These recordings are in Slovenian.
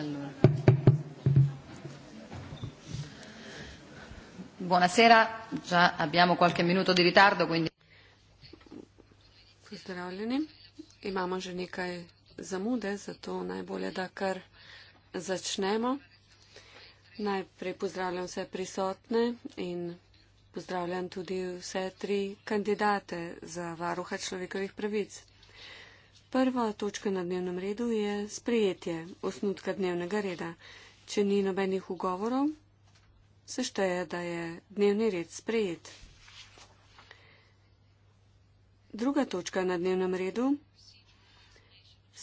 Allora. Buonasera, già abbiamo qualche minuto di ritardo, quindi. Pozdravljeni. Imamo že nekaj zamude, zato najbolje, da kar začnemo. Najprej pozdravljam vse prisotne in pozdravljam tudi vse tri kandidate za varuha človekovih pravic. Prva točka na dnevnem redu je sprejetje osnutka dnevnega reda. Če ni nobenih ugovorov, se šteje, da je dnevni red sprejet. Druga točka na dnevnem redu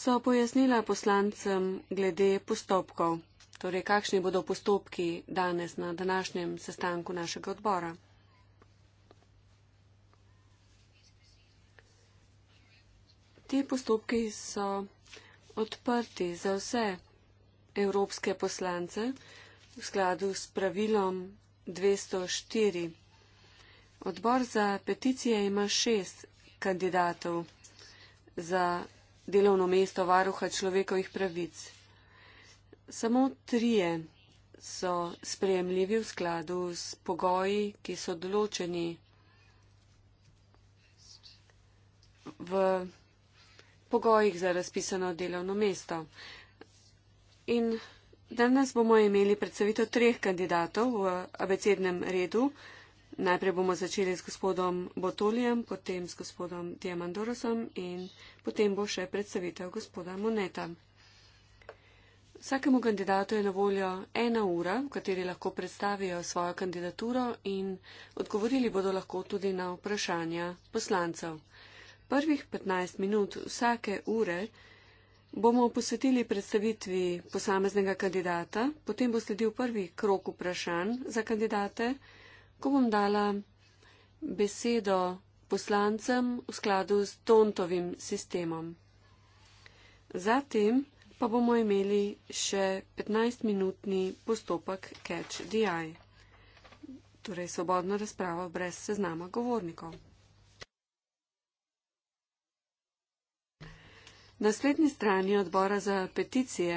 so pojasnila poslancem glede postopkov, torej kakšni bodo postopki danes na današnjem sestanku našega odbora. Ti postopki so odprti za vse evropske poslance v skladu s pravilom 204. Odbor za peticije ima šest kandidatov za delovno mesto varuha človekovih pravic. Samo trije so sprejemljivi v skladu s pogoji, ki so določeni v pogojih za razpisano delovno mesto. In danes bomo imeli predstavitev treh kandidatov v abecednem redu. Najprej bomo začeli s gospodom Botolijem, potem s gospodom Diamandorosom in potem bo še predstavitev gospoda Moneta. Vsakemu kandidatu je na voljo ena ura, v kateri lahko predstavijo svojo kandidaturo in odgovorili bodo lahko tudi na vprašanja poslancev prvih 15 minut vsake ure bomo posvetili predstavitvi posameznega kandidata, potem bo sledil prvi krok vprašanj za kandidate, ko bom dala besedo poslancem v skladu s Tontovim sistemom. Zatem pa bomo imeli še 15-minutni postopek Catch the Eye, torej svobodna razprava brez seznama govornikov. Na slednji strani odbora za peticije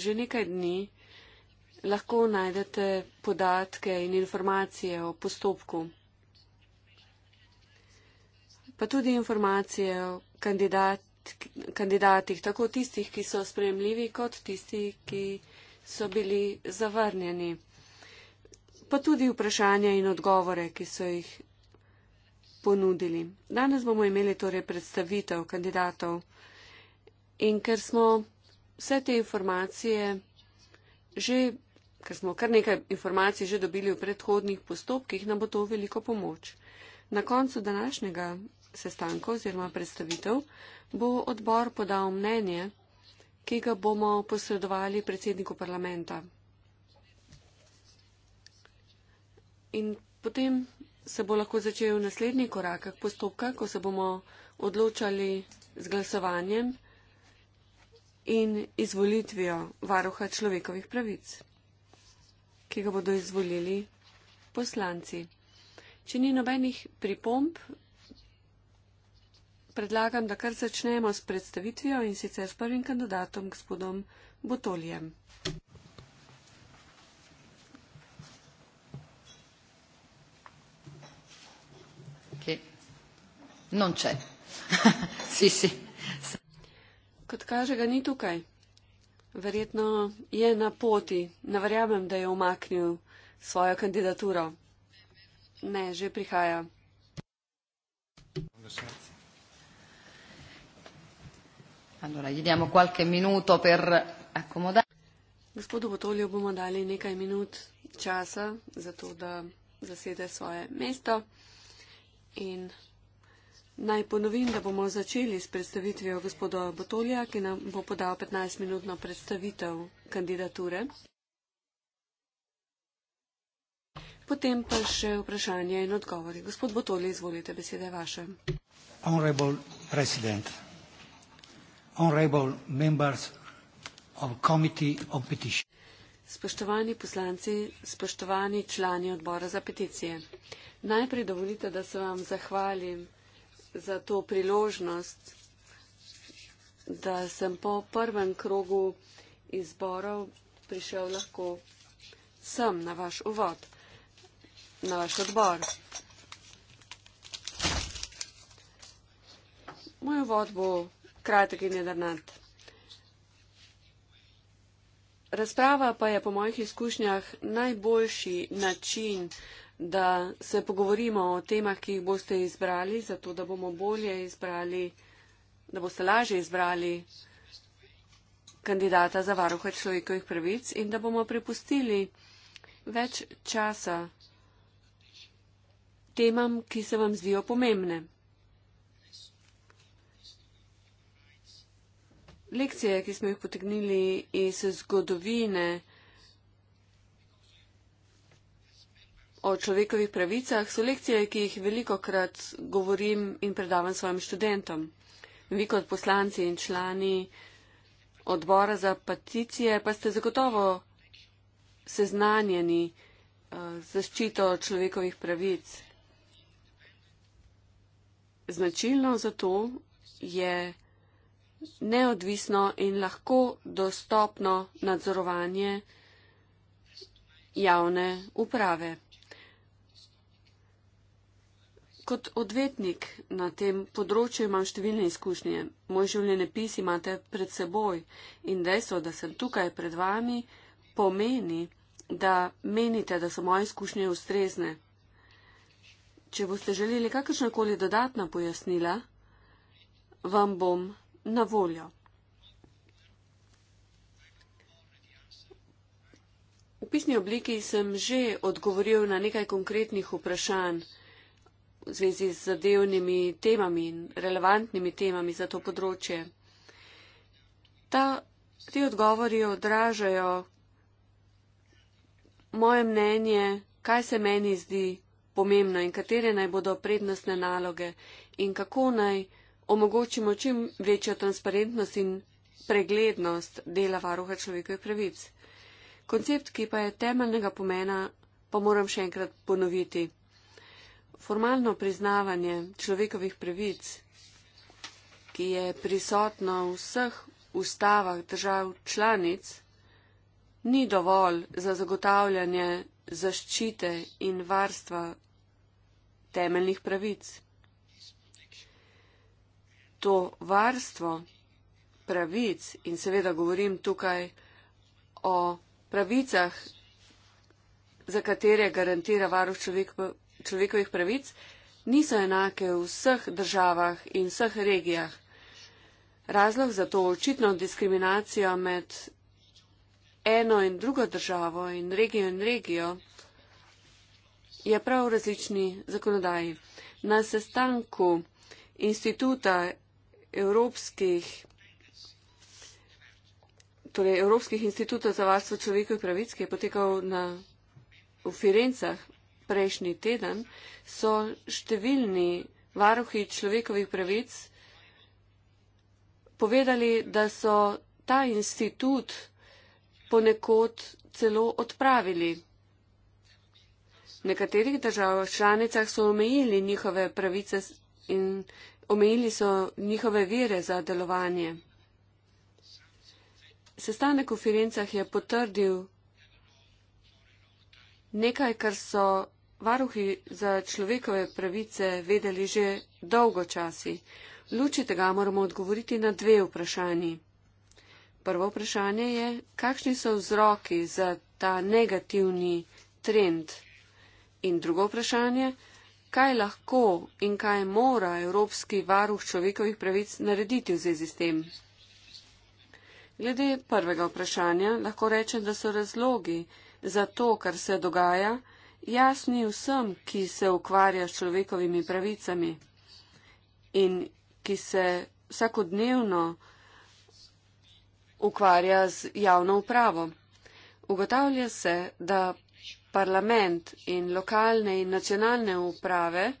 že nekaj dni lahko najdete podatke in informacije o postopku, pa tudi informacije o kandidat, kandidatih, tako tistih, ki so sprejemljivi, kot tisti, ki so bili zavrnjeni, pa tudi vprašanja in odgovore, ki so jih ponudili. Danes bomo imeli torej predstavitev kandidatov. In ker smo vse te informacije že, ker smo kar nekaj informacij že dobili v predhodnih postopkih, nam bo to veliko pomoč. Na koncu današnjega sestanka oziroma predstavitev bo odbor podal mnenje, ki ga bomo posredovali predsedniku parlamenta. In potem se bo lahko začel naslednji korak postopka, ko se bomo odločali z glasovanjem in izvolitvijo varuha človekovih pravic, ki ga bodo izvolili poslanci. Če ni nobenih pripomb, predlagam, da kar začnemo s predstavitvijo in sicer s prvim kandidatom, gospodom Botoljem. Non c'è. sì, sì. Kot kaže, ga ni tukaj. Verjetno je na poti. Ne verjamem, da je omaknil svojo kandidaturo. Ne, že prihaja. Allora, gli diamo qualche minuto per accomodare. Gospodu Botolju bomo dali nekaj minut časa, zato da zasede svoje mesto in Naj ponovim, da bomo začeli s predstavitvijo gospoda Botolja, ki nam bo podal 15-minutno predstavitev kandidature. Potem pa še vprašanje in odgovori. Gospod Botolje, izvolite, besede je vaše. Honorable President, honorable members of committee of petition. Spoštovani poslanci, spoštovani člani odbora za peticije, najprej dovolite, da se vam zahvalim za to priložnost, da sem po prvem krogu izborov prišel lahko sem na vaš uvod, na vaš odbor. Moj uvod bo kratek in jedrnat. Razprava pa je po mojih izkušnjah najboljši način, da se pogovorimo o temah, ki jih boste izbrali, zato da bomo bolje izbrali, da boste lažje izbrali kandidata za varuha človekovih pravic in da bomo prepustili več časa temam, ki se vam zdijo pomembne. Lekcije, ki smo jih potegnili iz zgodovine, o človekovih pravicah so lekcije, ki jih veliko krat govorim in predavam svojim študentom. Vi kot poslanci in člani odbora za peticije pa ste zagotovo seznanjeni eh, z zaščito človekovih pravic. Značilno za to je neodvisno in lahko dostopno nadzorovanje javne uprave. Kot odvetnik na tem področju imam številne izkušnje. Moj življenjepis imate pred seboj in dejstvo, da sem tukaj pred vami, pomeni, da menite, da so moje izkušnje ustrezne. Če boste želeli kakršnakoli dodatna pojasnila, vam bom na voljo. V pisni obliki sem že odgovoril na nekaj konkretnih vprašanj v zvezi z zadevnimi temami in relevantnimi temami za to področje. Ta, ti odgovori odražajo moje mnenje, kaj se meni zdi pomembno in katere naj bodo prednostne naloge in kako naj omogočimo čim večjo transparentnost in preglednost dela varuha človekovih pravic. Koncept, ki pa je temeljnega pomena, pa moram še enkrat ponoviti formalno priznavanje človekovih pravic, ki je prisotno v vseh ustavah držav članic, ni dovolj za zagotavljanje zaščite in varstva temeljnih pravic. To varstvo pravic in seveda govorim tukaj o pravicah, za katere garantira varuh človekovih človekovih pravic niso enake v vseh državah in vseh regijah. Razlog za to očitno diskriminacijo med eno in drugo državo in regijo in regijo je prav v različni zakonodaji. Na sestanku instituta evropskih, torej evropskih institutov za varstvo človekovih pravic, ki je potekal na, v Firencah prejšnji teden, so številni varuhi človekovih pravic povedali, da so ta institut ponekod celo odpravili. V nekaterih državah članicah so omejili njihove pravice in omejili so njihove vire za delovanje. Sestanek v Firencah je potrdil nekaj, kar so varuhi za človekove pravice vedeli že dolgo časi. V luči tega moramo odgovoriti na dve vprašanji. Prvo vprašanje je, kakšni so vzroki za ta negativni trend. In drugo vprašanje, kaj lahko in kaj mora Evropski varuh človekovih pravic narediti v zvezi s tem. Glede prvega vprašanja lahko rečem, da so razlogi za to, kar se dogaja, jasni vsem, ki se ukvarja s človekovimi pravicami in ki se vsakodnevno ukvarja z javno upravo. Ugotavlja se, da parlament in lokalne in nacionalne uprave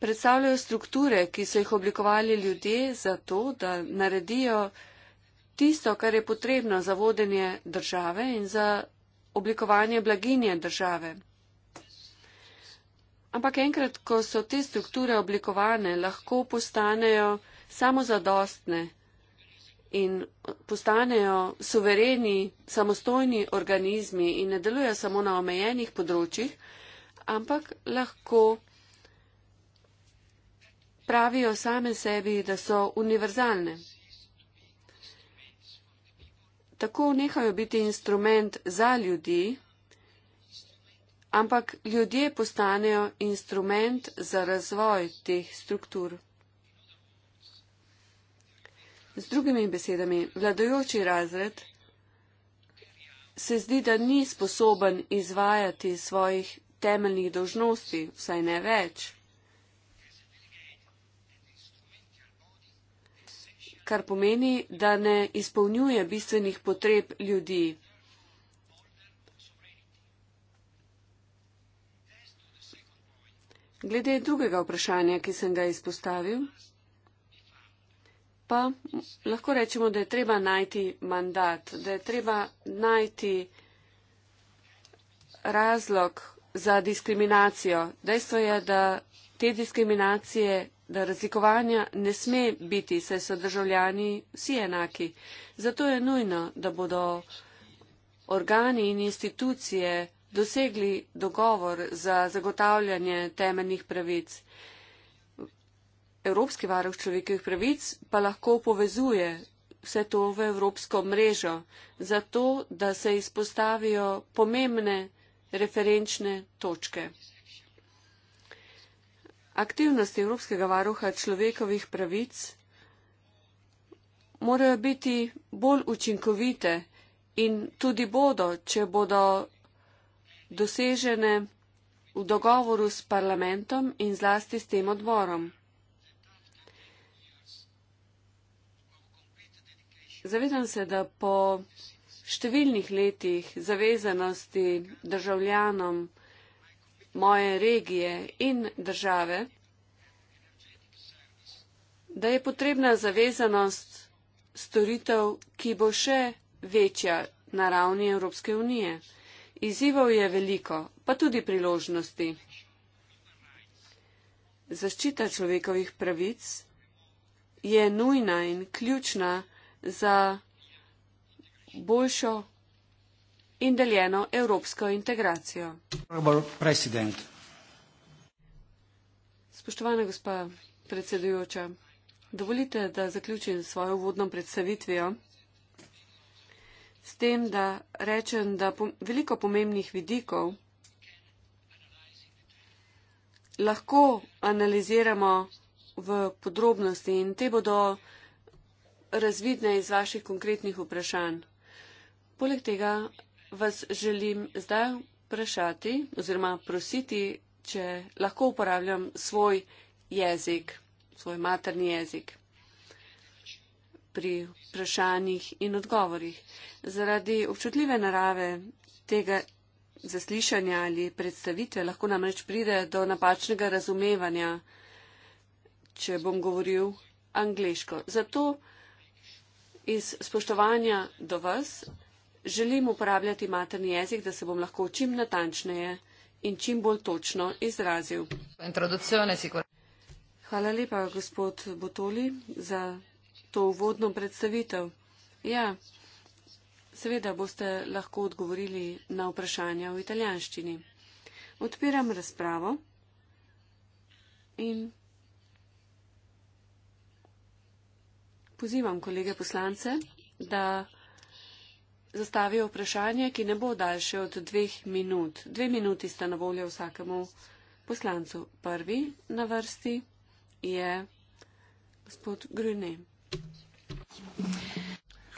predstavljajo strukture, ki so jih oblikovali ljudje za to, da naredijo tisto, kar je potrebno za vodenje države in za oblikovanje blaginje države. Ampak enkrat, ko so te strukture oblikovane, lahko postanejo samozadostne in postanejo suvereni, samostojni organizmi in ne delujejo samo na omejenih področjih, ampak lahko pravijo same sebi, da so univerzalne tako nehajo biti instrument za ljudi, ampak ljudje postanejo instrument za razvoj teh struktur. Z drugimi besedami, vladajoči razred se zdi, da ni sposoben izvajati svojih temeljnih dožnosti, vsaj ne več. kar pomeni, da ne izpolnjuje bistvenih potreb ljudi. Glede drugega vprašanja, ki sem ga izpostavil, pa lahko rečemo, da je treba najti mandat, da je treba najti razlog za diskriminacijo. Dejstvo je, da te diskriminacije da razlikovanja ne sme biti, saj so državljani vsi enaki. Zato je nujno, da bodo organi in institucije dosegli dogovor za zagotavljanje temeljnih pravic. Evropski varuh človekovih pravic pa lahko povezuje vse to v evropsko mrežo, zato da se izpostavijo pomembne referenčne točke. Aktivnosti Evropskega varuha človekovih pravic morajo biti bolj učinkovite in tudi bodo, če bodo dosežene v dogovoru s parlamentom in zlasti s tem odborom. Zavedam se, da po številnih letih zavezanosti državljanom, moje regije in države, da je potrebna zavezanost storitev, ki bo še večja na ravni Evropske unije. Izzivov je veliko, pa tudi priložnosti. Zaščita človekovih pravic je nujna in ključna za boljšo in deljeno evropsko integracijo. Spoštovana gospa predsedujoča, dovolite, da zaključim svojo uvodno predstavitvijo s tem, da rečem, da veliko pomembnih vidikov lahko analiziramo v podrobnosti in te bodo razvidne iz vaših konkretnih vprašanj. Poleg tega vas želim zdaj vprašati oziroma prositi, če lahko uporabljam svoj jezik, svoj materni jezik pri vprašanjih in odgovorih. Zaradi občutljive narave tega zaslišanja ali predstavitve lahko namreč pride do napačnega razumevanja, če bom govoril angliško. Zato iz spoštovanja do vas želim uporabljati materni jezik, da se bom lahko čim natančneje in čim bolj točno izrazil. Hvala lepa, gospod Botoli, za to uvodno predstavitev. Ja, seveda boste lahko odgovorili na vprašanja v italijanščini. Odpiram razpravo in pozivam kolege poslance, da zastavijo vprašanje, ki ne bo daljše od dveh minut. Dve minuti sta na voljo vsakemu poslancu. Prvi na vrsti je gospod Grüne.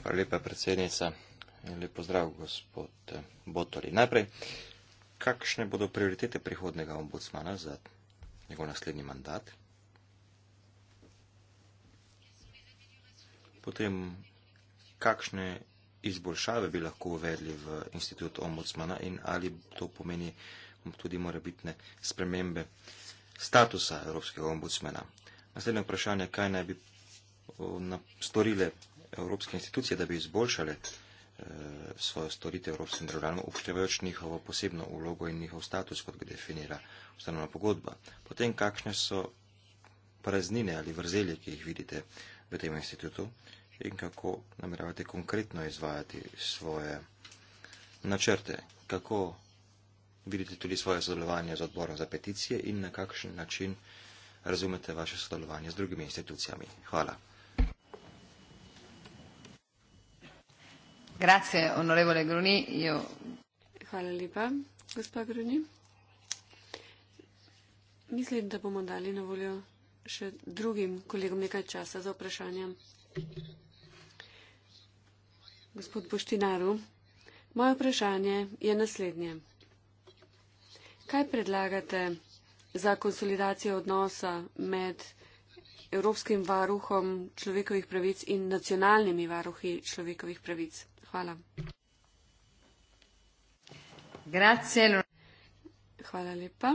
Hvala lepa, predsednica. Lep pozdrav, gospod eh, Botoli. Najprej, kakšne bodo prioritete prihodnega ombudsmana za njegov naslednji mandat? Potem, kakšne izboljšave bi lahko uvedli v institut ombudsmana in ali to pomeni tudi morebitne spremembe statusa evropskega ombudsmana. Naslednje vprašanje, kaj naj bi storile evropske institucije, da bi izboljšale eh, svojo storitev evropskim državljanom, upoštevajoč njihovo posebno vlogo in njihov status, kot ga definira ustanovna pogodba. Potem, kakšne so praznine ali vrzeli, ki jih vidite v tem institutu? Uh, in kako nameravate konkretno izvajati svoje načrte, kako vidite tudi svoje sodelovanje z odborom za peticije in na kakšen način razumete vaše sodelovanje z drugimi institucijami. Hvala. Grazie, onorevole Gruni. Io... Hvala lepa, gospa Gruni. Mislim, da bomo dali na voljo še drugim kolegom nekaj časa za vprašanje. Thank you gospod Boštinaru. Moje vprašanje je naslednje. Kaj predlagate za konsolidacijo odnosa med Evropskim varuhom človekovih pravic in nacionalnimi varuhi človekovih pravic? Hvala. Grazie. Hvala lepa.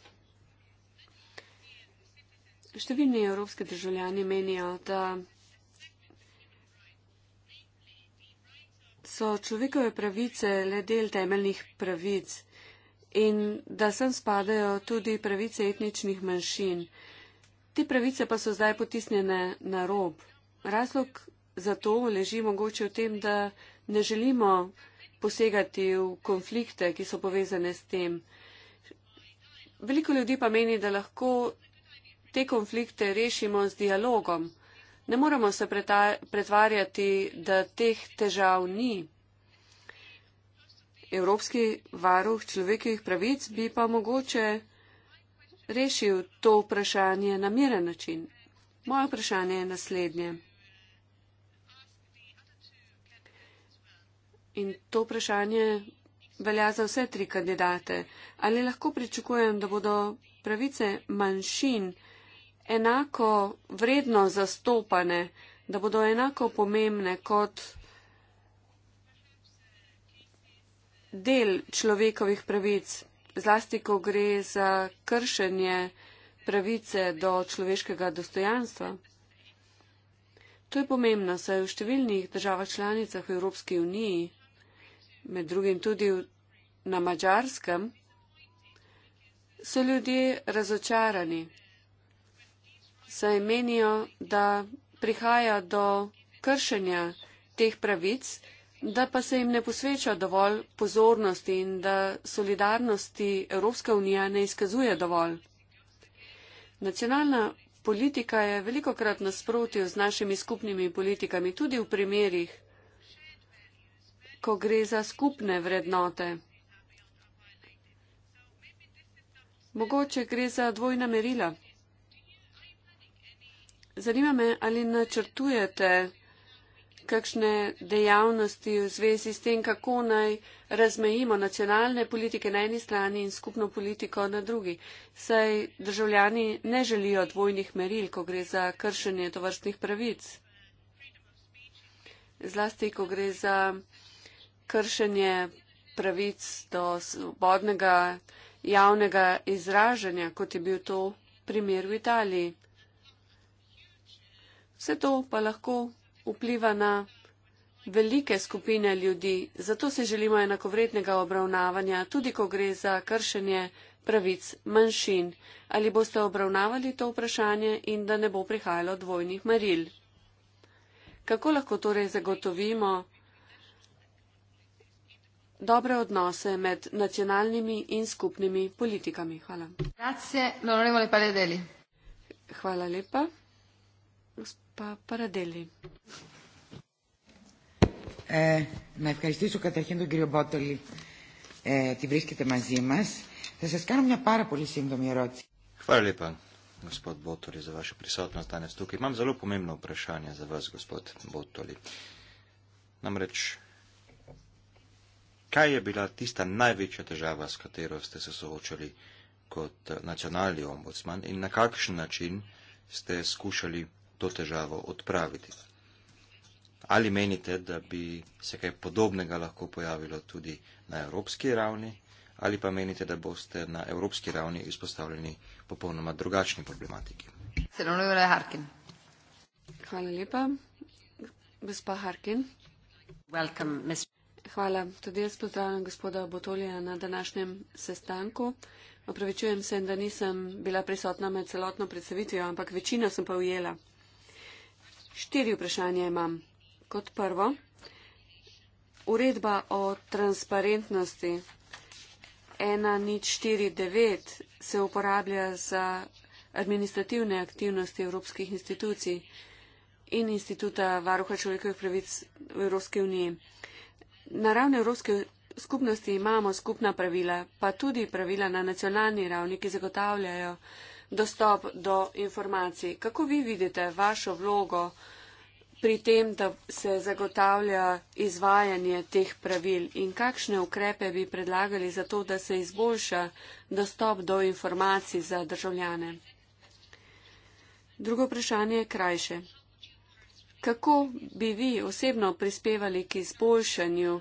Številni evropski državljani menijo, da so človekove pravice le del temeljnih pravic in da sem spadajo tudi pravice etničnih manjšin. Te pravice pa so zdaj potisnjene na rob. Razlog za to leži mogoče v tem, da ne želimo posegati v konflikte, ki so povezane s tem. Veliko ljudi pa meni, da lahko te konflikte rešimo z dialogom. Ne moramo se pretvarjati, da teh težav ni. Evropski varuh človekovih pravic bi pa mogoče rešil to vprašanje na miren način. Moje vprašanje je naslednje. In to vprašanje velja za vse tri kandidate. Ali lahko pričakujem, da bodo pravice manjšin? enako vredno zastopane, da bodo enako pomembne kot del človekovih pravic, zlasti ko gre za kršenje pravice do človeškega dostojanstva. To je pomembno, saj v številnih državah članicah Evropske unije, med drugim tudi na mačarskem, so ljudje razočarani, saj menijo, da prihaja do kršenja teh pravic, da pa se jim ne posveča dovolj pozornosti in da solidarnosti Evropska unija ne izkazuje dovolj. Nacionalna politika je veliko krat nasprotil z našimi skupnimi politikami, tudi v primerjih, ko gre za skupne vrednote. Mogoče gre za dvojna merila. Zanima me, ali načrtujete kakšne dejavnosti v zvezi s tem, kako naj razmejimo nacionalne politike na eni strani in skupno politiko na drugi. Saj državljani ne želijo dvojnih meril, ko gre za kršenje tovrstnih pravic. Zlasti, ko gre za kršenje pravic do svobodnega javnega izražanja, kot je bil to primer v Italiji. Vse to pa lahko vpliva na velike skupine ljudi, zato se želimo enakovrednega obravnavanja, tudi ko gre za kršenje pravic manjšin. Ali boste obravnavali to vprašanje in da ne bo prihajalo dvojnih meril? Kako lahko torej zagotovimo dobre odnose med nacionalnimi in skupnimi politikami? Hvala. Grazie, Hvala lepa pa Paradeli. Eh, να ευχαριστήσω καταρχήν τον κύριο Μπότολη ε, eh, ότι βρίσκεται μαζί μας. Θα σας κάνω μια πάρα πολύ σύντομη ερώτηση. Hvala lepa, gospod Botoli, za vašo prisotnost danes tukaj. Imam zelo pomembno vprašanje za vas, gospod Botoli. Namreč, kaj je bila tista največja težava, s katero ste se soočali kot nacionalni ombudsman in na kakšen način ste skušali to težavo odpraviti. Ali menite, da bi se kaj podobnega lahko pojavilo tudi na evropski ravni, ali pa menite, da boste na evropski ravni izpostavljeni popolnoma drugačni problematiki? Hvala lepa, gospa Harkin. Hvala. Tudi jaz pozdravljam gospoda Botolija na današnjem sestanku. Opravičujem se, da nisem bila prisotna med celotno predstavitvijo, ampak večino sem pa ujela. Štiri vprašanja imam. Kot prvo, uredba o transparentnosti 1049 se uporablja za administrativne aktivnosti evropskih institucij in instituta varuha človekovih pravic v Evropske unije. Na ravni Evropske skupnosti imamo skupna pravila, pa tudi pravila na nacionalni ravni, ki zagotavljajo dostop do informacij. Kako vi vidite vašo vlogo pri tem, da se zagotavlja izvajanje teh pravil in kakšne ukrepe bi predlagali za to, da se izboljša dostop do informacij za državljane? Drugo vprašanje je krajše. Kako bi vi osebno prispevali k izboljšanju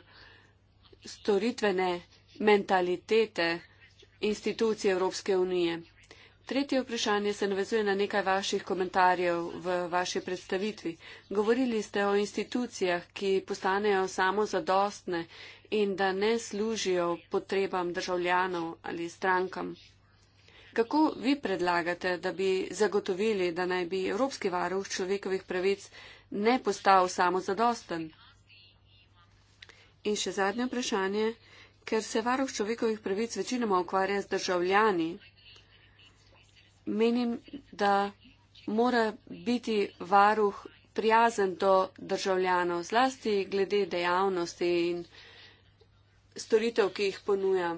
storitvene mentalitete institucije Evropske unije? Tretje vprašanje se navezuje na nekaj vaših komentarjev v vaši predstavitvi. Govorili ste o institucijah, ki postanejo samo zadostne in da ne služijo potrebam državljanov ali strankam. Kako vi predlagate, da bi zagotovili, da naj bi Evropski varuh človekovih pravic ne postal samo zadosten? In še zadnje vprašanje, ker se varuh človekovih pravic večinoma ukvarja z državljani, menim, da mora biti varuh prijazen do državljanov, zlasti glede dejavnosti in storitev, ki jih ponuja.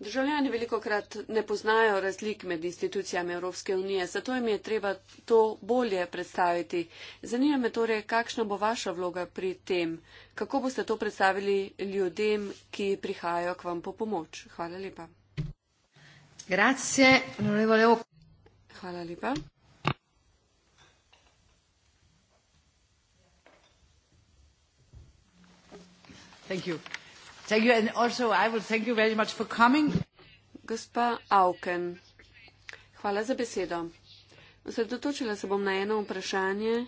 Državljani veliko krat ne poznajo razlik med institucijami Evropske unije, zato jim je treba to bolje predstaviti. Zanima me torej, kakšna bo vaša vloga pri tem, kako boste to predstavili ljudem, ki prihajajo k vam po pomoč. Hvala lepa. Grazie, onorevole Ok. Hvala lepa. Thank you. Thank you and also I will thank you very much for coming. Gospa Auken, hvala za besedo. Osredotočila se bom na eno vprašanje,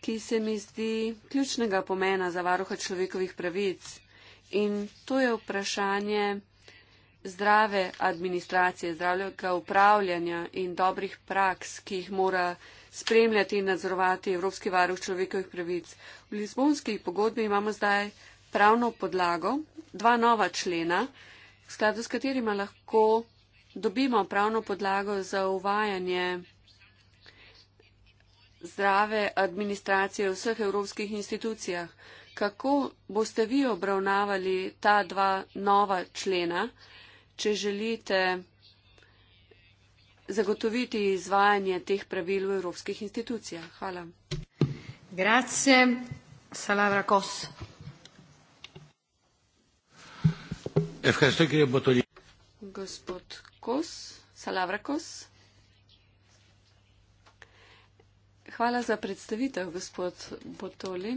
ki se mi zdi ključnega pomena za varuha človekovih pravic. In to je vprašanje, zdrave administracije, zdravega upravljanja in dobrih praks, ki jih mora spremljati in nadzorovati Evropski varuh človekovih pravic. V Lizbonski pogodbi imamo zdaj pravno podlago, dva nova člena, v skladu s katerima lahko dobimo pravno podlago za uvajanje zdrave administracije v vseh evropskih institucijah. Kako boste vi obravnavali ta dva nova člena? če želite zagotoviti izvajanje teh pravil v evropskih institucijah. Hvala. Grazie. Salavra kos. Gospod Kos, Salavra Kos. Hvala za predstavitev, gospod Botoli.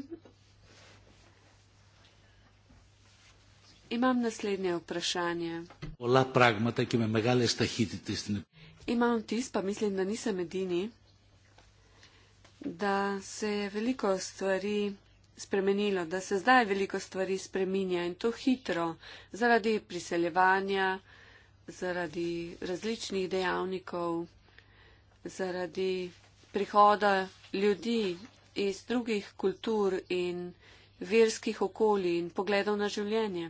Imam naslednje vprašanje. Ola pragmata, ki ima megale stahitite. Imam tis, pa mislim, da nisem edini, da se je veliko stvari spremenilo, da se zdaj veliko stvari spreminja in to hitro, zaradi priseljevanja, zaradi različnih dejavnikov, zaradi prihoda ljudi iz drugih kultur in verskih okolij in pogledov na življenje.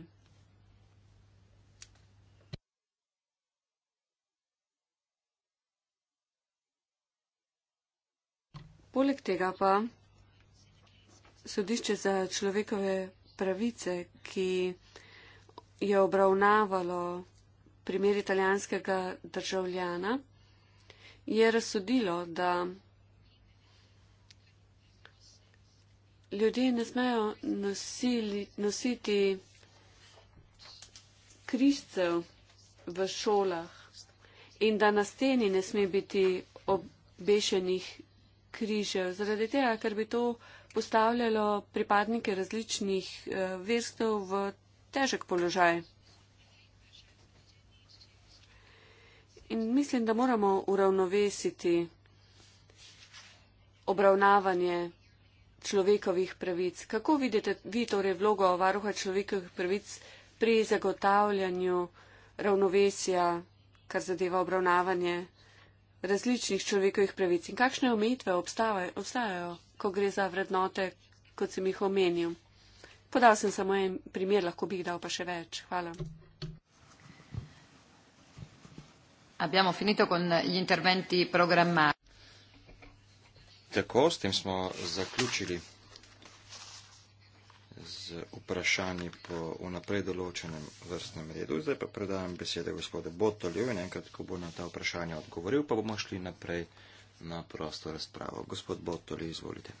Poleg tega pa sodišče za človekove pravice, ki je obravnavalo primer italijanskega državljana, je razsodilo, da ljudje ne smejo nosili, nositi križcev v šolah in da na steni ne sme biti obešenih križev, zaradi tega, ker bi to postavljalo pripadnike različnih eh, verstev v težek položaj. In mislim, da moramo uravnovesiti obravnavanje človekovih pravic. Kako vidite vi torej vlogo varuha človekovih pravic pri zagotavljanju ravnovesja, kar zadeva obravnavanje različnih človekovih pravic in kakšne omejitve obstajajo, ko gre za vrednote, kot sem jih omenil. Podal sem samo en primer, lahko bi jih dal pa še več. Hvala. Abbiamo finito con gli interventi programmati. Tako, s tem smo zaključili z vprašanji po vnaprej določenem vrstnem redu. Zdaj pa predajam besede gospodu Botolju in enkrat, ko bo na ta vprašanja odgovoril, pa bomo šli naprej na prosto razpravo. Gospod Botolj, izvolite.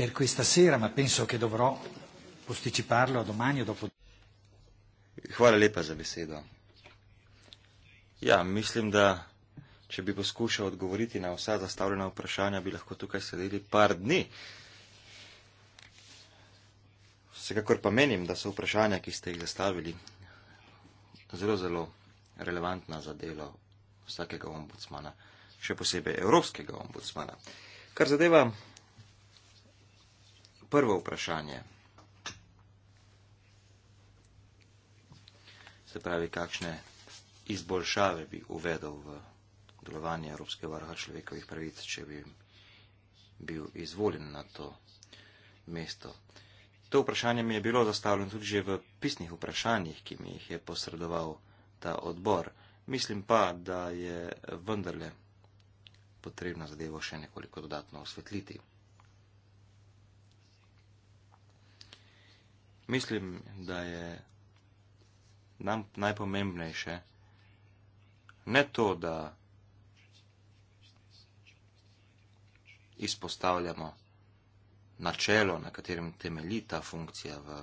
per questa sera, ma penso che dovrò posticiparlo a domani o dopo. Hvala lepa za besedo. Ja, mislim, da če bi poskušal odgovoriti na vsa zastavljena vprašanja, bi lahko tukaj sedeli par dni. Vsekakor pa menim, da so vprašanja, ki ste jih zastavili, zelo, zelo relevantna za delo vsakega ombudsmana, še posebej evropskega ombudsmana. Kar zadeva prvo vprašanje. Se pravi, kakšne izboljšave bi uvedel v delovanje Evropske varha človekovih pravic, če bi bil izvoljen na to mesto. To vprašanje mi je bilo zastavljeno tudi že v pisnih vprašanjih, ki mi jih je posredoval ta odbor. Mislim pa, da je vendarle potrebna zadevo še nekoliko dodatno osvetliti. Mislim, da je nam najpomembnejše ne to, da izpostavljamo načelo, na katerem temelji ta funkcija v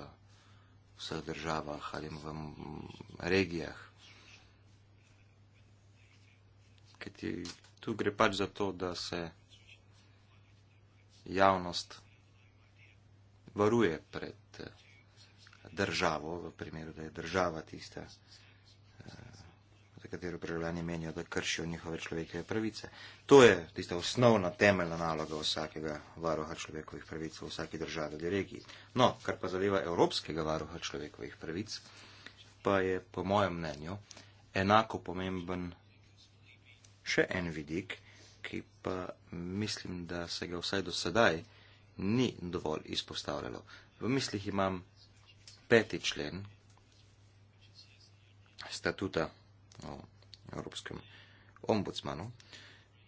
vseh državah ali v regijah. Kajti tu gre pač za to, da se javnost varuje pred državo, v primeru, da je država tista, eh, za katero državljani menijo, da kršijo njihove človekove pravice. To je tista osnovna temeljna naloga vsakega varoha človekovih pravic v vsaki državi ali regiji. No, kar pa zadeva evropskega varoha človekovih pravic, pa je po mojem mnenju enako pomemben še en vidik, ki pa mislim, da se ga vsaj do sedaj ni dovolj izpostavljalo. V mislih imam peti člen statuta o Evropskem ombudsmanu,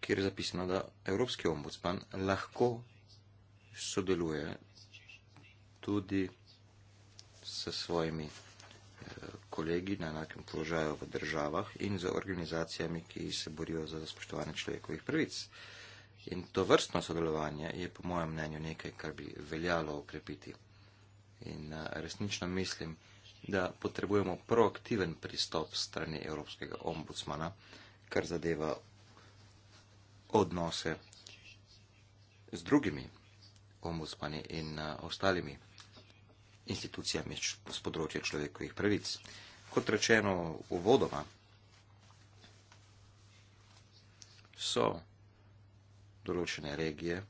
kjer je zapisano, da Evropski ombudsman lahko sodeluje tudi s svojimi eh, kolegi na enakem položaju v državah in z organizacijami, ki se borijo za spoštovanje človekovih pravic. In to vrstno sodelovanje je po mojem mnenju nekaj, kar bi veljalo okrepiti. In eh, resnično mislim, da potrebujemo proaktiven pristop strani Evropskega ombudsmana, kar zadeva odnose z drugimi ombudsmani in eh, ostalimi institucijami z področja človekovih pravic. Kot rečeno v vodoma, so določene regije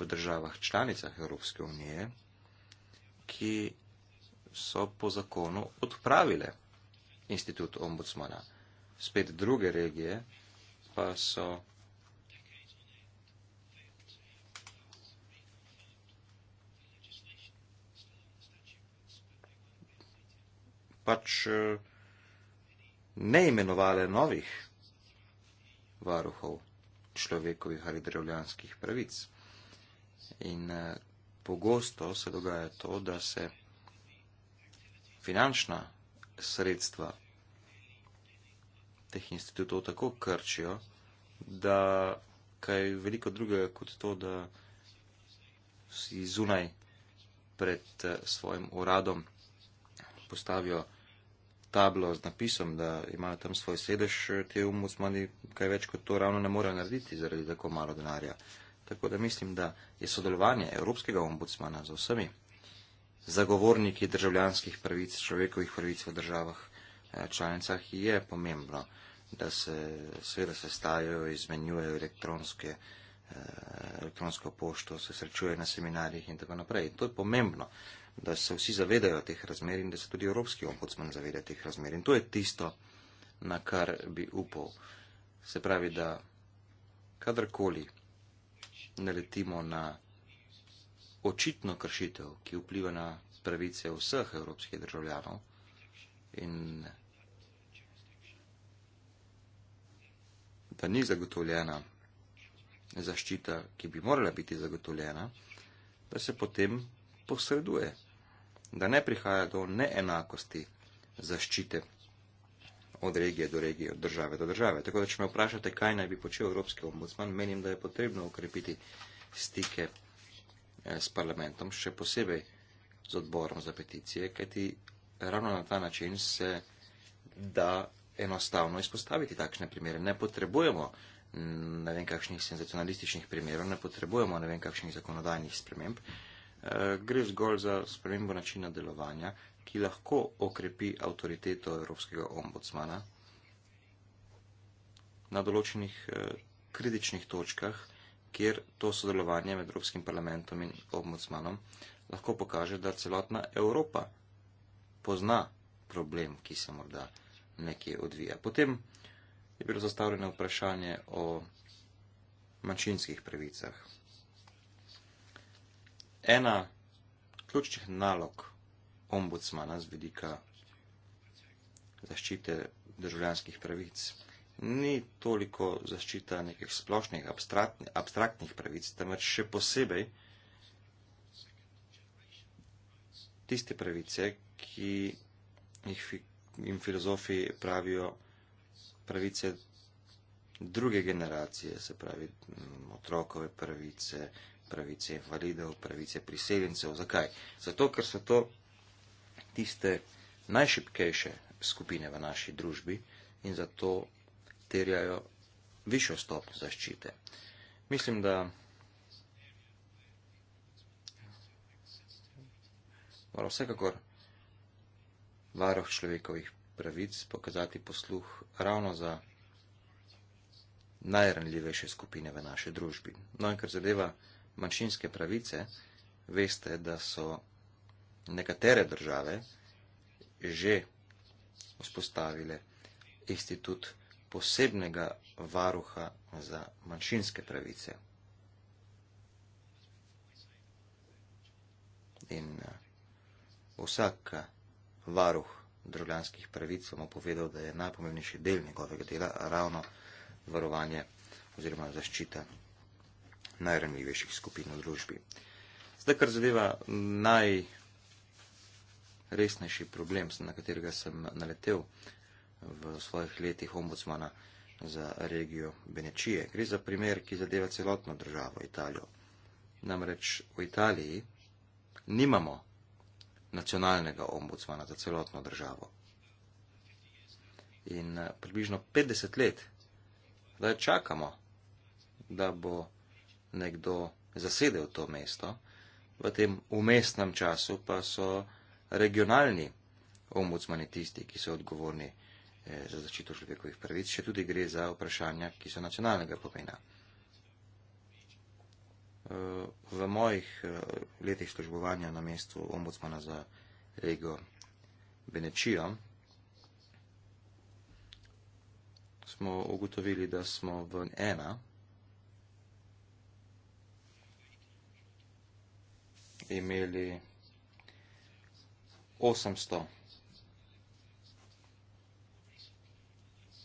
v državah članicah Evropske unije, ki so po zakonu odpravile institut ombudsmana. Spet druge regije pa so pač eh, ne imenovale novih varuhov človekovih ali državljanskih pravic. In eh, pogosto se dogaja to, da se finančna sredstva teh institutov tako krčijo, da kaj veliko drugega kot to, da si zunaj pred eh, svojim uradom postavijo tablo z napisom, da imajo tam svoj sedež, eh, te umusmani kaj več kot to ravno ne morejo narediti zaradi tako malo denarja tako da mislim, da je sodelovanje Evropskega ombudsmana za vsemi zagovorniki državljanskih pravic, človekovih pravic v državah eh, članicah je pomembno, da se seveda se stajajo, izmenjujejo elektronske, eh, elektronsko pošto, se srečuje na seminarjih in tako naprej. In to je pomembno, da se vsi zavedajo teh razmer in da se tudi Evropski ombudsman zaveda teh razmer. In to je tisto, na kar bi upal. Se pravi, da kadarkoli naletimo na očitno kršitev, ki vpliva na pravice vseh evropskih državljanov in da ni zagotovljena zaščita, ki bi morala biti zagotovljena, da se potem posreduje, da ne prihaja do neenakosti zaščite od regije do regije, od države do države. Tako da, če me vprašate, kaj naj bi počel Evropski ombudsman, menim, da je potrebno ukrepiti stike eh, s parlamentom, še posebej z odborom za peticije, kajti ravno na ta način se da enostavno izpostaviti takšne primere. Ne potrebujemo mm, ne vem kakšnih senzacionalističnih primerov, ne potrebujemo ne vem kakšnih zakonodajnih sprememb. Eh, gre zgolj za spremembo načina delovanja, ki lahko okrepi avtoriteto Evropskega ombudsmana na določenih eh, kritičnih točkah, kjer to sodelovanje med Evropskim parlamentom in ombudsmanom lahko pokaže, da celotna Evropa pozna problem, ki se morda nekje odvija. Potem je bilo zastavljeno vprašanje o manjšinskih pravicah. Ena ključnih nalog ombudsmana z vidika zaščite državljanskih pravic. Ni toliko zaščita nekih splošnih, abstraktnih, abstraktnih pravic, temveč še posebej tiste pravice, ki jih jim filozofi pravijo pravice druge generacije, se pravi mm, otrokove pravice, pravice invalidov, pravice priseljencev. Zakaj? Zato, ker so to tiste najšipkejše skupine v naši družbi in zato terjajo višjo stopnjo zaščite. Mislim, da mora vsekakor varoh človekovih pravic pokazati posluh ravno za najranljivejše skupine v naši družbi. No in kar zadeva manjšinske pravice, veste, da so nekatere države že vzpostavile institut posebnega varuha za manjšinske pravice. In eh, vsak eh, varuh državljanskih pravic vam povedal, da je najpomembnejši del njegovega dela ravno varovanje oziroma zaščita najranljivejših skupin v družbi. Zdaj, kar zadeva naj, resnejši problem, na katerega sem naletel v svojih letih ombudsmana za regijo Benečije. Gre za primer, ki zadeva celotno državo Italijo. Namreč v Italiji nimamo nacionalnega ombudsmana za celotno državo. In eh, približno 50 let, da čakamo, da bo nekdo zasedel to mesto, v tem umestnem času pa so regionalni ombudsmani tisti, ki so odgovorni eh, za zaščito človekovih pravic, še tudi gre za vprašanja, ki so nacionalnega pomena. Eh, v mojih eh, letih službovanja na mestu ombudsmana za regijo Benečijo smo ugotovili, da smo v ena imeli 800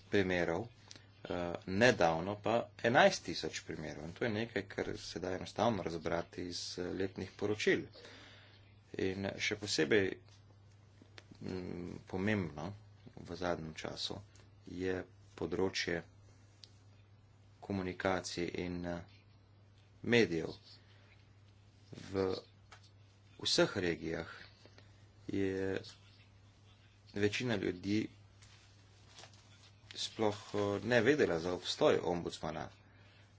primerov, eh, nedavno pa 11 tisoč primerov. In to je nekaj, kar se da enostavno razbrati iz eh, letnih poročil. In še posebej mm, pomembno v zadnjem času je področje komunikacije in eh, medijev. V vseh regijah je večina ljudi sploh eh, ne vedela za obstoj ombudsmana.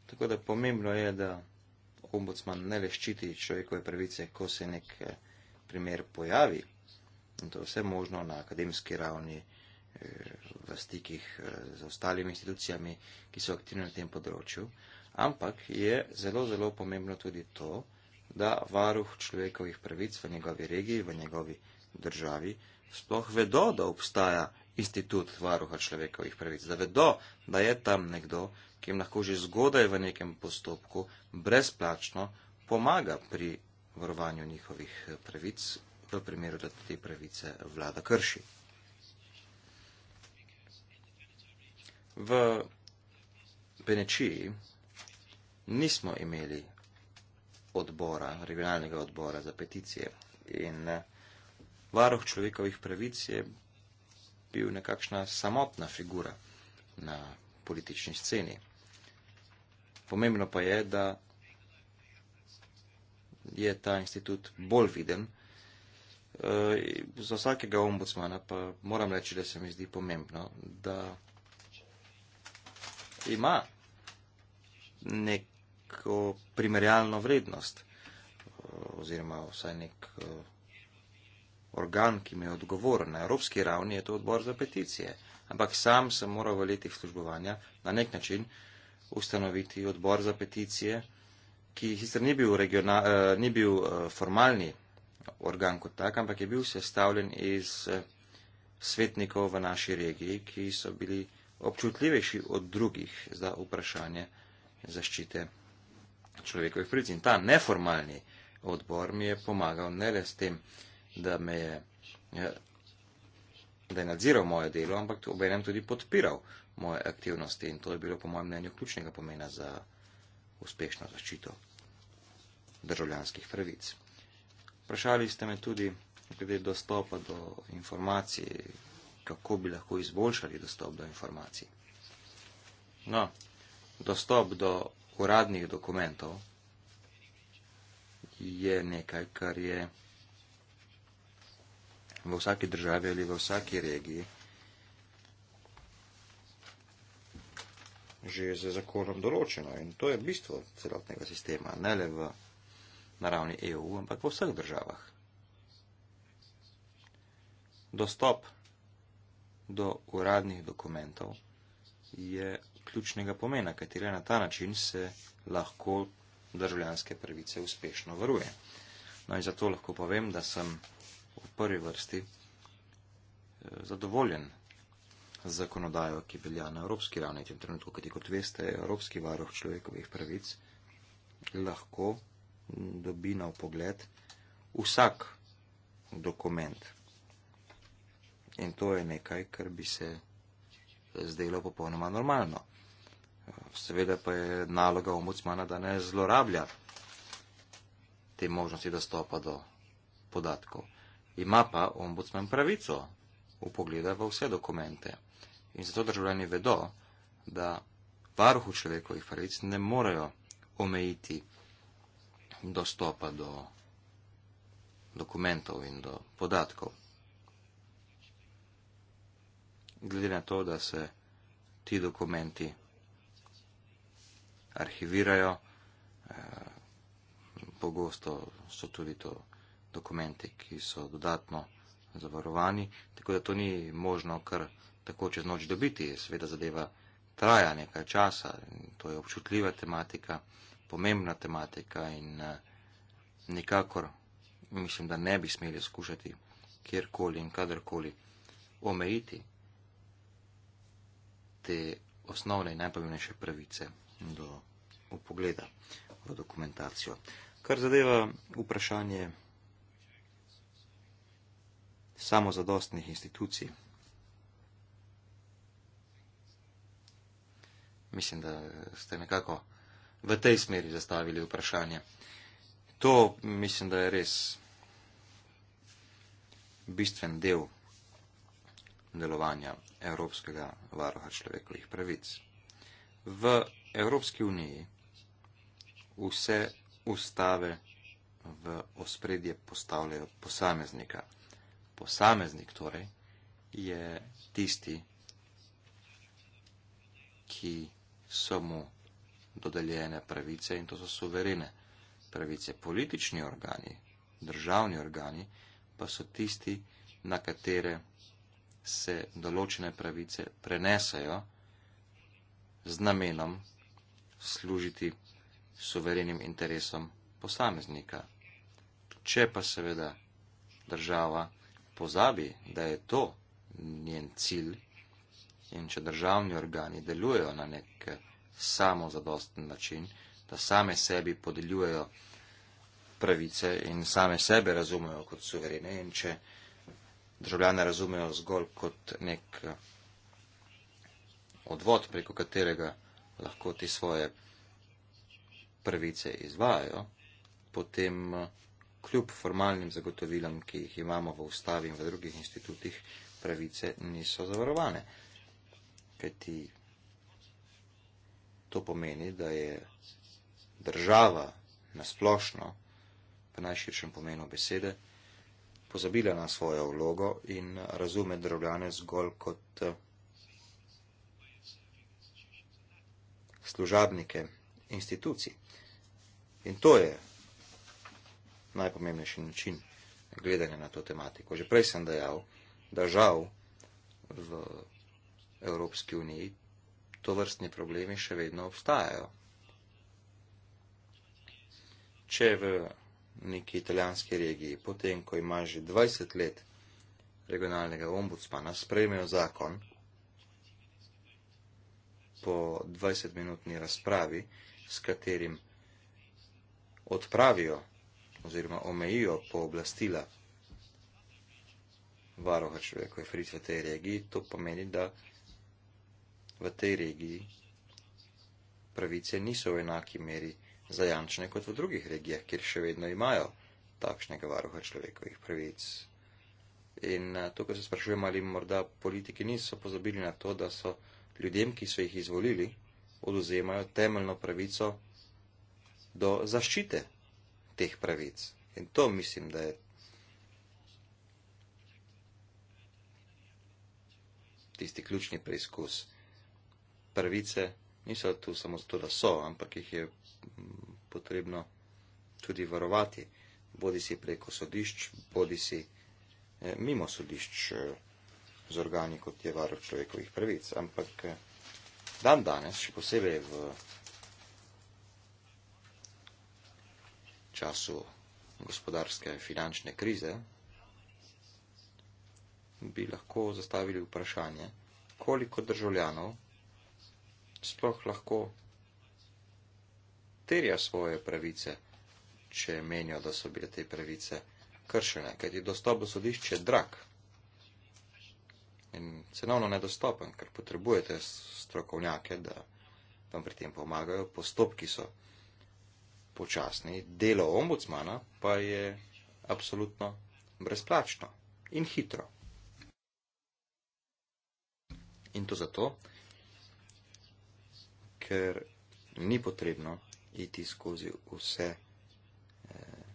Tako da pomembno je, da ombudsman ne le ščiti človekove pravice, ko se nek eh, primer pojavi. In to vse možno na akademski ravni, eh, v stikih z ostalimi institucijami, ki so aktivni na tem področju. Ampak je zelo, zelo pomembno tudi to, da varuh človekovih pravic v njegovi regiji, v njegovi državi sploh vedo, da obstaja institut varuha človekovih pravic, da vedo, da je tam nekdo, ki jim lahko že zgodaj v nekem postopku brezplačno pomaga pri varovanju njihovih pravic, v primeru, da te pravice vlada krši. V Benečiji nismo imeli odbora, regionalnega odbora za peticije in ne, varoh človekovih pravic je bil nekakšna samotna figura na politični sceni. Pomembno pa je, da je ta institut bolj viden. E, za vsakega ombudsmana pa moram reči, da se mi zdi pomembno, da ima neko primerjalno vrednost e, oziroma vsaj nek e, organ, ki mi je odgovoren. Na evropski ravni je to odbor za peticije, ampak sam sem moral v letih službovanja na nek način ustanoviti odbor za peticije, ki sicer ni bil, regional, eh, ni bil eh, formalni organ kot tak, ampak je bil sestavljen iz eh, svetnikov v naši regiji, ki so bili občutljivejši od drugih za vprašanje zaščite človekovih pric. In ta neformalni odbor mi je pomagal ne le s tem, da me je, ja, da je nadziral moje delo, ampak obenem tudi podpiral moje aktivnosti in to je bilo po mojem mnenju ključnega pomena za uspešno zaščito državljanskih pravic. Vprašali ste me tudi glede dostopa do informacij, kako bi lahko izboljšali dostop do informacij. No, dostop do uradnih dokumentov je nekaj, kar je v vsaki državi ali v vsaki regiji že z zakonom določeno in to je bistvo celotnega sistema, ne le v naravni EU, ampak v vseh državah. Dostop do uradnih dokumentov je ključnega pomena, katere na ta način se lahko državljanske pravice uspešno varuje. No in zato lahko povem, da sem v prvi vrsti eh, zadovoljen z zakonodajo, ki velja na evropski ravni. V tem trenutku, kajti kot veste, evropski varuh človekovih pravic lahko dobi na pogled vsak dokument. In to je nekaj, kar bi se zdelo popolnoma normalno. Seveda pa je naloga ombudsmana, da ne zlorablja te možnosti dostopa do podatkov. Ima pa ombudsman pravico upogleda v vse dokumente. In zato državljani vedo, da varuhu človekovih pravic ne morejo omejiti dostopa do dokumentov in do podatkov. Glede na to, da se ti dokumenti arhivirajo, eh, pogosto so tudi to dokumente, ki so dodatno zavarovani, tako da to ni možno kar tako čez noč dobiti. Sveda zadeva traja nekaj časa, to je občutljiva tematika, pomembna tematika in eh, nikakor mislim, da ne bi smeli skušati kjerkoli in kadarkoli omejiti te osnovne in najpomembnejše pravice do upogleda v dokumentacijo. Kar zadeva vprašanje samozadostnih institucij. Mislim, da ste nekako v tej smeri zastavili vprašanje. To mislim, da je res bistven del delovanja Evropskega varoha človekovih pravic. V Evropski uniji vse ustave v ospredje postavljajo posameznika posameznik torej je tisti, ki so mu dodeljene pravice in to so suverene pravice. Politični organi, državni organi pa so tisti, na katere se določene pravice prenesajo z namenom služiti suverenim interesom posameznika. Če pa seveda država pozabi, da je to njen cilj in če državni organi delujejo na nek eh, samozadosten način, da same sebi podeljujejo pravice in same sebe razumejo kot suverene in če državljane razumejo zgolj kot nek eh, odvod, preko katerega lahko ti svoje pravice izvajajo, potem eh, kljub formalnim zagotovilom, ki jih imamo v ustavi in v drugih institutih, pravice niso zavarovane. Kajti to pomeni, da je država nasplošno, v najširšem pomenu besede, pozabila na svojo vlogo in razume državljane zgolj kot eh, služabnike institucij. In to je najpomembnejši način gledanja na to tematiko. Že prej sem dejal, da žal v Evropski uniji to vrstni problemi še vedno obstajajo. Če v neki italijanski regiji, potem, ko ima že 20 let regionalnega ombudsmana, sprejmejo zakon, po 20-minutni razpravi, s katerim odpravijo oziroma omejijo pooblastila varoha človekove pravice v tej regiji, to pomeni, da v tej regiji pravice niso v enaki meri zajančene kot v drugih regijah, kjer še vedno imajo takšnega varoha človekovih pravic. In eh, tukaj se sprašujem, ali morda politiki niso pozabili na to, da so ljudem, ki so jih izvolili, oduzemajo temeljno pravico do zaščite teh pravic. In to mislim, da je tisti ključni preizkus. Pravice niso tu samo zato, da so, ampak jih je mm, potrebno tudi varovati, bodi si preko sodišč, bodi si eh, mimo sodišč eh, z organi, kot je varuh človekovih pravic. Ampak eh, dan danes, še posebej v. času gospodarske finančne krize, bi lahko zastavili vprašanje, koliko državljanov sploh lahko terja svoje pravice, če menijo, da so bile te pravice kršene, ker je dostop do sodišče drag in cenovno nedostopen, ker potrebujete strokovnjake, da vam pri tem pomagajo, postopki so počasni. Delo ombudsmana pa je absolutno brezplačno in hitro. In to zato, ker ni potrebno iti skozi vse eh,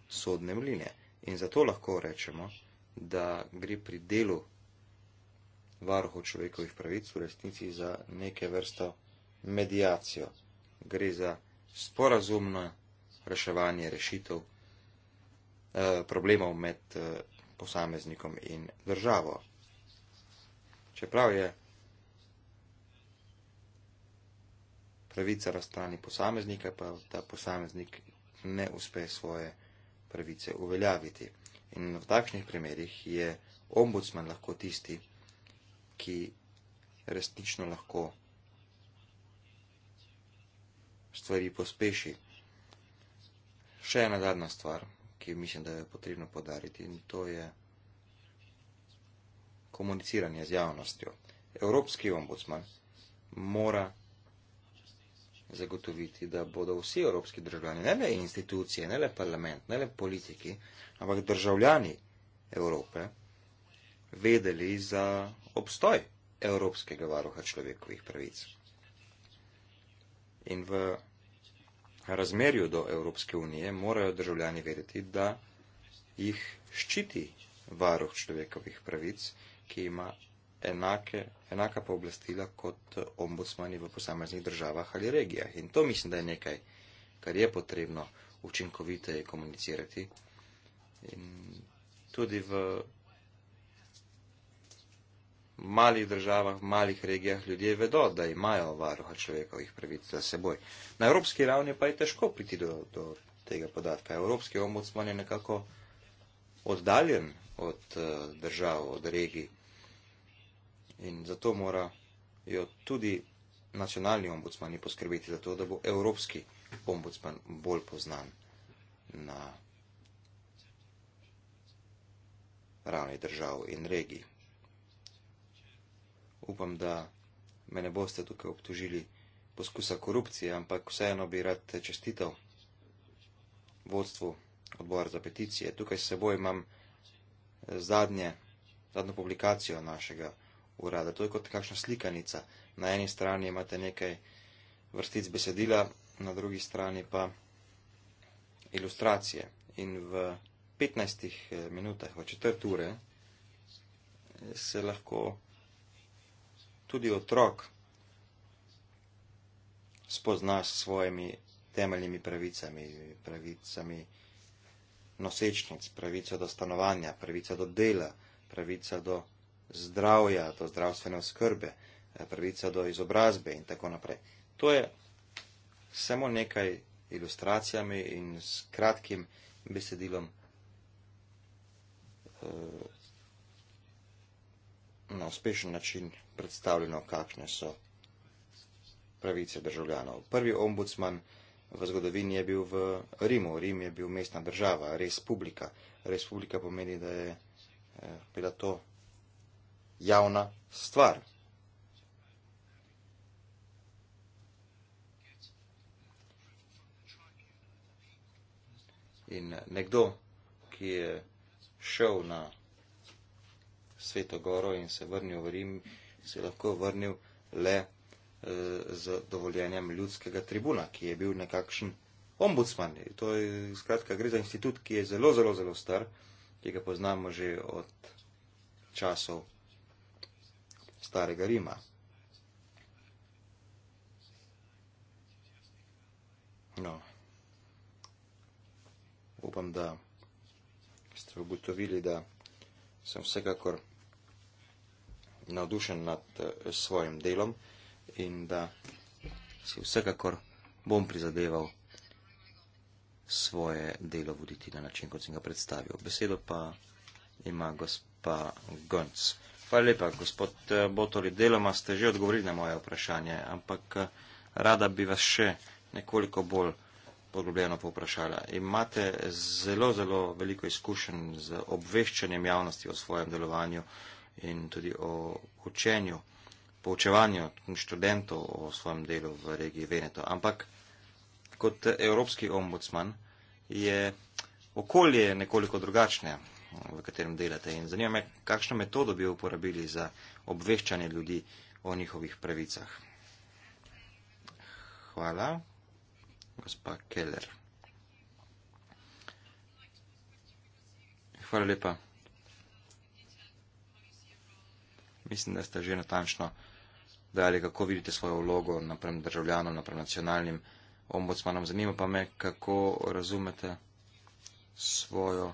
sodne mline. In zato lahko rečemo, da gre pri delu varuha človekovih pravic v resnici za neke vrsto medijacijo. Gre za sporazumno reševanje rešitev eh, problemov med eh, posameznikom in državo. Čeprav je pravica na strani posameznika, pa ta posameznik ne uspe svoje pravice uveljaviti. In v takšnih primerjih je ombudsman lahko tisti, ki resnično lahko stvari pospeši. Še ena zadnja stvar, ki mislim, da je potrebno podariti in to je komuniciranje z javnostjo. Evropski ombudsman mora zagotoviti, da bodo vsi evropski državljani, ne le institucije, ne le parlament, ne le politiki, ampak državljani Evrope vedeli za obstoj Evropskega varuha človekovih pravic. In v razmerju do Evropske unije morajo državljani vedeti, da jih ščiti varuh človekovih pravic, ki ima enake, enaka pooblastila kot ombudsmani v posameznih državah ali regijah. In to mislim, da je nekaj, kar je potrebno učinkoviteje komunicirati. In tudi v malih državah, v malih regijah ljudje vedo, da imajo varuha človekovih pravic za seboj. Na evropski ravni pa je težko priti do, do tega podatka. Evropski ombudsman je nekako oddaljen od uh, držav, od regij in zato morajo tudi nacionalni ombudsmani poskrbeti za to, da bo evropski ombudsman bolj poznan na ravni držav in regij upam, da me ne boste tukaj obtožili poskusa korupcije, ampak vseeno bi rad čestitev vodstvu odbora za peticije. Tukaj s seboj imam eh, zadnje, zadnjo publikacijo našega urada. To je kot kakšna slikanica. Na eni strani imate nekaj vrstic besedila, na drugi strani pa ilustracije. In v 15 eh, minutah, v četrt ure, eh, se lahko tudi otrok spozna s svojimi temeljnimi pravicami, pravicami nosečnic, pravico do stanovanja, pravico do dela, pravico do zdravja, do zdravstvene oskrbe, eh, pravico do izobrazbe in tako naprej. To je samo nekaj ilustracijami in s kratkim besedilom. Uh, na uspešen način predstavljeno, kakšne so pravice državljanov. Prvi ombudsman v zgodovini je bil v Rimu. Rim je bil mestna država, res publika. Res publika pomeni, da je eh, bila to javna stvar. In nekdo, ki je šel na Sveto Goro in se vrnil v Rim, se lahko vrnil le eh, z dovoljenjem ljudskega tribuna, ki je bil nekakšen ombudsman. To je, skratka, gre za institut, ki je zelo, zelo, zelo star, ki ga poznamo že od časov starega Rima. No. Upam, da ste ugotovili, da sem vsekakor navdušen nad eh, svojim delom in da si vsekakor bom prizadeval svoje delo voditi na način, kot sem ga predstavil. Besedo pa ima gospa Gonc. Hvala lepa, gospod eh, Botoli. Deloma ste že odgovorili na moje vprašanje, ampak eh, rada bi vas še nekoliko bolj poglobljeno povprašala. Imate zelo, zelo veliko izkušenj z obveščanjem javnosti o svojem delovanju in tudi o učenju, poučevanju študentov o svojem delu v regiji Veneto. Ampak kot evropski ombudsman je okolje nekoliko drugačne, v katerem delate. In zanima me, kakšno metodo bi uporabili za obveščanje ljudi o njihovih pravicah. Hvala, gospa Keller. Hvala lepa. mislim, da ste že natančno dali, kako vidite svojo vlogo naprem državljanom, naprem nacionalnim ombudsmanom. Zanima pa me, kako razumete svojo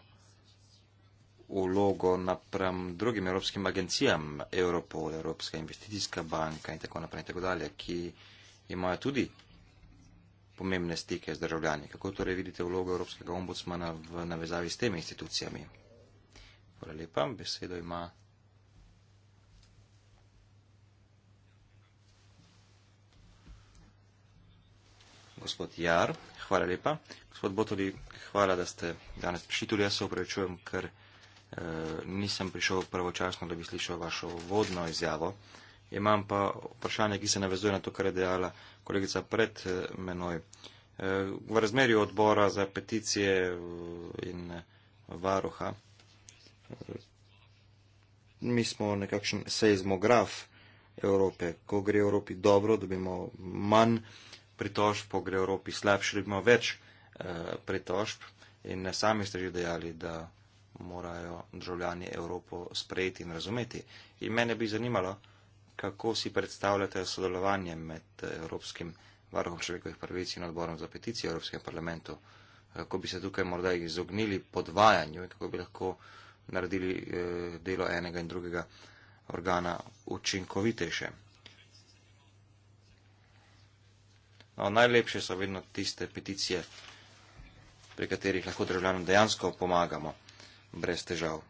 vlogo naprem drugim evropskim agencijam, Europol, Evropska investicijska banka in tako naprej in tako dalje, ki imajo tudi pomembne stike z državljani. Kako torej vidite vlogo Evropskega ombudsmana v navezavi s temi institucijami? Hvala lepa, besedo ima gospod Jar. Hvala lepa. Gospod Botoli, hvala, da ste danes prišli tudi. Jaz se upravičujem, ker eh, nisem prišel pravočasno, da bi slišal vašo vodno izjavo. Imam pa vprašanje, ki se navezuje na to, kar je dejala kolegica pred eh, menoj. Eh, v razmerju odbora za peticije eh, in varuha, mi smo nekakšen seizmograf Evrope. Ko gre Evropi dobro, dobimo manj pritožb po gre Evropi slabše, da imamo več eh, pritožb in sami ste že dejali, da morajo državljani Evropo sprejeti in razumeti. In mene bi zanimalo, kako si predstavljate sodelovanje med eh, Evropskim varuhom človekovih pravic in odborom za peticijo Evropskem parlamentu, kako eh, bi se tukaj morda izognili podvajanju in kako bi lahko naredili delo enega in drugega organa učinkovitejše. No, najlepše so vedno tiste peticije, pri katerih lahko državljanom dejansko pomagamo brez težav.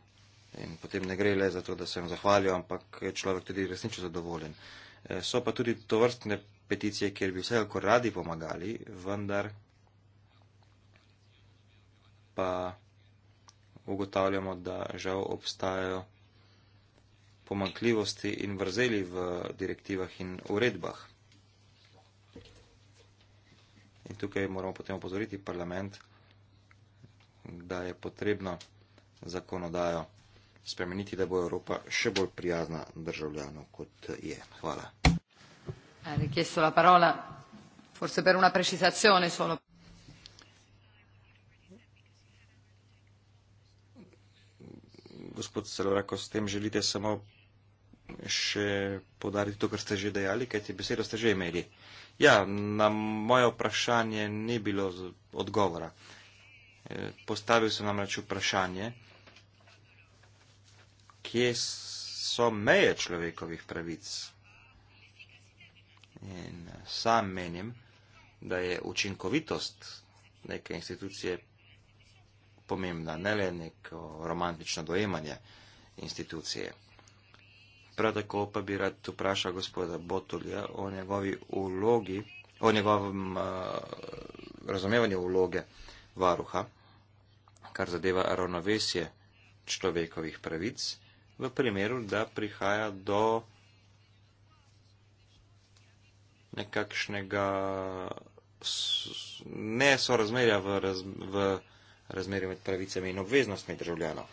In potem ne gre le za to, da se jim zahvalijo, ampak je človek tudi resnično zadovoljen. E, so pa tudi to vrstne peticije, kjer bi vsekako radi pomagali, vendar pa ugotavljamo, da žal obstajajo pomankljivosti in vrzeli v direktivah in uredbah. In tukaj moramo potem opozoriti parlament, da je potrebno zakonodajo spremeniti, da bo Evropa še bolj prijazna državljanov, kot je. Hvala. Eh, Gospod Celorako, s tem želite samo še podariti to, kar ste že dejali, kajti besedo ste že imeli. Ja, na moje vprašanje ni bilo odgovora. E, postavil sem namreč vprašanje, kje so meje človekovih pravic. In e, sam menim, da je učinkovitost neke institucije pomembna, ne le neko romantično dojemanje institucije prav tako pa bi rad vprašal gospoda Botulja o njegovi ulogi, o njegovem uh, razumevanju uloge varuha, kar zadeva ravnovesje človekovih pravic, v primeru, da prihaja do nekakšnega nesorazmerja v, raz, v razmerju med pravicami in obveznostmi državljanov.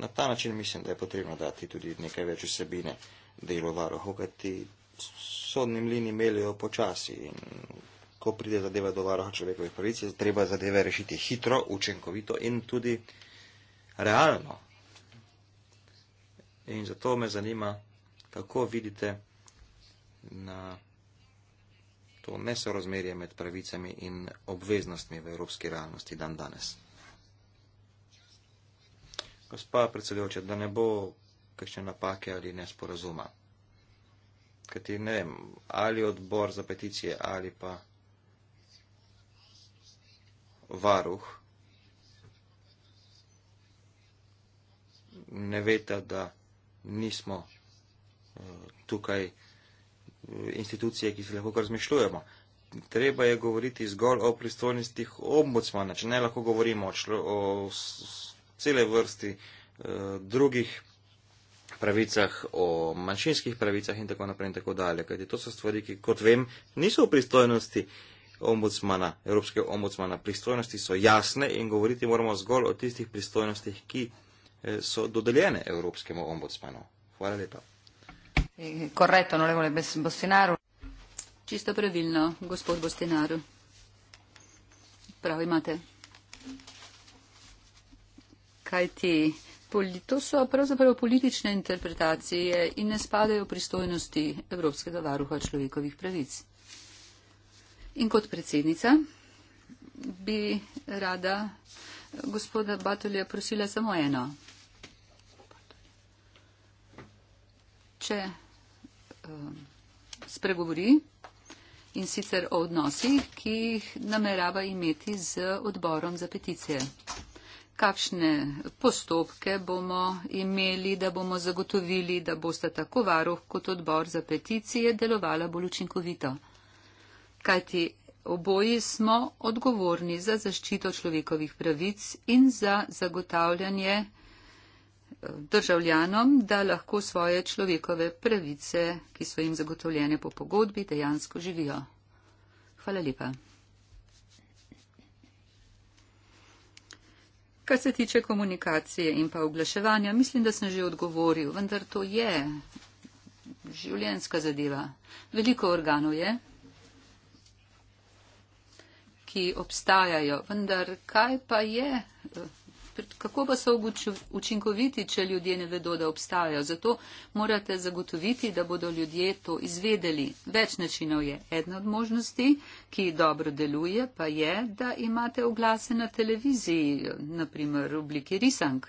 Na ta način mislim, da je potrebno dati tudi nekaj več vsebine delu varuha, kaj ti sodni mlini melijo počasi in ko pride zadeva do varuha človekovih pravic, je treba zadeve rešiti hitro, učinkovito in tudi realno. In zato me zanima, kako vidite na to nesorozmerje med pravicami in obveznostmi v evropski realnosti dan danes gospa predsedujoča, da ne bo kakšne napake ali nesporazuma. Kajti ne vem, ali odbor za peticije ali pa varuh ne veta, da nismo eh, tukaj eh, institucije, ki se lahko kar zmišljujemo. Treba je govoriti zgolj o pristojnostih ombudsmana, če ne lahko govorimo o, člo, o cele vrsti eh, drugih pravicah, o manjšinskih pravicah in tako naprej in tako dalje. Kajti to so stvari, ki, kot vem, niso v pristojnosti ombudsmana, Evropskega ombudsmana. Pristojnosti so jasne in govoriti moramo zgolj o tistih pristojnostih, ki eh, so dodeljene Evropskemu ombudsmanu. Hvala lepa. Korretto, eh, onorevole Bostinaru. Čisto pravilno, gospod Bostinaru. Prav imate kajti to so pravzaprav politične interpretacije in ne spadajo pristojnosti Evropskega varuha človekovih pravic. In kot predsednica bi rada gospoda Batolja prosila samo eno. Če um, spregovori in sicer o odnosih, ki jih namerava imeti z odborom za peticije kakšne postopke bomo imeli, da bomo zagotovili, da boste tako varuh kot odbor za peticije delovala bolj učinkovito. Kajti oboji smo odgovorni za zaščito človekovih pravic in za zagotavljanje eh, državljanom, da lahko svoje človekove pravice, ki so jim zagotovljene po pogodbi, dejansko živijo. Hvala lepa. Kar se tiče komunikacije in pa oglaševanja, mislim, da sem že odgovoril, vendar to je življenska zadeva. Veliko organov je, ki obstajajo, vendar kaj pa je? Eh, kako pa so učinkoviti, če ljudje ne vedo, da obstajajo. Zato morate zagotoviti, da bodo ljudje to izvedeli. Več načinov je. Edna od možnosti, ki dobro deluje, pa je, da imate oglase na televiziji, naprimer v obliki risank.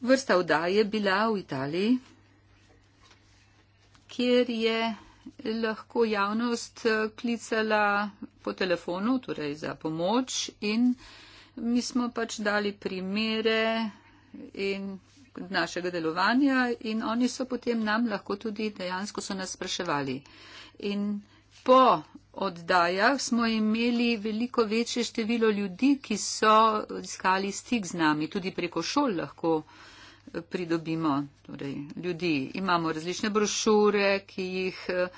Vrsta vdaje je bila v Italiji, kjer je lahko javnost eh, klicala po telefonu, torej za pomoč in mi smo pač dali primere in našega delovanja in oni so potem nam lahko tudi dejansko so nas spraševali. In po oddajah smo imeli veliko večje število ljudi, ki so iskali stik z nami, tudi preko šol lahko eh, pridobimo torej, ljudi. Imamo različne brošure, ki jih eh,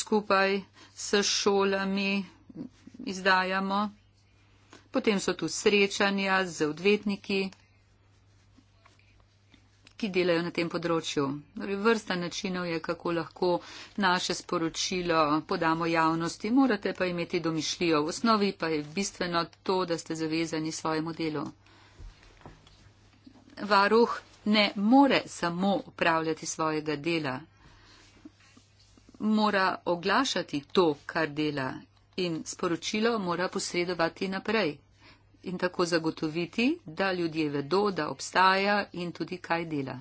skupaj s šolami izdajamo. Potem so tu srečanja z odvetniki, ki delajo na tem področju. Torej, vrsta načinov je, kako lahko naše sporočilo podamo javnosti. Morate pa imeti domišljijo. V osnovi pa je bistveno to, da ste zavezani svojemu delu. Varuh ne more samo upravljati svojega dela, mora oglašati to, kar dela in sporočilo mora posredovati naprej in tako zagotoviti, da ljudje vedo, da obstaja in tudi kaj dela.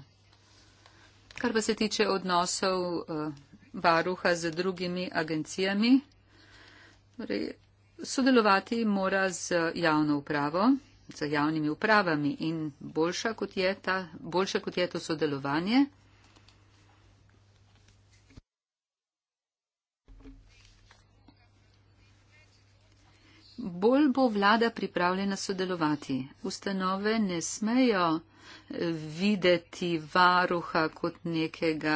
Kar pa se tiče odnosov eh, varuha z drugimi agencijami, torej sodelovati mora z javno upravo, z javnimi upravami in boljša kot je, ta, boljša kot je to sodelovanje. bolj bo vlada pripravljena sodelovati. Ustanove ne smejo eh, videti varuha kot nekega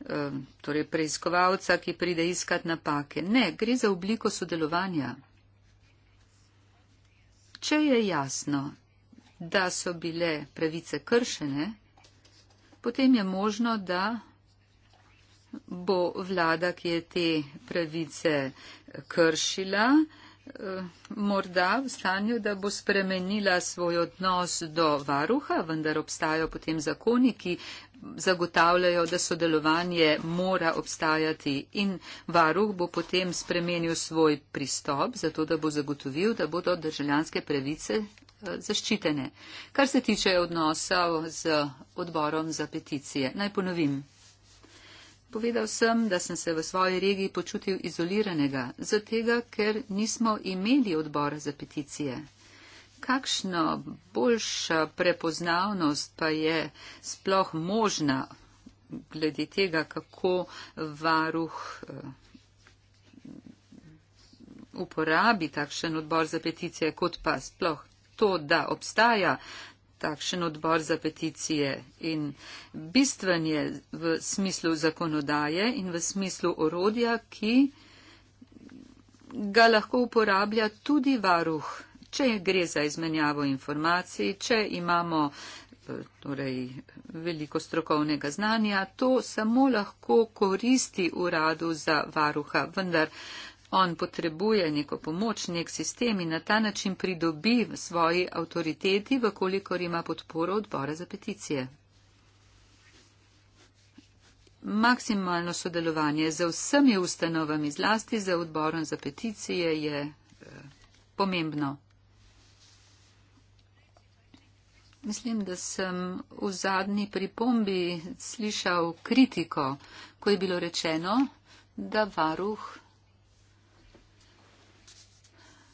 eh, torej preiskovalca, ki pride iskat napake. Ne, gre za obliko sodelovanja. Če je jasno, da so bile pravice kršene, potem je možno, da bo vlada, ki je te pravice kršila, Eh, morda v stanju, da bo spremenila svoj odnos do varuha, vendar obstajajo potem zakoni, ki zagotavljajo, da sodelovanje mora obstajati in varuh bo potem spremenil svoj pristop, zato da bo zagotovil, da bodo državljanske pravice eh, zaščitene. Kar se tiče odnosa z odborom za peticije, naj ponovim. Povedal sem, da sem se v svoji regiji počutil izoliranega, zatega, ker nismo imeli odbora za peticije. Kakšna boljša prepoznavnost pa je sploh možna glede tega, kako varuh eh, uporabi takšen odbor za peticije, kot pa sploh to, da obstaja uh, takšen odbor za peticije in bistven je v smislu zakonodaje in v smislu orodja, ki ga lahko uporablja tudi varuh, če gre za izmenjavo informacij, če imamo eh, torej, veliko strokovnega znanja, to samo lahko koristi uradu za varuha, vendar On potrebuje neko pomoč, nek sistem in na ta način pridobi v svoji avtoriteti, vkolikor ima podporo odbora za peticije. Maksimalno sodelovanje z vsemi ustanovami, zlasti z odborom za peticije, je eh, pomembno. Mislim, da sem v zadnji pripombi slišal kritiko, ko je bilo rečeno, da varuh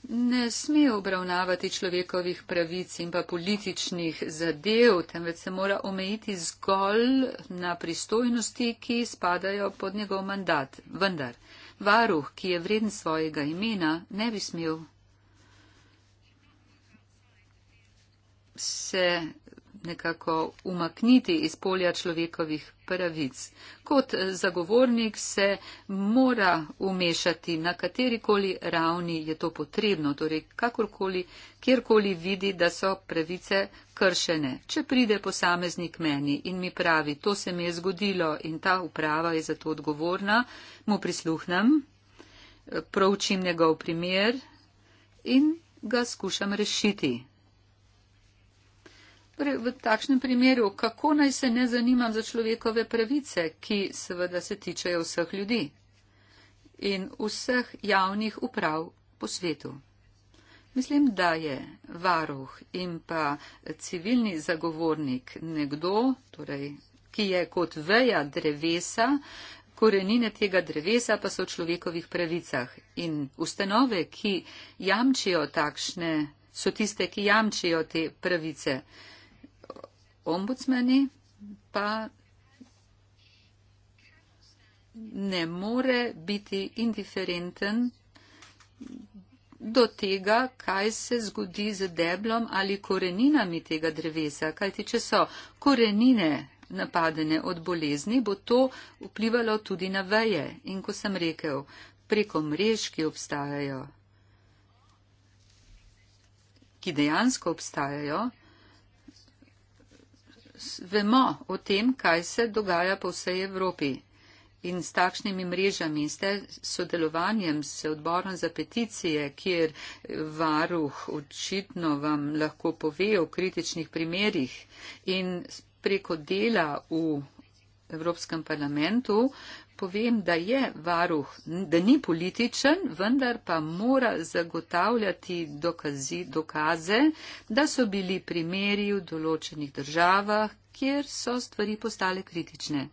ne sme obravnavati človekovih pravic in pa političnih zadev, temveč se mora omejiti zgolj na pristojnosti, ki spadajo pod njegov mandat. Vendar, varuh, ki je vreden svojega imena, ne bi smel se nekako umakniti iz polja človekovih pravic. Kot eh, zagovornik se mora umešati na katerikoli ravni je to potrebno, torej kakorkoli, kjerkoli vidi, da so pravice kršene. Če pride posameznik meni in mi pravi, to se mi je zgodilo in ta uprava je za to odgovorna, mu prisluhnem, eh, proučim njegov primer in ga skušam rešiti. Torej, v takšnem primeru, kako naj se ne zanimam za človekove pravice, ki seveda se tičejo vseh ljudi in vseh javnih uprav po svetu. Mislim, da je varuh in pa civilni zagovornik nekdo, torej, ki je kot veja drevesa, korenine tega drevesa pa so v človekovih pravicah in ustanove, ki jamčijo takšne, so tiste, ki jamčijo te pravice ombudsmani pa ne more biti indiferenten do tega, kaj se zgodi z deblom ali koreninami tega drevesa. Kajti, če so korenine napadene od bolezni, bo to vplivalo tudi na veje. In ko sem rekel, preko mrež, ki obstajajo, ki dejansko obstajajo, vemo o tem, kaj se dogaja po vsej Evropi. In s takšnimi mrežami, s te sodelovanjem s odborom za peticije, kjer varuh očitno vam lahko pove o kritičnih primerjih in preko dela v Evropskem parlamentu, povem, da je varuh, da ni političen, vendar pa mora zagotavljati dokazi, dokaze, da so bili primeri v določenih državah, kjer so stvari postale kritične.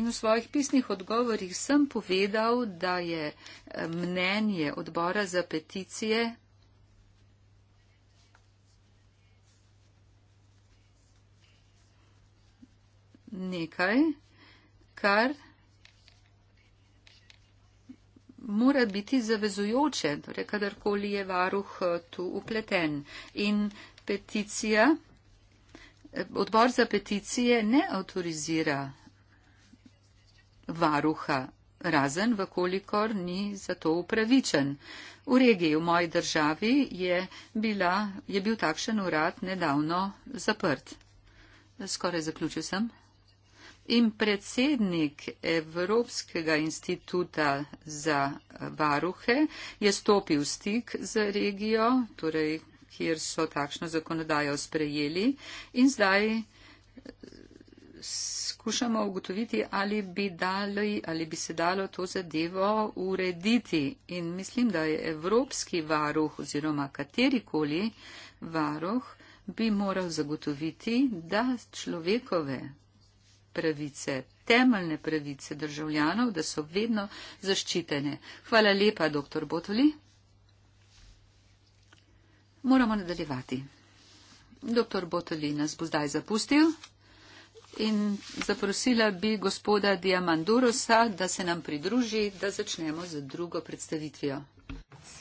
In v svojih pisnih odgovorih sem povedal, da je eh, mnenje odbora za peticije nekaj, kar mora biti zavezujoče, torej kadarkoli je varuh eh, tu upleten. In peticija, eh, odbor za peticije ne avtorizira varuha, razen, vkolikor ni za to upravičen. V regiji, v moji državi, je, bila, je bil takšen urad nedavno zaprt. Skoraj zaključil sem in predsednik Evropskega instituta za varuhe je stopil v stik z regijo, torej, kjer so takšno zakonodajo sprejeli in zdaj eh, skušamo ugotoviti, ali bi, dali, ali bi se dalo to zadevo urediti. In mislim, da je Evropski varuh oziroma katerikoli varuh bi moral zagotoviti, da človekove pravice, temeljne pravice državljanov, da so vedno zaščitene. Hvala lepa, dr. Botoli. Moramo nadaljevati. Dr. Botoli nas bo zdaj zapustil in zaprosila bi gospoda Diamandurosa, da se nam pridruži, da začnemo z drugo predstavitvijo. Thanks.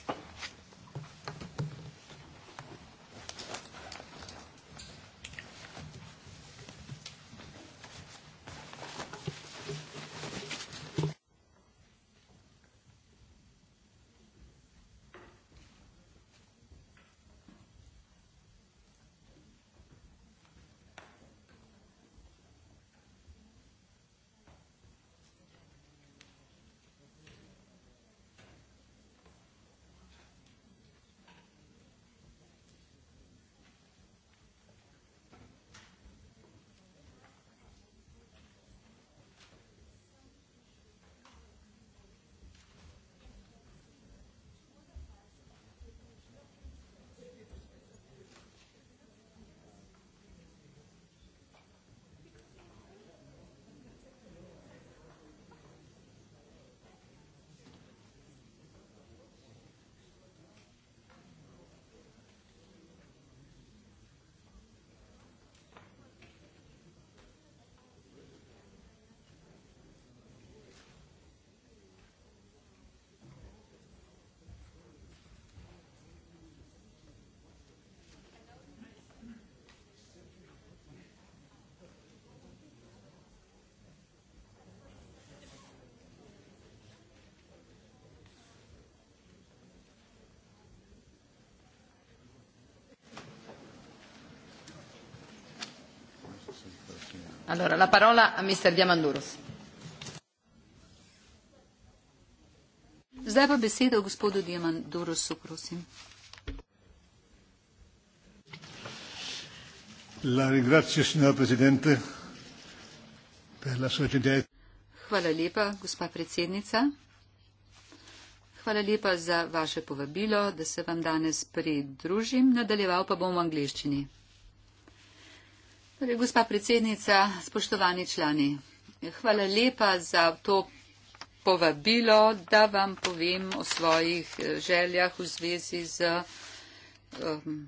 Allora, la parola a mister Diamandouros. Zdaj pa besedo gospodu Diamandourosu, prosim. Hvala lepa, gospa predsednica. Hvala lepa za vaše povabilo, da se vam danes pridružim. Nadaljeval pa bom v angliščini. Torej, gospa predsednica, spoštovani člani, hvala lepa za to povabilo, da vam povem o svojih eh, željah v zvezi z um, ehm,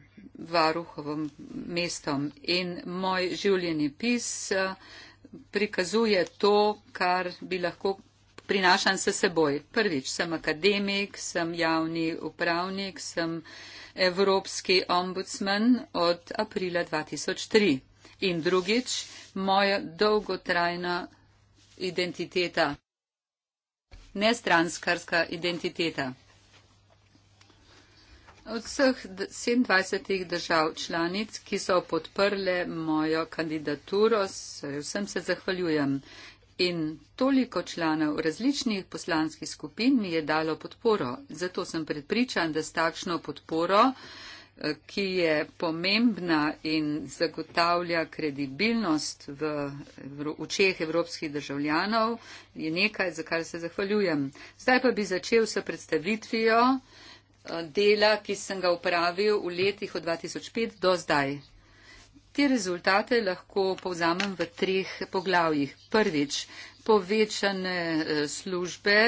varuhovim mestom. In moj življeni pis uh, eh, prikazuje to, kar bi lahko prinašan se seboj. Prvič, sem akademik, sem javni upravnik, sem evropski ombudsman od aprila 2003 in drugič moja dolgotrajna identiteta, nestranskarska identiteta. Od vseh 27 držav članic, ki so podprle mojo kandidaturo, vsem se zahvaljujem. In toliko članov različnih poslanskih skupin mi je dalo podporo. Zato sem predpričan, da s takšno podporo ki je pomembna in zagotavlja kredibilnost v očeh evropskih državljanov, je nekaj, za kar se zahvaljujem. Zdaj pa bi začel s predstavitvijo eh, dela, ki sem ga upravil v letih od 2005 do zdaj. Te rezultate lahko povzamem v treh poglavjih. Prvič, povečane eh, službe,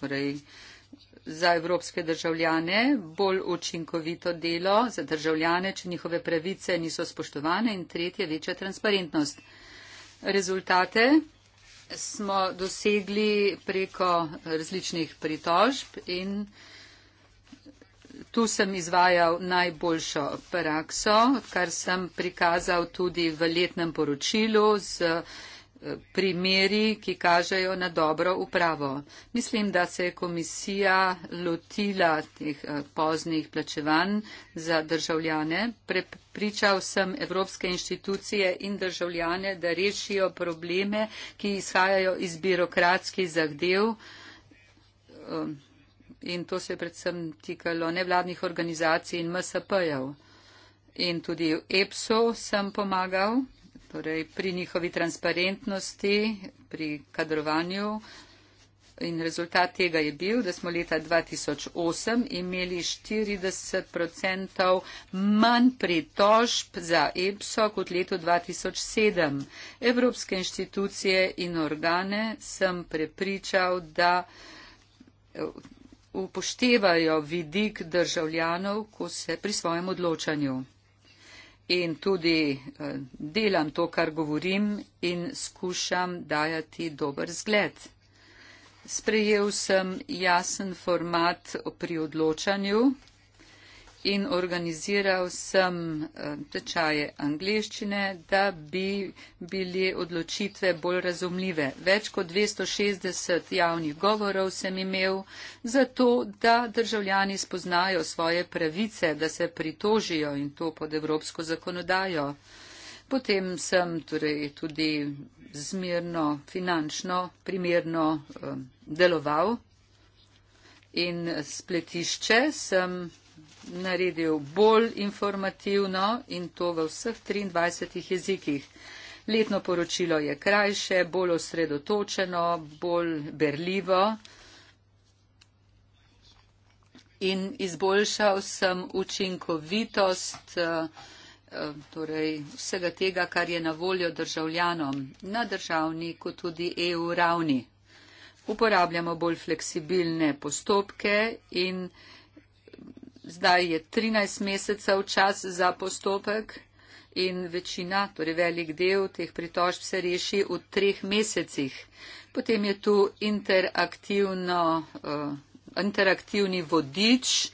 torej za evropske državljane, bolj učinkovito delo za državljane, če njihove pravice niso spoštovane in tretje, večja transparentnost. Rezultate smo dosegli preko različnih pritožb in tu sem izvajal najboljšo prakso, kar sem prikazal tudi v letnem poročilu z primeri, ki kažejo na dobro upravo. Mislim, da se je komisija lotila teh eh, poznih plačevanj za državljane. Prepričal sem evropske inštitucije in državljane, da rešijo probleme, ki izhajajo iz birokratskih zahdev. Eh, in to se je predvsem tikalo nevladnih organizacij in MSP-jev. In tudi EPSO sem pomagal torej pri njihovi transparentnosti, pri kadrovanju. In rezultat tega je bil, da smo leta 2008 imeli 40 odstotkov manj pritožb za EPSO kot leto 2007. Evropske inštitucije in organe sem prepričal, da eh, upoštevajo vidik državljanov pri svojem odločanju in tudi eh, delam to, kar govorim in skušam dajati dober zgled. Sprejel sem jasen format pri odločanju in organizira vsem eh, tečaje angliščine, da bi bili odločitve bolj razumljive. Več kot 260 javnih govorov sem imel za to, da državljani spoznajo svoje pravice, da se pritožijo in to pod evropsko zakonodajo. Potem sem torej tudi zmerno finančno primerno eh, deloval in spletišče sem naredil bolj informativno in to v vseh 23 jezikih. Letno poročilo je krajše, bolj osredotočeno, bolj berljivo in izboljšal sem učinkovitost eh, eh, torej vsega tega, kar je na voljo državljanom na državni kot tudi EU ravni. Uporabljamo bolj fleksibilne postopke in zdaj je 13 mesecev čas za postopek in večina, torej velik del teh pritožb se reši v treh mesecih. Potem je tu uh, interaktivni vodič,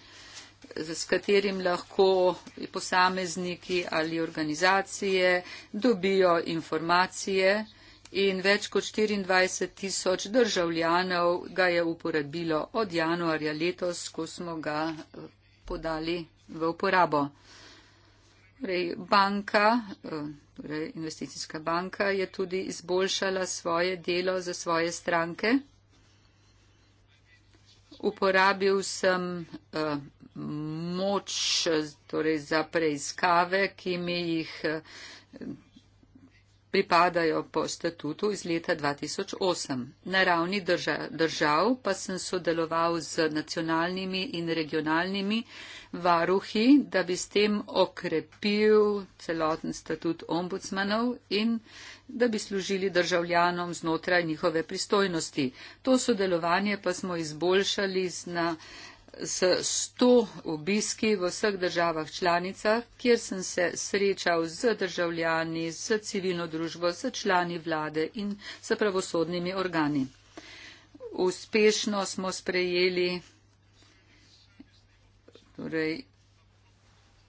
s katerim lahko posamezniki ali organizacije dobijo informacije in več kot 24 tisoč državljanov ga je uporabilo od januarja letos, ko smo ga eh, podali v uporabo. Torej, banka, eh, torej investicijska banka je tudi izboljšala svoje delo za svoje stranke. Uporabil sem uh, moč torej, za preiskave, ki mi jih. Uh, pripadajo po statutu iz leta 2008. Na ravni drža, držav pa sem sodeloval z nacionalnimi in regionalnimi varuhi, da bi s tem okrepil celoten statut ombudsmanov in da bi služili državljanom znotraj njihove pristojnosti. To sodelovanje pa smo izboljšali z na s 100 obiski v vseh državah članicah, kjer sem se srečal z državljani, z civilno družbo, z člani vlade in s pravosodnimi organi. Uspešno smo sprejeli torej,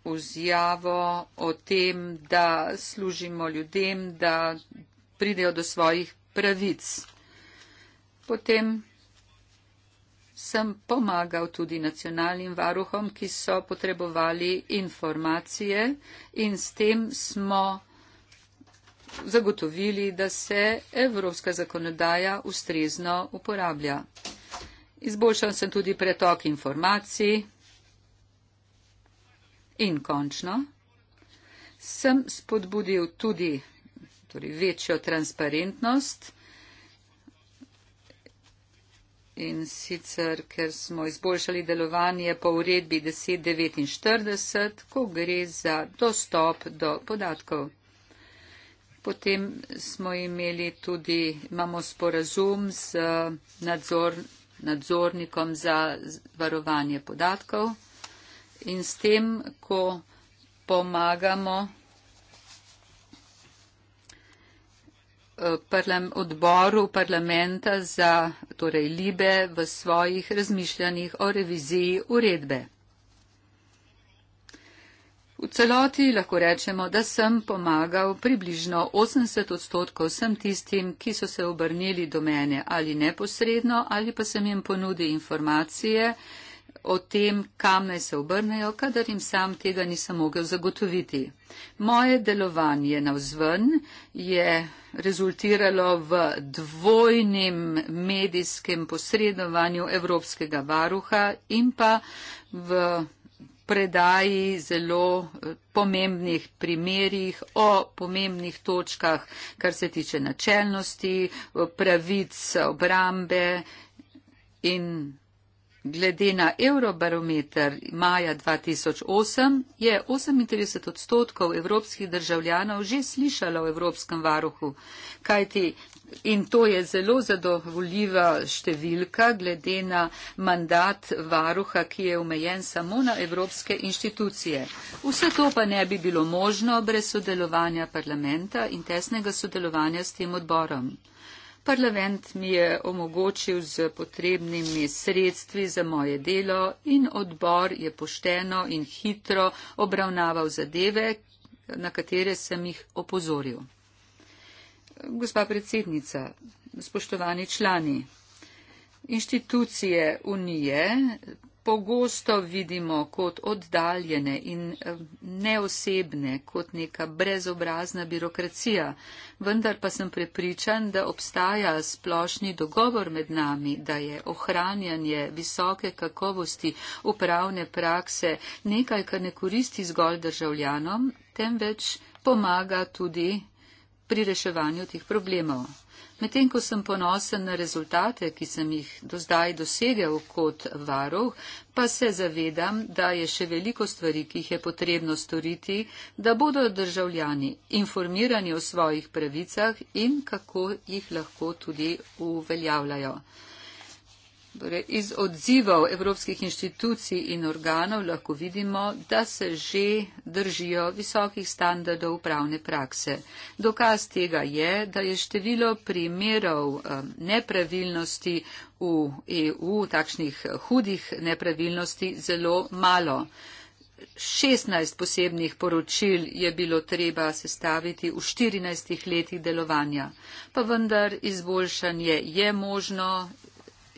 vzjavo o tem, da služimo ljudem, da pridejo do svojih pravic. Potem sem pomagal tudi nacionalnim varuhom, ki so potrebovali informacije in s tem smo zagotovili, da se evropska zakonodaja ustrezno uporablja. Izboljšal sem tudi pretok informacij in končno sem spodbudil tudi torej večjo transparentnost in sicer, ker smo izboljšali delovanje po uredbi 1049, ko gre za dostop do podatkov. Potem smo imeli tudi, imamo sporazum z nadzor, nadzornikom za varovanje podatkov in s tem, ko pomagamo Eh, parlam, odboru parlamenta za torej Libe v svojih razmišljanjih o reviziji uredbe. V celoti lahko rečemo, da sem pomagal približno 80 odstotkov vsem tistim, ki so se obrnili do mene ali neposredno ali pa sem jim ponudil informacije, o tem, kam naj se obrnejo, kadar jim sam tega nisem mogel zagotoviti. Moje delovanje na vzven je rezultiralo v dvojnem medijskem posredovanju Evropskega varuha in pa v predaji zelo eh, pomembnih primerjih o pomembnih točkah, kar se tiče načelnosti, pravic obrambe in Glede na eurobarometer maja 2008 je 38 odstotkov evropskih državljanov že slišalo o Evropskem varuhu, kajti in to je zelo zadovoljiva številka glede na mandat varuha, ki je omejen samo na evropske inštitucije. Vse to pa ne bi bilo možno brez sodelovanja parlamenta in tesnega sodelovanja s tem odborom. Parlament mi je omogočil z potrebnimi sredstvi za moje delo in odbor je pošteno in hitro obravnaval zadeve, na katere sem jih opozoril. Gospa predsednica, spoštovani člani, inštitucije Unije, pogosto vidimo kot oddaljene in eh, neosebne, kot neka brezobrazna birokracija, vendar pa sem prepričan, da obstaja splošni dogovor med nami, da je ohranjanje visoke kakovosti upravne prakse nekaj, kar ne koristi zgolj državljanom, temveč pomaga tudi pri reševanju teh problemov. Medtem ko sem ponosen na rezultate, ki sem jih do zdaj dosegel kot varuh, pa se zavedam, da je še veliko stvari, ki jih je potrebno storiti, da bodo državljani informirani o svojih pravicah in kako jih lahko tudi uveljavljajo. Torej, iz odzivov evropskih inštitucij in organov lahko vidimo, da se že držijo visokih standardov pravne prakse. Dokaz tega je, da je število primerov eh, nepravilnosti v EU, takšnih hudih nepravilnosti, zelo malo. 16 posebnih poročil je bilo treba sestaviti v 14 letih delovanja, pa vendar izboljšanje je možno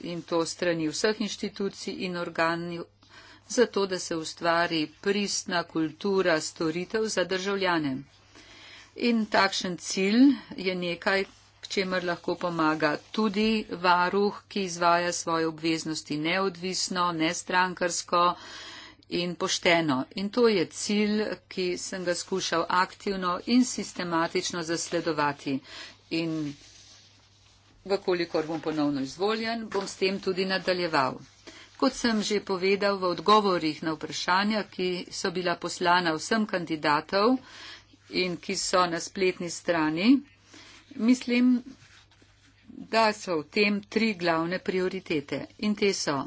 in to strani vseh inštitucij in organov, zato da se ustvari pristna kultura storitev za državljane. In takšen cilj je nekaj, k čemer lahko pomaga tudi varuh, ki izvaja svoje obveznosti neodvisno, nestrankarsko in pošteno. In to je cilj, ki sem ga skušal aktivno in sistematično zasledovati. In Vkolikor bom ponovno izvoljen, bom s tem tudi nadaljeval. Kot sem že povedal v odgovorih na vprašanja, ki so bila poslana vsem kandidatov in ki so na spletni strani, mislim, da so v tem tri glavne prioritete. In te so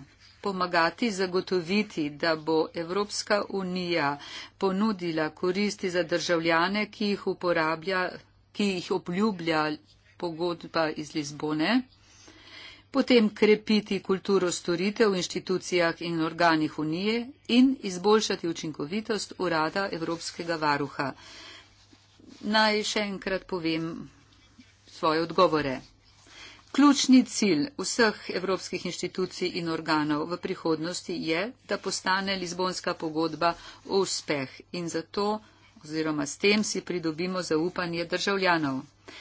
pomagati zagotoviti, da bo Evropska unija ponudila koristi za državljane, ki jih uporablja, ki jih obljublja pogodba iz Lizbone, potem krepiti kulturo storitev v inštitucijah in organih unije in izboljšati učinkovitost urada Evropskega varuha. Naj še enkrat povem svoje odgovore. Ključni cilj vseh evropskih inštitucij in organov v prihodnosti je, da postane Lizbonska pogodba uspeh in zato oziroma s tem si pridobimo zaupanje državljanov.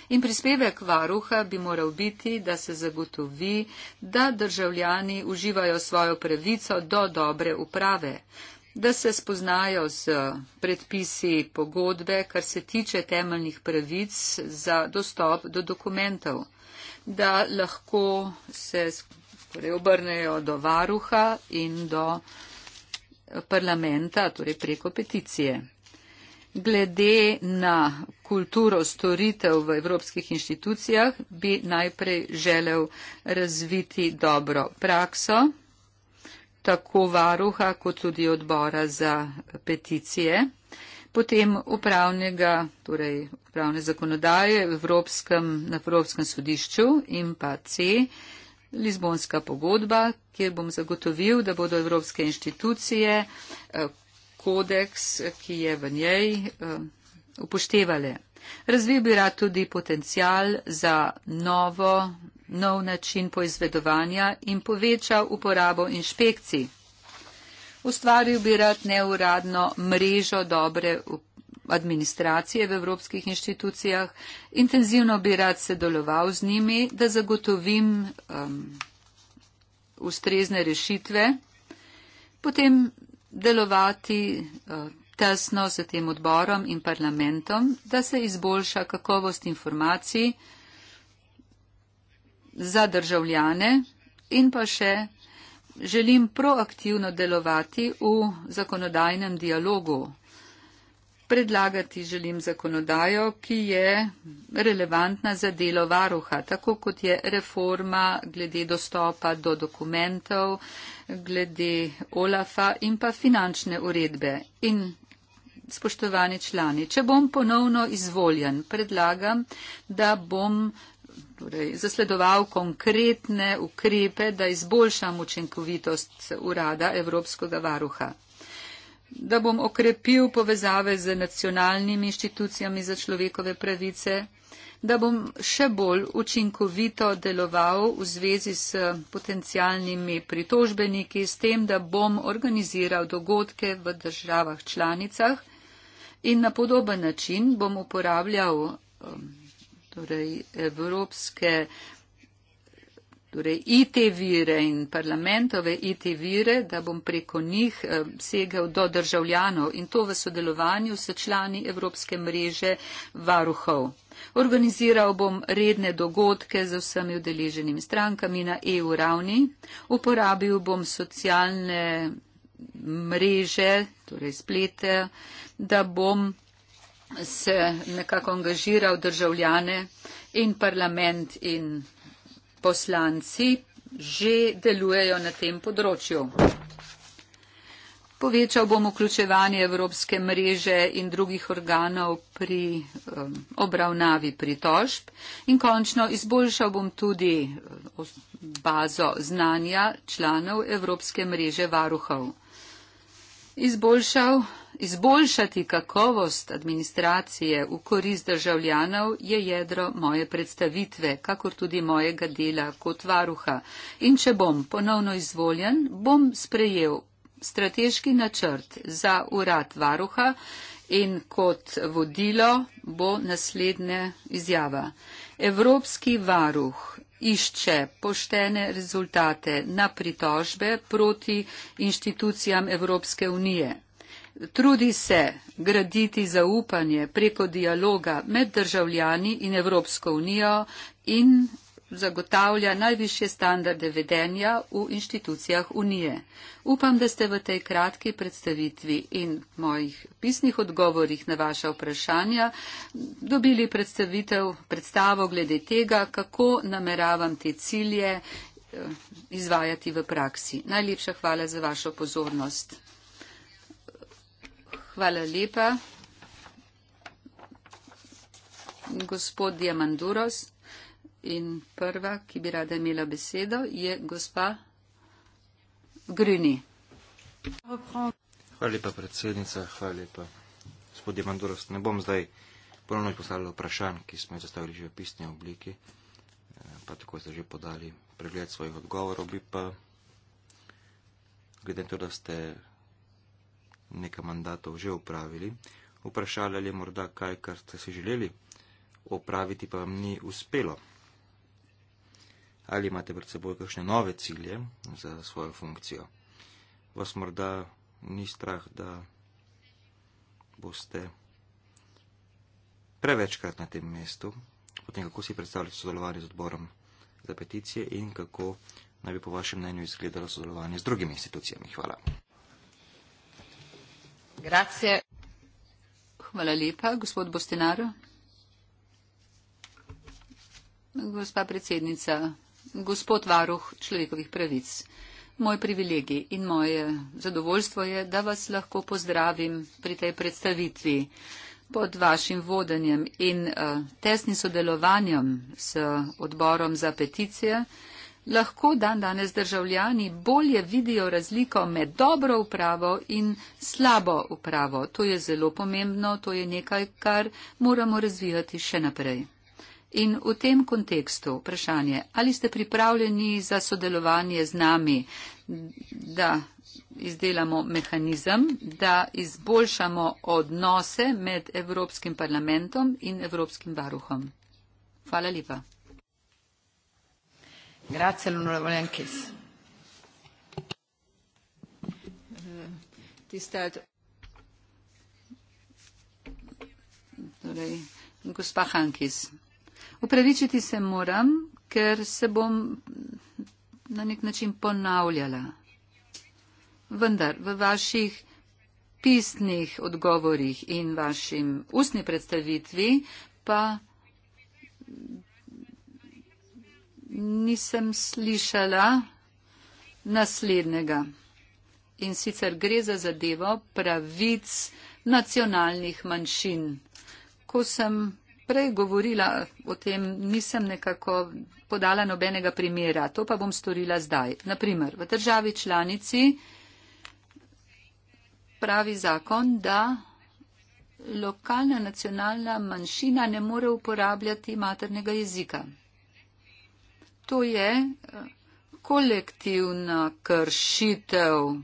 In prispevek varuha bi moral biti, da se zagotovi, da državljani uživajo svojo pravico do dobre uprave, da se spoznajo z predpisi pogodbe, kar se tiče temeljnih pravic za dostop do dokumentov, da lahko se torej, obrnejo do varuha in do parlamenta, torej preko peticije. Glede na kulturo storitev v evropskih inštitucijah bi najprej želel razviti dobro prakso tako varuha kot tudi odbora za peticije, potem upravnega, torej upravne zakonodaje v Evropskem, na Evropskem sodišču in pa C, Lizbonska pogodba, kjer bom zagotovil, da bodo evropske inštitucije eh, kodeks, ki je v njej eh, upoštevale. Razvil bi rad tudi potencial za novo, nov način poizvedovanja in povečal uporabo inšpekcij. Ustvaril bi rad neuradno mrežo dobre administracije v evropskih inštitucijah, intenzivno bi rad sodeloval z njimi, da zagotovim um, ustrezne rešitve. Potem delovati eh, tesno z tem odborom in parlamentom, da se izboljša kakovost informacij za državljane in pa še želim proaktivno delovati v zakonodajnem dialogu predlagati želim zakonodajo, ki je relevantna za delo varuha, tako kot je reforma glede dostopa do dokumentov, glede OLAFA in pa finančne uredbe. In spoštovani člani, če bom ponovno izvoljen, predlagam, da bom torej, zasledoval konkretne ukrepe, da izboljšam učinkovitost urada Evropskega varuha da bom okrepil povezave z nacionalnimi inštitucijami za človekove pravice, da bom še bolj učinkovito deloval v zvezi s potencialnimi pritožbeniki, s tem, da bom organiziral dogodke v državah članicah in na podoben način bom uporabljal um, torej, evropske torej IT vire in parlamentove IT vire, da bom preko njih eh, segel do državljanov in to v sodelovanju s člani Evropske mreže varuhov. Organiziral bom redne dogodke z vsemi udeleženimi strankami na EU ravni, uporabil bom socialne mreže, torej splete, da bom se nekako angažiral državljane in parlament in poslanci že delujejo na tem področju. Povečal bom vključevanje Evropske mreže in drugih organov pri um, obravnavi pritožb in končno izboljšal bom tudi um, bazo znanja članov Evropske mreže varuhov izboljšal, izboljšati kakovost administracije v korist državljanov je jedro moje predstavitve, kakor tudi mojega dela kot varuha. In če bom ponovno izvoljen, bom sprejel strateški načrt za urad varuha in kot vodilo bo naslednja izjava. Evropski varuh išče poštene rezultate na pritožbe proti inštitucijam Evropske unije. Trudi se graditi zaupanje preko dialoga med državljani in Evropsko unijo in zagotavlja najvišje standarde vedenja v inštitucijah Unije. Upam, da ste v tej kratki predstavitvi in mojih pisnih odgovorih na vaše vprašanja dobili predstavitev, predstavo glede tega, kako nameravam te cilje eh, izvajati v praksi. Najlepša hvala za vašo pozornost. Hvala lepa. Gospod Diamanduros. In prva, ki bi rada imela besedo, je gospa Grini. Hvala lepa, predsednica, hvala lepa, gospod Jemandurost. Ne bom zdaj ponovno izpostavljala vprašanj, ki smo jih zastavili že v pisni obliki, eh, pa tako ste že podali pregled svojih odgovorov, bi pa, glede na to, da ste nekaj mandatov že upravili, vprašali ali je morda kaj, kar ste si želeli, opraviti pa vam ni uspelo ali imate pred seboj kakšne nove cilje za svojo funkcijo. Vas morda ni strah, da boste prevečkrat na tem mestu, potem kako si predstavljate sodelovanje z odborom za peticije in kako naj bi po vašem mnenju izgledalo sodelovanje z drugimi institucijami. Hvala. Grazie. Hvala lepa, gospod Bostinar. Gospa predsednica, gospod varuh človekovih pravic. Moj privilegij in moje zadovoljstvo je, da vas lahko pozdravim pri tej predstavitvi. Pod vašim vodenjem in uh, tesnim sodelovanjem s odborom za peticije lahko dan danes državljani bolje vidijo razliko med dobro upravo in slabo upravo. To je zelo pomembno, to je nekaj, kar moramo razvijati še naprej. In v tem kontekstu vprašanje, ali ste pripravljeni za sodelovanje z nami, da izdelamo mehanizem, da izboljšamo odnose med Evropskim parlamentom in Evropskim varuhom. Hvala lepa. Grazie, onorevole Ankes. Eh, tistat. Torej, gospa Hankis. Upravičiti se moram, ker se bom na nek način ponavljala. Vendar v vaših pisnih odgovorih in vašim ustni predstavitvi pa nisem slišala naslednjega. In sicer gre za zadevo pravic nacionalnih manjšin. Ko sem prej govorila o tem, nisem nekako podala nobenega primera, to pa bom storila zdaj. Naprimer, v državi članici pravi zakon, da lokalna nacionalna manjšina ne more uporabljati maternega jezika. To je eh, kolektivna kršitev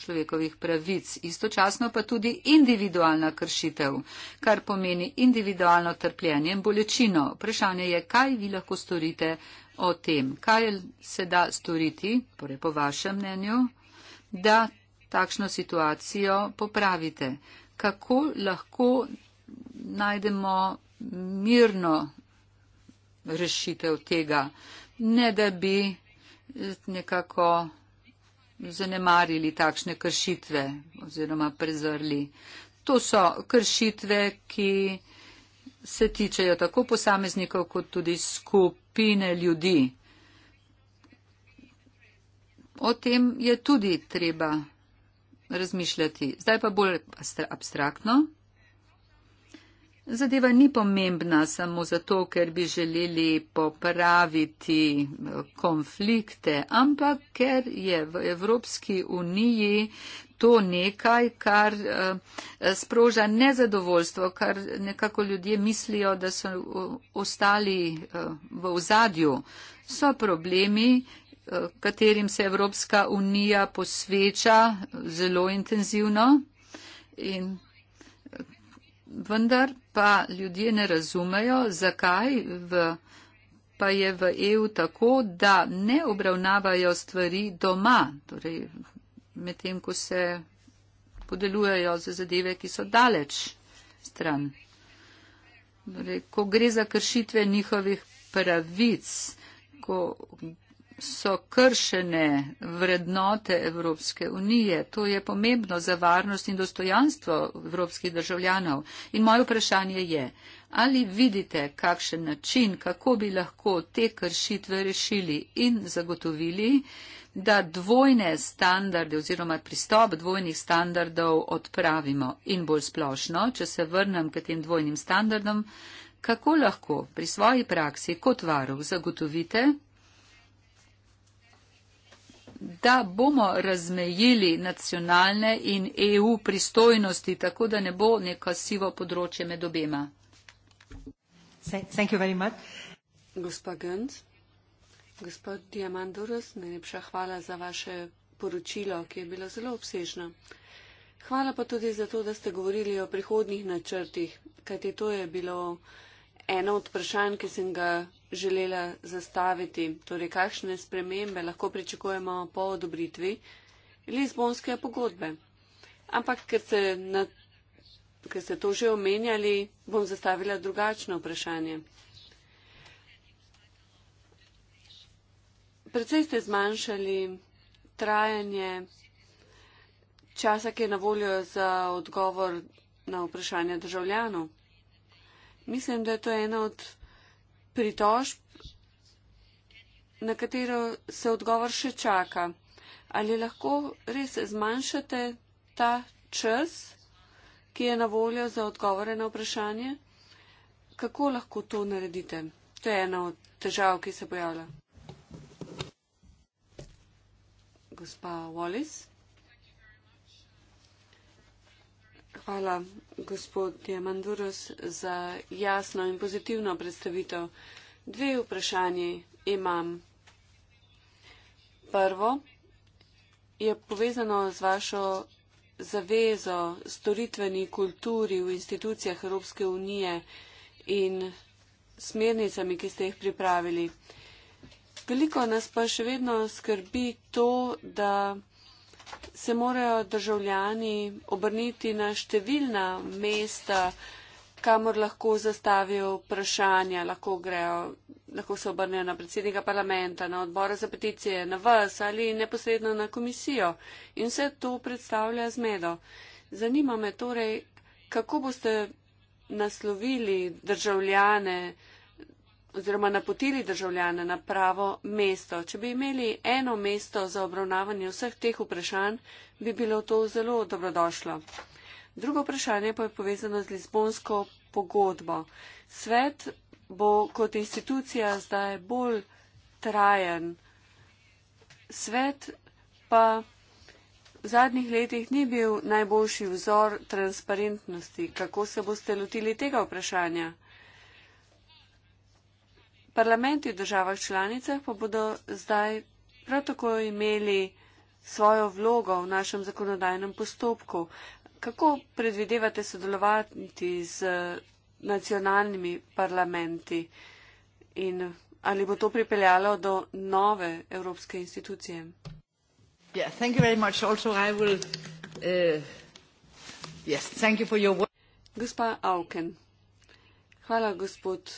človekovih pravic, istočasno pa tudi individualna kršitev, kar pomeni individualno trpljenje in bolečino. Vprašanje je, kaj vi lahko storite o tem, kaj se da storiti, torej po vašem mnenju, da takšno situacijo popravite, kako lahko najdemo mirno rešitev tega, ne da bi nekako zanemarili takšne kršitve oziroma prezrli. To so kršitve, ki se tičejo tako posameznikov, kot tudi skupine ljudi. O tem je tudi treba razmišljati. Zdaj pa bolj abstraktno. Zadeva ni pomembna samo zato, ker bi želeli popraviti eh, konflikte, ampak ker je v Evropski uniji to nekaj, kar eh, sproža nezadovoljstvo, kar nekako ljudje mislijo, da so eh, ostali v ozadju. So problemi, katerim se Evropska unija posveča zelo intenzivno. In vendar pa ljudje ne razumejo, zakaj v, pa je v EU tako, da ne obravnavajo stvari doma, torej medtem, ko se podelujejo za zadeve, ki so daleč stran. Torej, ko gre za kršitve njihovih pravic, ko so kršene vrednote Evropske unije. To je pomembno za varnost in dostojanstvo evropskih državljanov. In moje vprašanje je, ali vidite kakšen način, kako bi lahko te kršitve rešili in zagotovili, da dvojne standarde oziroma pristop dvojnih standardov odpravimo in bolj splošno, če se vrnem k tem dvojnim standardom, kako lahko pri svoji praksi kot varuh zagotovite, da bomo razmejili nacionalne in EU pristojnosti, tako da ne bo neka sivo področje med obema. Thank you very much. Gospa Gönc, gospod Diamandoros, najlepša hvala za vaše poročilo, ki je bilo zelo obsežno. Hvala pa tudi za to, da ste govorili o prihodnih načrtih, kajti to je bilo eno od vprašanj, ki sem ga želela zastaviti, torej kakšne spremembe lahko pričakujemo po odobritvi Lizbonske pogodbe. Ampak, ker ste, na, ker ste to že omenjali, bom zastavila drugačno vprašanje. Predvsej ste zmanjšali trajanje časa, ki je na voljo za odgovor na vprašanje državljanov. Mislim, da je to ena od pritožb, na katero se odgovor še čaka. Ali lahko res zmanjšate ta čas, ki je na voljo za odgovore na vprašanje? Kako lahko to naredite? To je ena od težav, ki se pojavlja. Gospa Wallis. Hvala, gospod Diamandouros, za jasno in pozitivno predstavitev. Dve vprašanje imam. Prvo je povezano z vašo zavezo storitveni kulturi v institucijah Evropske unije in smernicami, ki ste jih pripravili. Veliko nas pa še vedno skrbi to, da se morajo državljani obrniti na številna mesta, kamor lahko zastavijo vprašanja, lahko grejo, lahko se obrnejo na predsednika parlamenta, na odbora za peticije, na vas ali neposredno na komisijo. In vse to predstavlja zmedo. Zanima me torej, kako boste naslovili državljane, oziroma napotili državljane na pravo mesto. Če bi imeli eno mesto za obravnavanje vseh teh vprašanj, bi bilo to zelo dobrodošlo. Drugo vprašanje pa je povezano z Lizbonsko pogodbo. Svet bo kot institucija zdaj bolj trajen. Svet pa v zadnjih letih ni bil najboljši vzor transparentnosti. Kako se boste lotili tega vprašanja? Parlamenti v državah članicah pa bodo zdaj prav tako imeli svojo vlogo v našem zakonodajnem postopku. Kako predvidevate sodelovati z eh, nacionalnimi parlamenti in ali bo to pripeljalo do nove evropske institucije? Eh, Gospa Auken, hvala gospod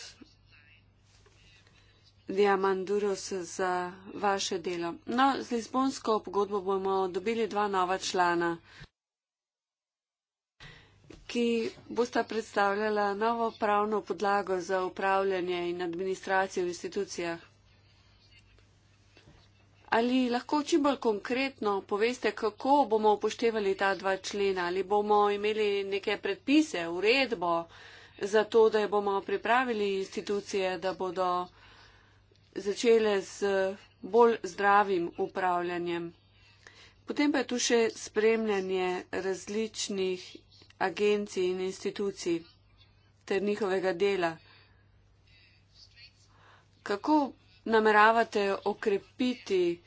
Ja, Manduros za vaše delo. No, z Lizbonsko pogodbo bomo dobili dva nova člana, ki bosta predstavljala novo pravno podlago za upravljanje in administracijo v institucijah. Ali lahko čim bolj konkretno poveste, kako bomo upoštevali ta dva člena? Ali bomo imeli neke predpise, uredbo za to, da bomo pripravili institucije, da bodo začele z bolj zdravim upravljanjem. Potem pa je tu še spremljanje različnih agencij in institucij ter njihovega dela. Kako nameravate okrepiti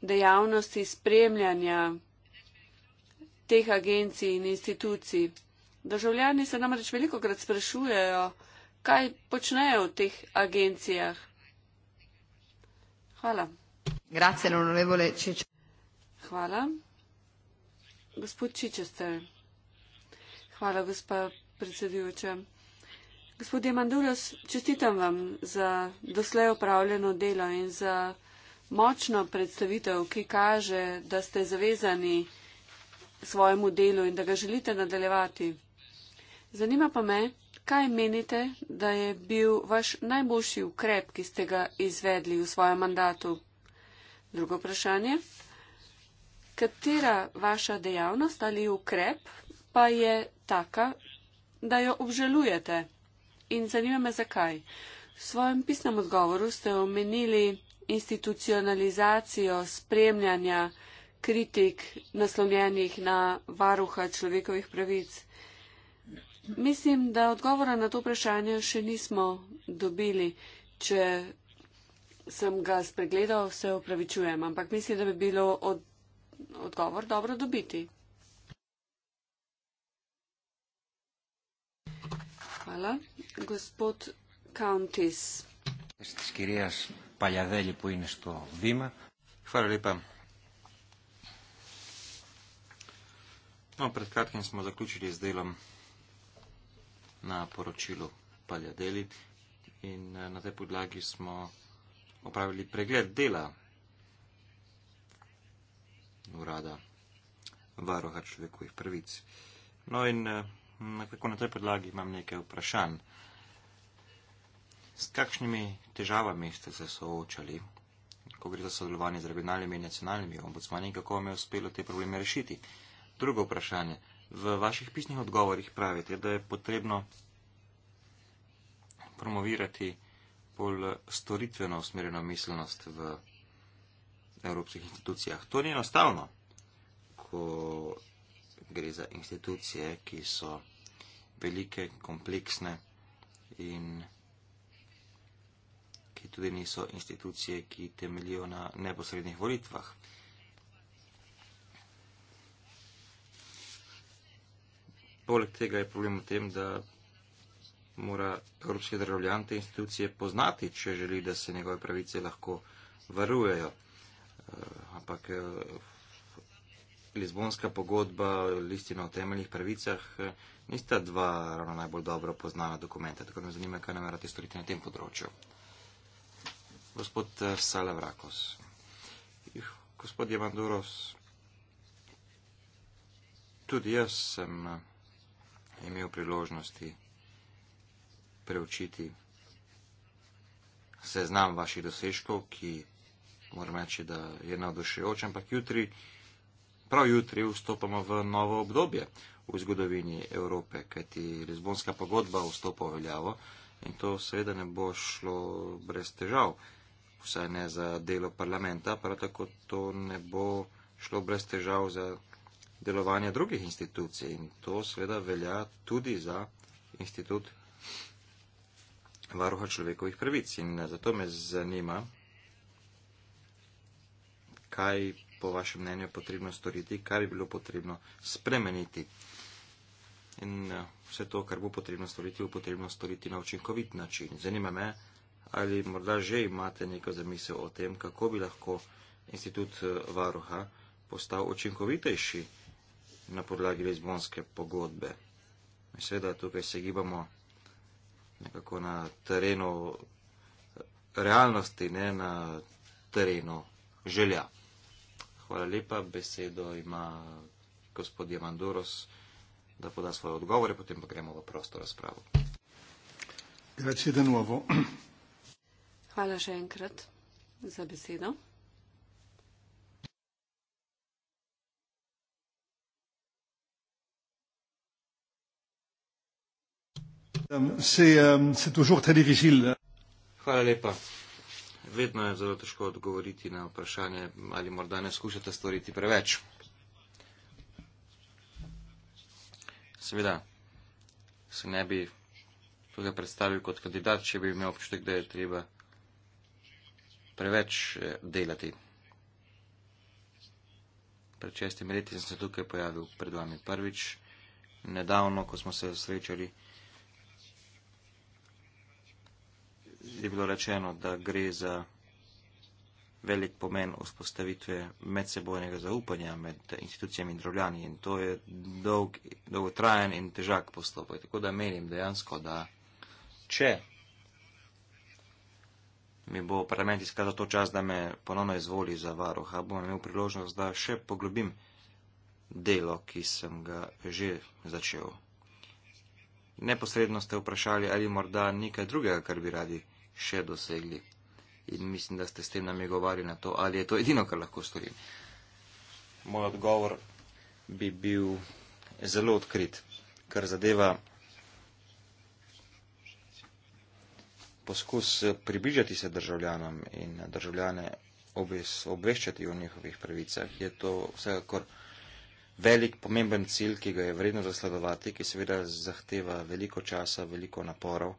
dejavnosti spremljanja teh agencij in institucij? Državljani se namreč veliko krat sprašujejo, kaj počnejo v teh agencijah. Hvala. Grazie, onorevole Čičer. Hvala. Gospod Čičester. Hvala, gospa predsedujoča. Gospod Jemandulos, čestitam vam za doslej opravljeno delo in za močno predstavitev, ki kaže, da ste zavezani svojemu delu in da ga želite nadaljevati. Zanima pa me, Kaj menite, da je bil vaš najboljši ukrep, ki ste ga izvedli v svojem mandatu? Drugo vprašanje. Katera vaša dejavnost ali ukrep pa je taka, da jo obžalujete? In zanima me zakaj. V svojem pisnem odgovoru ste omenili institucionalizacijo spremljanja kritik naslovljenih na varuha človekovih pravic. Mislim, da odgovora na to vprašanje še nismo dobili. Če sem ga spregledal, se upravičujem, ampak mislim, da bi bilo od, odgovor dobro dobiti. Hvala. Gospod Countis. Hvala lepa. No, pred kratkim smo zaključili z delom na poročilu Paljadeli in eh, na tej podlagi smo opravili pregled dela urada varoha človekovih prvic. No in eh, nekako na tej podlagi imam nekaj vprašanj. S kakšnimi težavami ste se soočali, ko gre za sodelovanje z regionalnimi in nacionalnimi ombudsmani, kako vam je uspelo te probleme rešiti? Drugo vprašanje. V vaših pisnih odgovorih pravite, da je potrebno promovirati bolj storitveno usmerjeno miselnost v evropskih institucijah. To ni enostavno, ko gre za institucije, ki so velike, kompleksne in ki tudi niso institucije, ki temeljijo na neposrednih volitvah. Poleg tega je problem v tem, da mora evropski državljan te institucije poznati, če želi, da se njegove pravice lahko varujejo. Eh, ampak eh, Lizbonska pogodba, listina o temeljnih pravicah, eh, nista dva ravno najbolj dobro poznana dokumenta. Tako da me zanima, kaj namerate storiti na tem področju. Gospod Salavrakos. Gospod Javandoros, tudi jaz sem imel priložnosti preučiti seznam vaših dosežkov, ki moram reči, da je navdušujoč, ampak jutri, prav jutri, vstopamo v novo obdobje v zgodovini Evrope, kajti Lizbonska pogodba vstopa v veljavo in to seveda ne bo šlo brez težav, vsaj ne za delo parlamenta, prav tako to ne bo šlo brez težav za delovanja drugih institucij in to seveda velja tudi za institut varuha človekovih pravic. In eh, zato me zanima, kaj po vašem mnenju je potrebno storiti, kaj bi bilo potrebno spremeniti. In eh, vse to, kar bo potrebno storiti, bo potrebno storiti na učinkovit način. Zanima me, ali morda že imate neko zamisel o tem, kako bi lahko institut eh, varuha postal učinkovitejši na podlagi Lizbonske pogodbe. In seveda tukaj se gibamo nekako na terenu realnosti, ne na terenu želja. Hvala lepa, besedo ima gospod Jamanduros, da poda svoje odgovore, potem pa gremo v prosto razpravo. Hvala še enkrat za besedo. Um, um, Hvala lepa. Vedno je zelo težko odgovoriti na vprašanje, ali morda ne skušate storiti preveč. Seveda se ne bi tukaj predstavil kot kandidat, če bi imel občutek, da je treba preveč eh, delati. Pred šestimi leti sem se tukaj pojavil pred vami prvič, nedavno, ko smo se srečali. je bilo rečeno, da gre za velik pomen vzpostavitve medsebojnega zaupanja med institucijami in državljani in to je dolg, dolgotrajen in težak postopek. Tako da menim dejansko, da če mi bo parlament izkazal to čas, da me ponovno izvoli za varuha, bom imel priložnost, da še poglobim delo, ki sem ga že začel. Neposredno ste vprašali, ali morda nekaj drugega, kar bi radi še dosegli. In mislim, da ste s tem namigovali na to, ali je to edino, kar lahko storim. Moj odgovor bi bil zelo odkrit, kar zadeva poskus približati se državljanom in državljane obveščati o njihovih pravicah. Je to vsekakor velik, pomemben cilj, ki ga je vredno zasledovati, ki seveda zahteva veliko časa, veliko naporov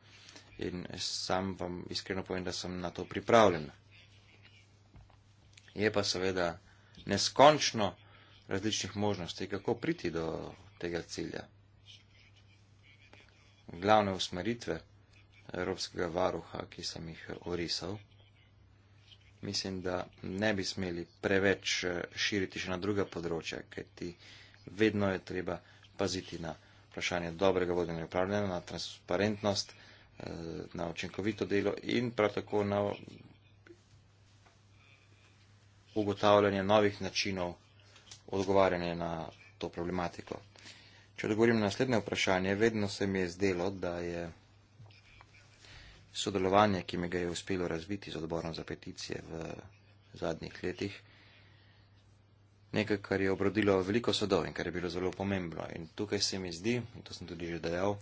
in sam vam iskreno povem, da sem na to pripravljen. Je pa seveda neskončno različnih možnosti, kako priti do tega cilja. Glavne usmeritve Evropskega varuha, ki sem jih orisal, mislim, da ne bi smeli preveč eh, širiti še na druga področja, ker ti vedno je treba paziti na vprašanje dobrega vodenja upravljanja, na transparentnost Eh, na očinkovito delo in prav tako na ugotavljanje novih načinov odgovarjanja na to problematiko. Če odgovorim na naslednje vprašanje, vedno se mi je zdelo, da je sodelovanje, ki mi ga je uspelo razviti z odborom za peticije v zadnjih letih, nekaj, kar je obrodilo veliko sodov in kar je bilo zelo pomembno. In tukaj se mi zdi, in to sem tudi že dejal,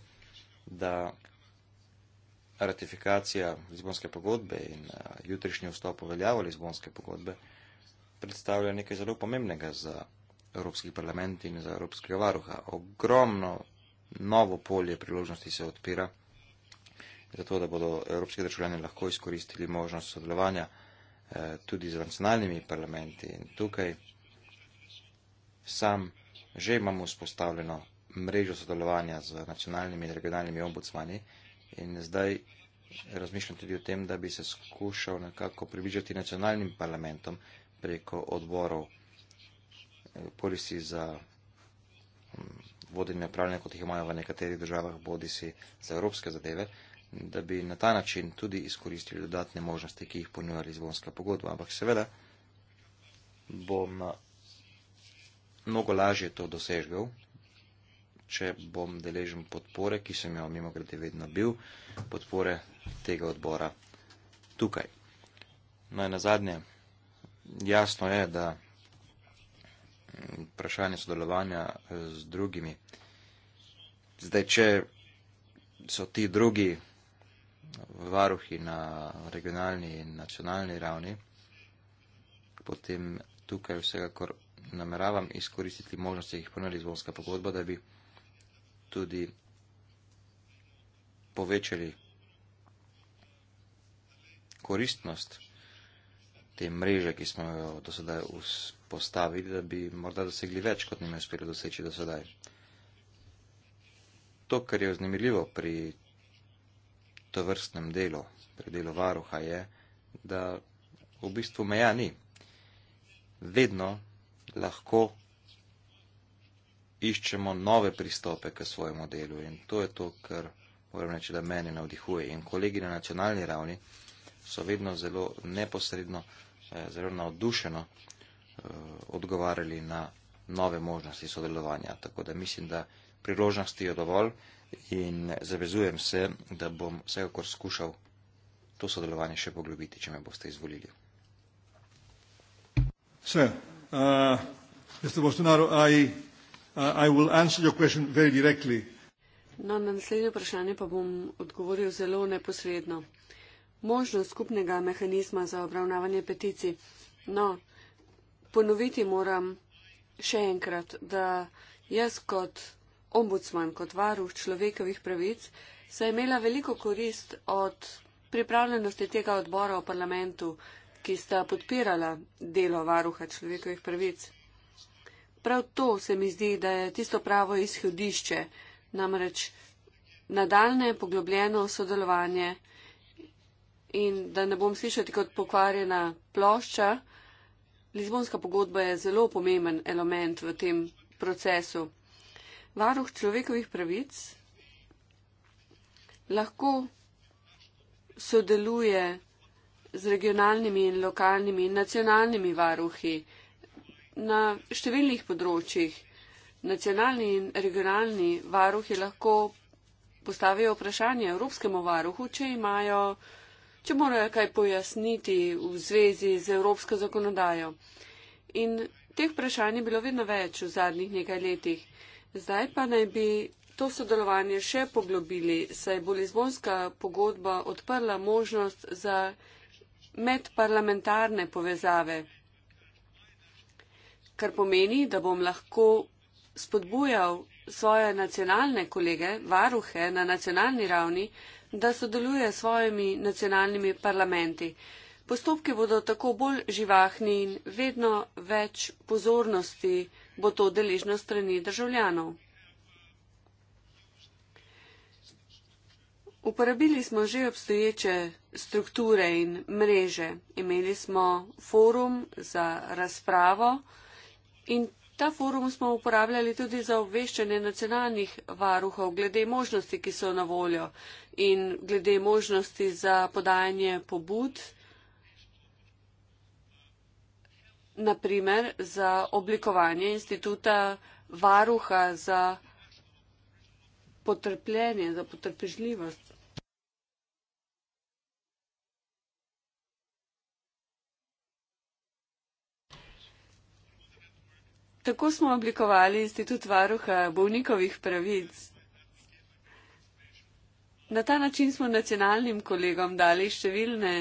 da ratifikacija Lizbonske pogodbe in eh, jutrišnji vstop uveljavo Lizbonske pogodbe predstavlja nekaj zelo pomembnega za Evropski parlament in za Evropskega varuha. Ogromno novo polje priložnosti se odpira, zato da bodo evropski državljani lahko izkoristili možnost sodelovanja eh, tudi z nacionalnimi parlamenti. In tukaj sam že imamo vzpostavljeno mrežo sodelovanja z nacionalnimi in regionalnimi ombudsmani, eh, in zdaj razmišljam tudi o tem, da bi se skušal nekako približati nacionalnim parlamentom preko odborov eh, polisi za mm, vodenje upravljanja, kot jih imajo v nekaterih državah, bodi si za evropske zadeve, da bi na ta način tudi izkoristili dodatne možnosti, ki jih ponuja Lizbonska pogodba. Ampak seveda bom mnogo lažje to dosežgal, če bom deležen podpore, ki sem jo mimo grede vedno bil, podpore tega odbora tukaj. No in na zadnje, jasno je, da vprašanje sodelovanja z drugimi, zdaj če so ti drugi varuhi na regionalni in nacionalni ravni, potem tukaj vsega, kar nameravam izkoristiti možnosti, ki jih ponuja Lizbonska pogodba, da bi tudi povečali koristnost te mreže, ki smo jo do sedaj postavili, da bi morda dosegli več, kot nam je uspelo doseči do sedaj. To, kar je vznemirljivo pri to vrstnem delu, pri delu varuha, je, da v bistvu meja ni. Vedno lahko iščemo nove pristope k svojemu delu in to je to, kar moram reči, da mene navdihuje. In kolegi na nacionalni ravni so vedno zelo neposredno, eh, zelo navdušeno eh, odgovarjali na nove možnosti sodelovanja. Tako da mislim, da priložnosti je dovolj in zavezujem se, da bom vsekakor skušal to sodelovanje še poglobiti, če me boste izvolili. Sir, uh, Mr. Bolsonaro, I Uh, Na naslednje vprašanje pa bom odgovoril zelo neposredno. Možnost skupnega mehanizma za obravnavanje peticij. No, ponoviti moram še enkrat, da jaz kot ombudsman, kot varuh človekovih pravic, sem imela veliko korist od pripravljenosti tega odbora v parlamentu, ki sta podpirala delo varuha človekovih pravic prav to se mi zdi, da je tisto pravo izhodišče, namreč nadaljne poglobljeno sodelovanje in da ne bom slišati kot pokvarjena plošča, Lizbonska pogodba je zelo pomemben element v tem procesu. Varuh človekovih pravic lahko sodeluje z regionalnimi in lokalnimi in nacionalnimi varuhi na številnih področjih. Nacionalni in regionalni varuhi lahko postavijo vprašanje Evropskemu varuhu, če imajo, če morajo kaj pojasniti v zvezi z Evropsko zakonodajo. In teh vprašanj je bilo vedno več v zadnjih nekaj letih. Zdaj pa naj bi to sodelovanje še poglobili, saj bo Lizbonska pogodba odprla možnost za medparlamentarne povezave kar pomeni, da bom lahko spodbujal svoje nacionalne kolege, varuhe na nacionalni ravni, da sodeluje s svojimi nacionalnimi parlamenti. Postopki bodo tako bolj živahni in vedno več pozornosti bo to deležno strani državljanov. Uporabili smo že obstoječe strukture in mreže. Imeli smo forum za razpravo. In ta forum smo uporabljali tudi za obveščanje nacionalnih varuhov glede možnosti, ki so na voljo in glede možnosti za podajanje pobud, naprimer za oblikovanje instituta varuha za potrpljenje, za potrpežljivost. Tako smo oblikovali institut varuha bolnikovih pravic. Na ta način smo nacionalnim kolegom dali številne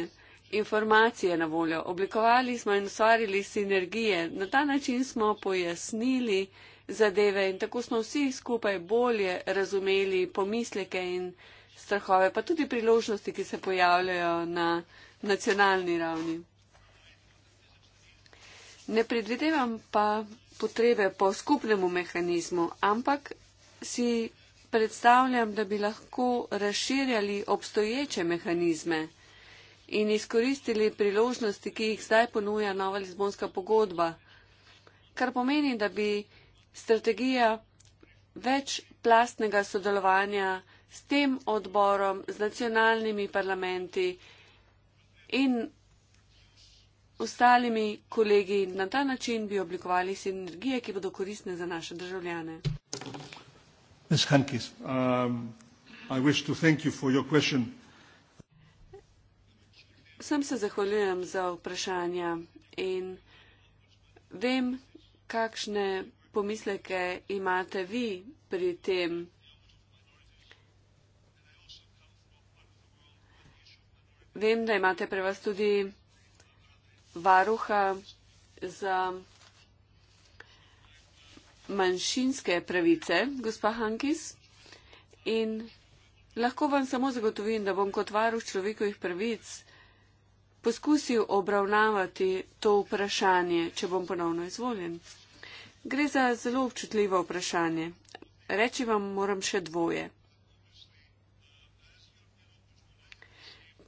informacije na voljo. Oblikovali smo in ustvarili sinergije. Na ta način smo pojasnili zadeve in tako smo vsi skupaj bolje razumeli pomisleke in strahove, pa tudi priložnosti, ki se pojavljajo na nacionalni ravni. Ne predvidevam pa potrebe po skupnemu mehanizmu, ampak si predstavljam, da bi lahko razširjali obstoječe mehanizme in izkoristili priložnosti, ki jih zdaj ponuja nova Lizbonska pogodba, kar pomeni, da bi strategija več plastnega sodelovanja s tem odborom, z nacionalnimi parlamenti in ostalimi kolegi. Na ta način bi oblikovali sinergije, ki bodo koristne za naše državljane. Sem um, se zahvaljujem za vprašanja in vem, kakšne pomisleke imate vi pri tem. Vem, da imate pri vas tudi varuha za manjšinske pravice, gospa Hankis. In lahko vam samo zagotovim, da bom kot varuh človekovih pravic poskusil obravnavati to vprašanje, če bom ponovno izvoljen. Gre za zelo občutljivo vprašanje. Reči vam moram še dvoje.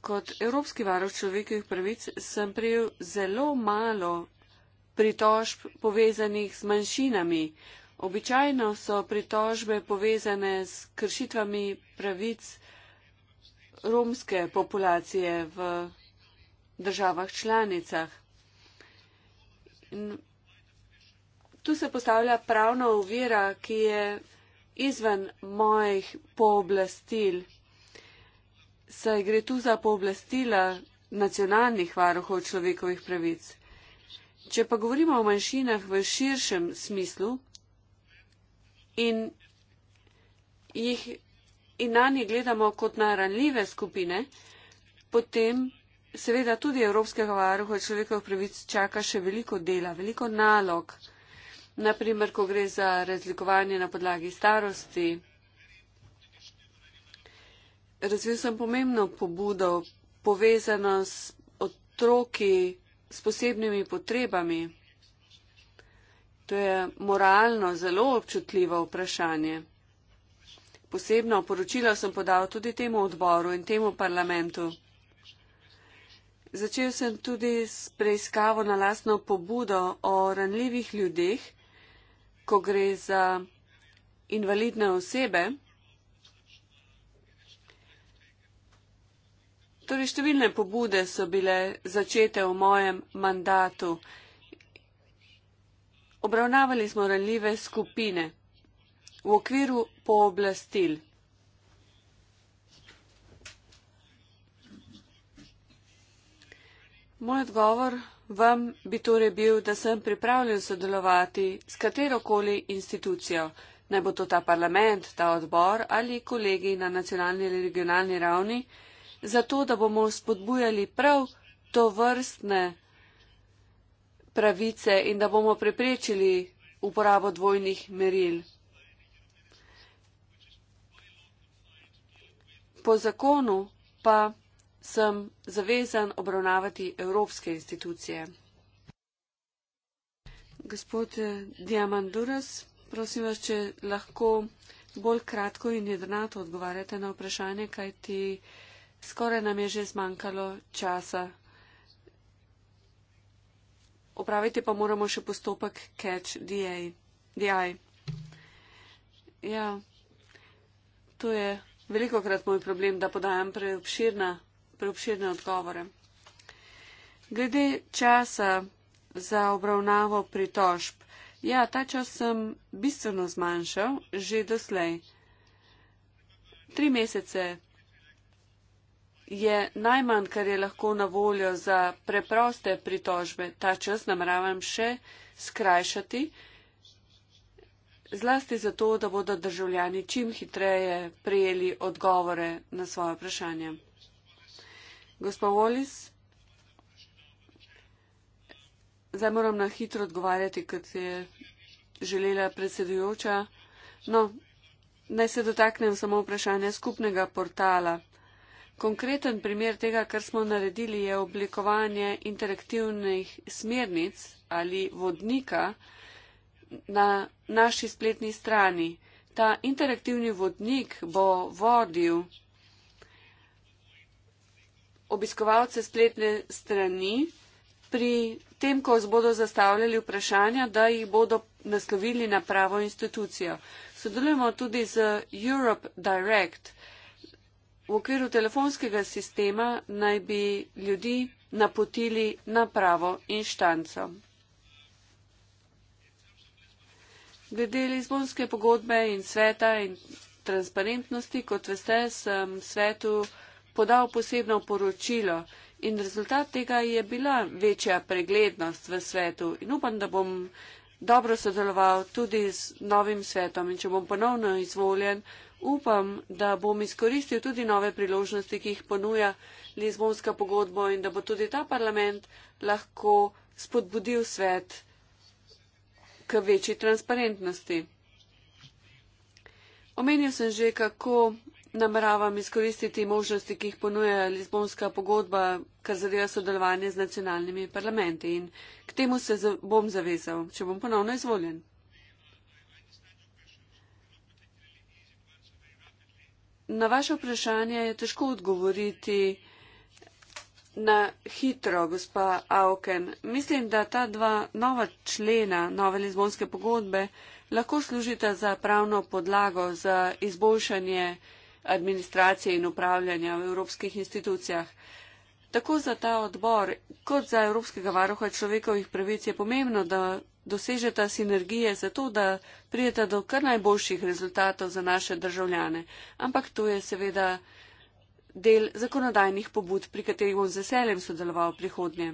kot Evropski varuh človekovih pravic sem prijel zelo malo pritožb povezanih z manjšinami. Običajno so pritožbe povezane z kršitvami pravic romske populacije v državah članicah. In tu se postavlja pravna uvira, ki je izven mojih pooblastil saj gre tu za pooblastila nacionalnih varuhov človekovih pravic. Če pa govorimo o manjšinah v širšem smislu in, jih, in na njih gledamo kot na ranljive skupine, potem seveda tudi Evropskega varuha človekovih pravic čaka še veliko dela, veliko nalog. Naprimer, ko gre za razlikovanje na podlagi starosti, razvil sem pomembno pobudo povezano s otroki s posebnimi potrebami. To je moralno zelo občutljivo vprašanje. Posebno poročilo sem podal tudi temu odboru in temu parlamentu. Začel sem tudi s preiskavo na lastno pobudo o ranljivih ljudeh, ko gre za invalidne osebe. Torej, številne pobude so bile začete v mojem mandatu. Obravnavali smo ranljive skupine v okviru pooblastil. Moj odgovor vam bi torej bil, da sem pripravljen sodelovati s katerokoli institucijo, naj bo to ta parlament, ta odbor ali kolegi na nacionalni ali regionalni ravni, zato da bomo spodbujali prav to vrstne pravice in da bomo preprečili uporabo dvojnih meril. Po zakonu pa sem zavezan obravnavati evropske institucije. Gospod eh, Diamanduras, prosim vas, če lahko bolj kratko in jedrnato odgovarjate na vprašanje, kaj ti. Skoraj nam je že zmanjkalo časa. Opraviti pa moramo še postopek catch DA, DI. Ja, to je veliko krat moj problem, da podajam preobširna, preobširne odgovore. Glede časa za obravnavo pritožb. Ja, ta čas sem bistveno zmanjšal že doslej. Tri mesece je najmanj, kar je lahko na voljo za preproste pritožbe. Ta čas nameravam še skrajšati, zlasti zato, da bodo državljani čim hitreje prijeli odgovore na svoje vprašanje. Gospa Volis, zdaj moram na hitro odgovarjati, kot je želela predsedujoča. No, naj se dotaknem samo vprašanja skupnega portala. Konkreten primer tega, kar smo naredili, je oblikovanje interaktivnih smernic ali vodnika na naši spletni strani. Ta interaktivni vodnik bo vodil obiskovalce spletne strani pri tem, ko se bodo zastavljali vprašanja, da jih bodo naslovili na pravo institucijo. Sodelujemo tudi z Europe Direct. V okviru telefonskega sistema naj bi ljudi napotili na pravo inštanco. Glede Lizbonske pogodbe in sveta in transparentnosti, kot veste, sem svetu podal posebno poročilo in rezultat tega je bila večja preglednost v svetu in upam, da bom dobro sodeloval tudi z novim svetom in če bom ponovno izvoljen, Upam, da bom izkoristil tudi nove priložnosti, ki jih ponuja Lizbonska pogodba in da bo tudi ta parlament lahko spodbudil svet k večji transparentnosti. Omenil sem že, kako nameravam izkoristiti možnosti, ki jih ponuja Lizbonska pogodba, kar zadeva sodelovanje z nacionalnimi parlamenti in k temu se bom zavezal, če bom ponovno izvoljen. Na vaše vprašanje je težko odgovoriti na hitro, gospa Auken. Mislim, da ta dva nova člena nove lizbonske pogodbe lahko služita za pravno podlago za izboljšanje administracije in upravljanja v evropskih institucijah. Tako za ta odbor kot za Evropskega varuha človekovih pravic je pomembno, da dosežeta sinergije zato, da prijeta do kar najboljših rezultatov za naše državljane. Ampak to je seveda del zakonodajnih pobud, pri katerih bom z veseljem sodeloval prihodnje.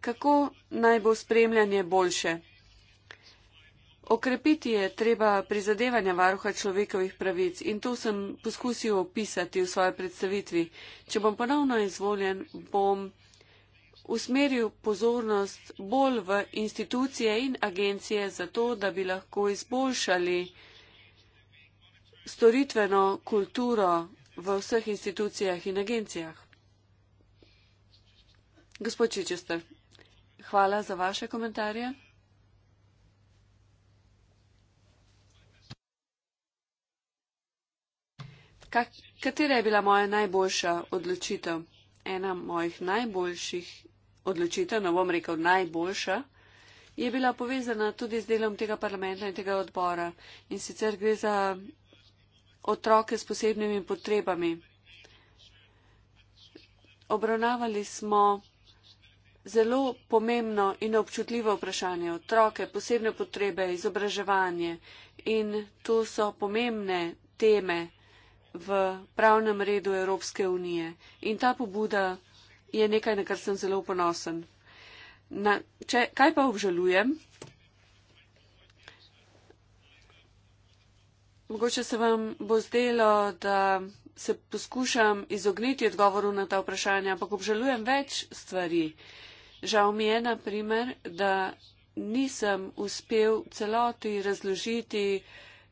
Kako naj bo spremljanje boljše? Okrepiti je treba prizadevanja varuha človekovih pravic in to sem poskusil opisati v svoji predstavitvi. Če bom ponovno izvoljen, bom usmeril pozornost bolj v institucije in agencije za to, da bi lahko izboljšali storitveno kulturo v vseh institucijah in agencijah. Gospod Čičester, hvala za vaše komentarje. Katera je bila moja najboljša odločitev? ena mojih najboljših odločitev, ne bom rekel najboljša, je bila povezana tudi z delom tega parlamenta in tega odbora. In sicer gre za otroke s posebnimi potrebami. Obravnavali smo zelo pomembno in občutljivo vprašanje otroke, posebne potrebe, izobraževanje in to so pomembne teme v pravnem redu Evropske unije. In ta pobuda je nekaj, na kar sem zelo ponosen. Na, če, kaj pa obžalujem? Mogoče se vam bo zdelo, da se poskušam izogniti odgovoru na ta vprašanja, ampak obžalujem več stvari. Žal mi je, na primer, da nisem uspel celoti razložiti,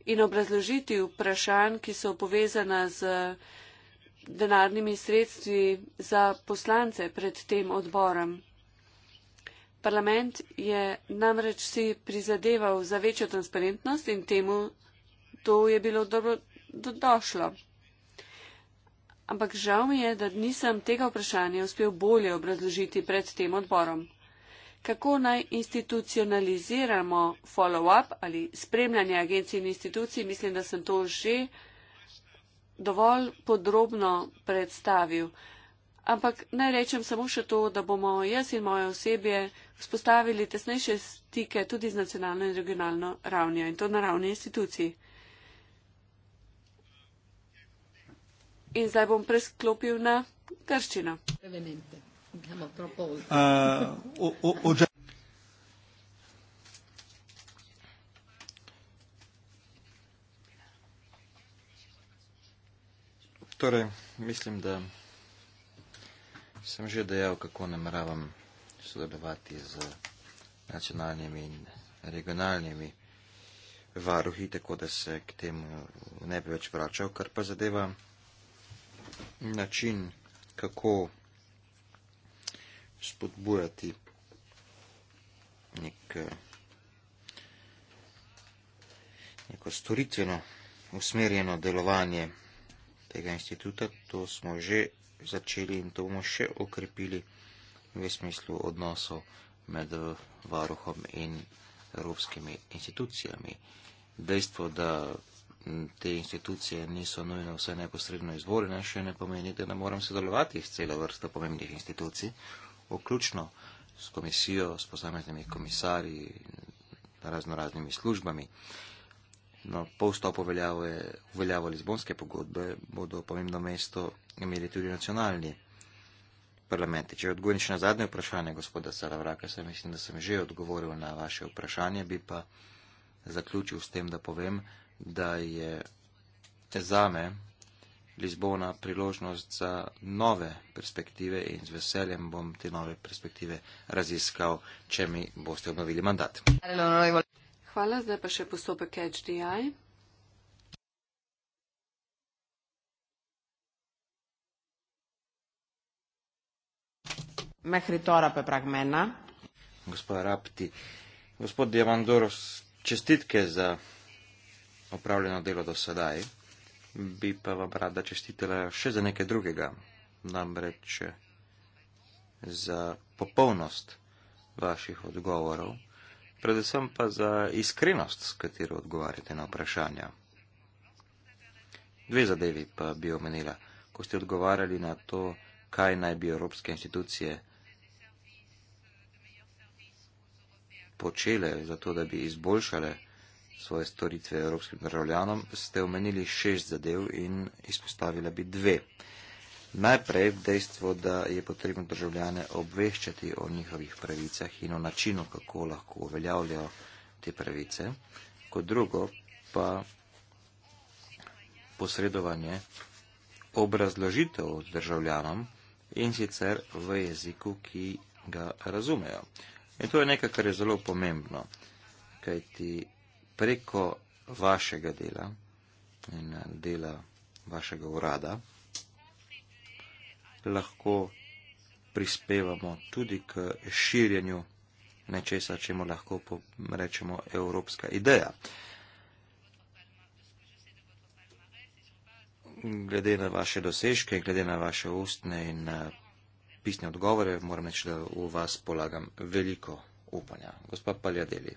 in obrazložiti vprašanj, ki so povezana z denarnimi sredstvi za poslance pred tem odborom. Parlament je namreč si prizadeval za večjo transparentnost in temu to je bilo dobro do, došlo. Ampak žal mi je, da nisem tega vprašanja uspel bolje obrazložiti pred tem odborom kako naj institucionaliziramo follow-up ali spremljanje agencij in institucij. Mislim, da sem to že dovolj podrobno predstavil. Ampak naj rečem samo še to, da bomo jaz in moje osebje vzpostavili tesnejše stike tudi z nacionalno in regionalno ravnjo in to na ravni institucij. In zdaj bom presklopil na Grščino. Prevenente. Andiamo troppo oltre. Uh, o, o, o già... Torej, mislim, da sem že dejal, kako nameravam sodelovati z nacionalnimi in regionalnimi varuhi, tako da se k temu ne bi več vračal. Kar pa zadeva način, kako spodbujati nek, eh, neko storitveno usmerjeno delovanje tega instituta. To smo že začeli in to bomo še okrepili v smislu odnosov med eh, varuhom in evropskimi institucijami. Dejstvo, da te institucije niso nujno vse neposredno izvoljene, še ne pomeni, da ne moram sodelovati s celo vrsto pomembnih institucij vključno s komisijo, s posameznimi komisarji in razno raznimi službami. No, po vstopu veljavo, veljavo Lizbonske pogodbe bodo pomembno mesto imeli tudi nacionalni parlamenti. Če odgovorim še na zadnje vprašanje gospoda Saravraka, se mislim, da sem že odgovoril na vaše vprašanje, bi pa zaključil s tem, da povem, da je zame Lizbona priložnost za nove perspektive in z veseljem bom te nove perspektive raziskal, če mi boste obnovili mandat. Hvala, zdaj pa še postopek HDI. Mehritora pa pragmena. Gospod Rapti, gospod Diamandoros, čestitke za opravljeno delo do sedaj bi pa vam rada čestitela še za nekaj drugega, namreč za popolnost vaših odgovorov, predvsem pa za iskrenost, s katero odgovarjate na vprašanja. Dve zadevi pa bi omenila, ko ste odgovarjali na to, kaj naj bi evropske institucije počele za to, da bi izboljšale svoje storitve evropskim državljanom, ste omenili šest zadev in izpostavila bi dve. Najprej dejstvo, da je potrebno državljane obveščati o njihovih pravicah in o načinu, kako lahko uveljavljajo te pravice. Kot drugo pa posredovanje obrazložitev državljanom in sicer v jeziku, ki ga razumejo. In to je nekaj, kar je zelo pomembno, kajti preko vašega dela in eh, dela vašega urada lahko prispevamo tudi k širjenju nečesa, čemu lahko rečemo evropska ideja. Glede na vaše dosežke, glede na vaše ustne in eh, pisne odgovore, moram reči, da v vas polagam veliko upanja. Gospa Paljadeli.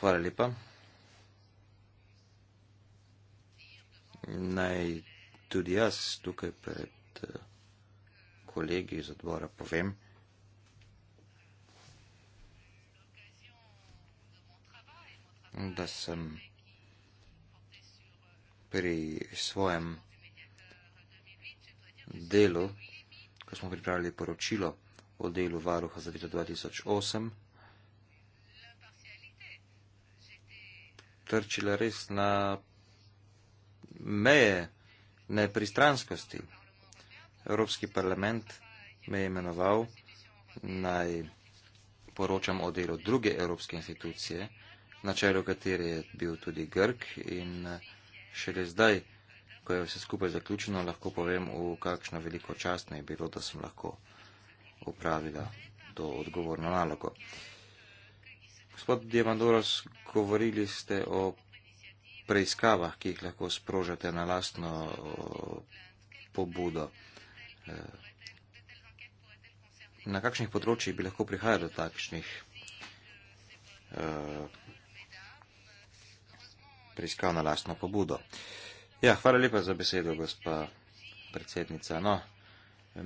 Hvala lepa. Naj tudi jaz tukaj pred eh, kolegi iz odbora povem, da sem pri svojem delu, ko smo pripravili poročilo o delu varuha za leto 2008, trčila res na meje nepristranskosti. Evropski parlament me je imenoval naj poročam o delu druge evropske institucije, na čelu katere je bil tudi Grk in eh, šele zdaj, ko je vse skupaj zaključeno, lahko povem, v kakšno veliko čast ne je bilo, da sem lahko upravila to odgovorno nalogo. Uh, Gospod Diamandoros, govorili ste o preiskavah, ki jih lahko sprožate na lastno eh, pobudo. Eh, na kakšnih področjih bi lahko prihajalo do takšnih uh, preiskav na lastno pobudo? Ja, hvala lepa za besedo, gospa predsednica. No,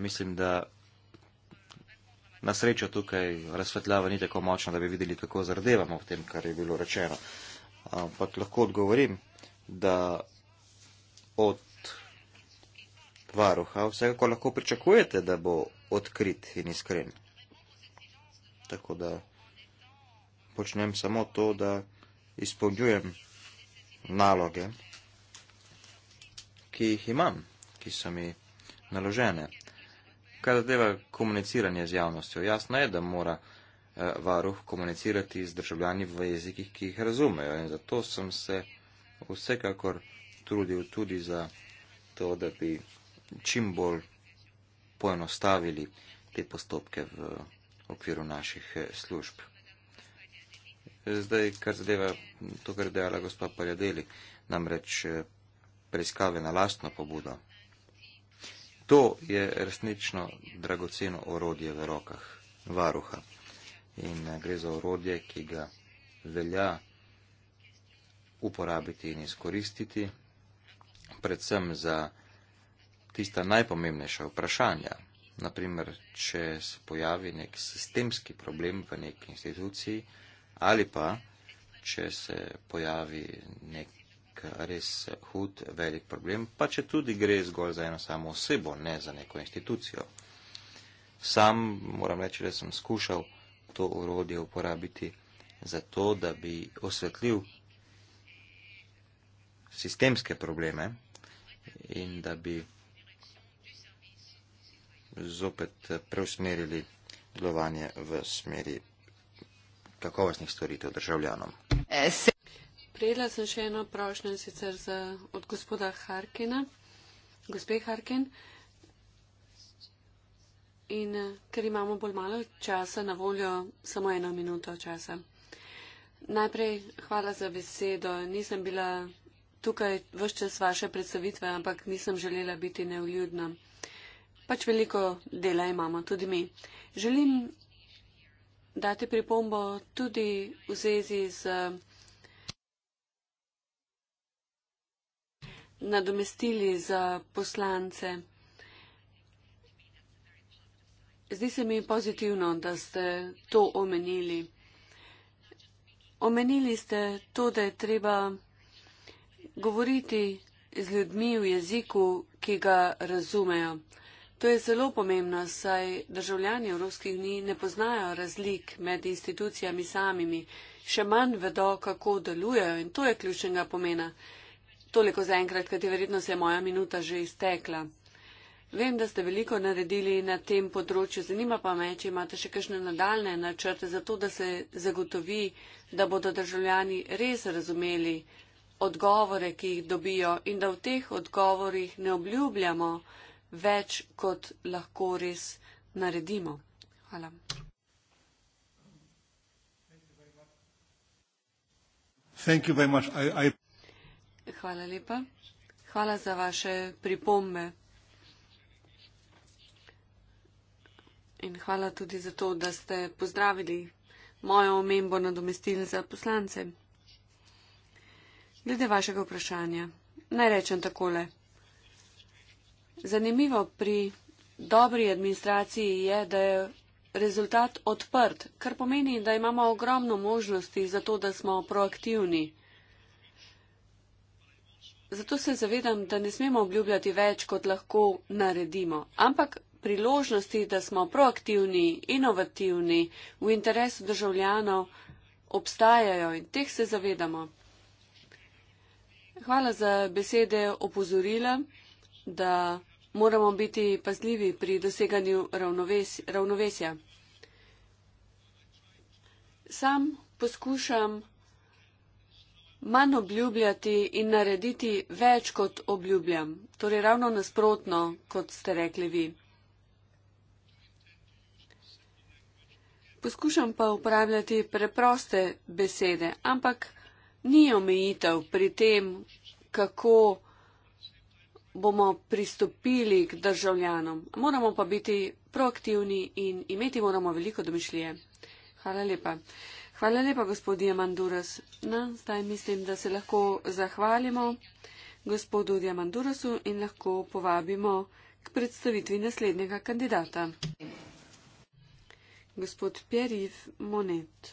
mislim, da Na srečo tukaj razsvetljava ni tako močna, da bi videli, kako zardevamo v tem, kar je bilo rečeno. Ampak lahko odgovorim, da od varuha vsekako lahko pričakujete, da bo odkrit in iskren. Tako da počnem samo to, da izpolnjujem naloge, ki jih imam, ki so mi naložene kar zadeva komuniciranje z javnostjo. Jasno je, da mora eh, varuh komunicirati z državljani v jezikih, ki jih razumejo in zato sem se vsekakor trudil tudi za to, da bi čim bolj poenostavili te postopke v okviru naših eh, služb. Zdaj, kar zadeva to, kar je dejala gospa Paljadeli, namreč eh, preiskave na lastno pobudo To je resnično dragoceno orodje v rokah varuha. In eh, gre za orodje, ki ga velja uporabiti in izkoristiti, predvsem za tista najpomembnejša vprašanja. Naprimer, če se pojavi nek sistemski problem v neki instituciji ali pa, če se pojavi nek res hud, velik problem, pa če tudi gre zgolj za eno samo osebo, ne za neko institucijo. Sam moram reči, da sem skušal to urodje uporabiti za to, da bi osvetljil sistemske probleme in da bi zopet preusmerili delovanje v smeri kakovostnih storitev državljanom. Eh, se Prijela sem še eno prošnjo in sicer za, od gospoda Harkina, gospe Harkin. In ker imamo bolj malo časa na voljo, samo eno minuto časa. Najprej hvala za besedo. Nisem bila tukaj vse čas vaše predstavitve, ampak nisem želela biti neuljudna. Pač veliko dela imamo, tudi mi. Želim dati pripombo tudi v zvezi z nadomestili za poslance. Zdi se mi pozitivno, da ste to omenili. Omenili ste to, da je treba govoriti z ljudmi v jeziku, ki ga razumejo. To je zelo pomembno, saj državljani Evropskih dni ne poznajo razlik med institucijami samimi, še manj vedo, kako delujejo in to je ključnega pomena. Toliko za enkrat, kajti verjetno se je moja minuta že iztekla. Vem, da ste veliko naredili na tem področju. Zanima pa me, če imate še kakšne nadaljne načrte za to, da se zagotovi, da bodo državljani res razumeli odgovore, ki jih dobijo in da v teh odgovorih ne obljubljamo več, kot lahko res naredimo. Hvala. Thank you very much. I, I... Hvala lepa. Hvala za vaše pripombe. In hvala tudi za to, da ste pozdravili mojo omembo na domestil za poslance. Glede vašega vprašanja, naj rečem takole. Zanimivo pri dobri administraciji je, da je rezultat odprt, kar pomeni, da imamo ogromno možnosti za to, da smo proaktivni. Zato se zavedam, da ne smemo obljubljati več, kot lahko naredimo, ampak priložnosti, da smo proaktivni, inovativni, v interesu državljanov, obstajajo in teh se zavedamo. Hvala za besede opozorila, da moramo biti pazljivi pri doseganju ravnoves ravnovesja. Sam poskušam manj obljubljati in narediti več, kot obljubljam. Torej ravno nasprotno, kot ste rekli vi. Poskušam pa uporabljati preproste besede, ampak ni omejitev pri tem, kako bomo pristopili k državljanom. Moramo pa biti proaktivni in imeti moramo veliko domišljije. Hvala lepa. Hvala lepa, gospodje Manduras. Na, no, zdaj mislim, da se lahko zahvalimo gospodu Diamandurasu in lahko povabimo k predstavitvi naslednjega kandidata. Gospod Pierre Monet.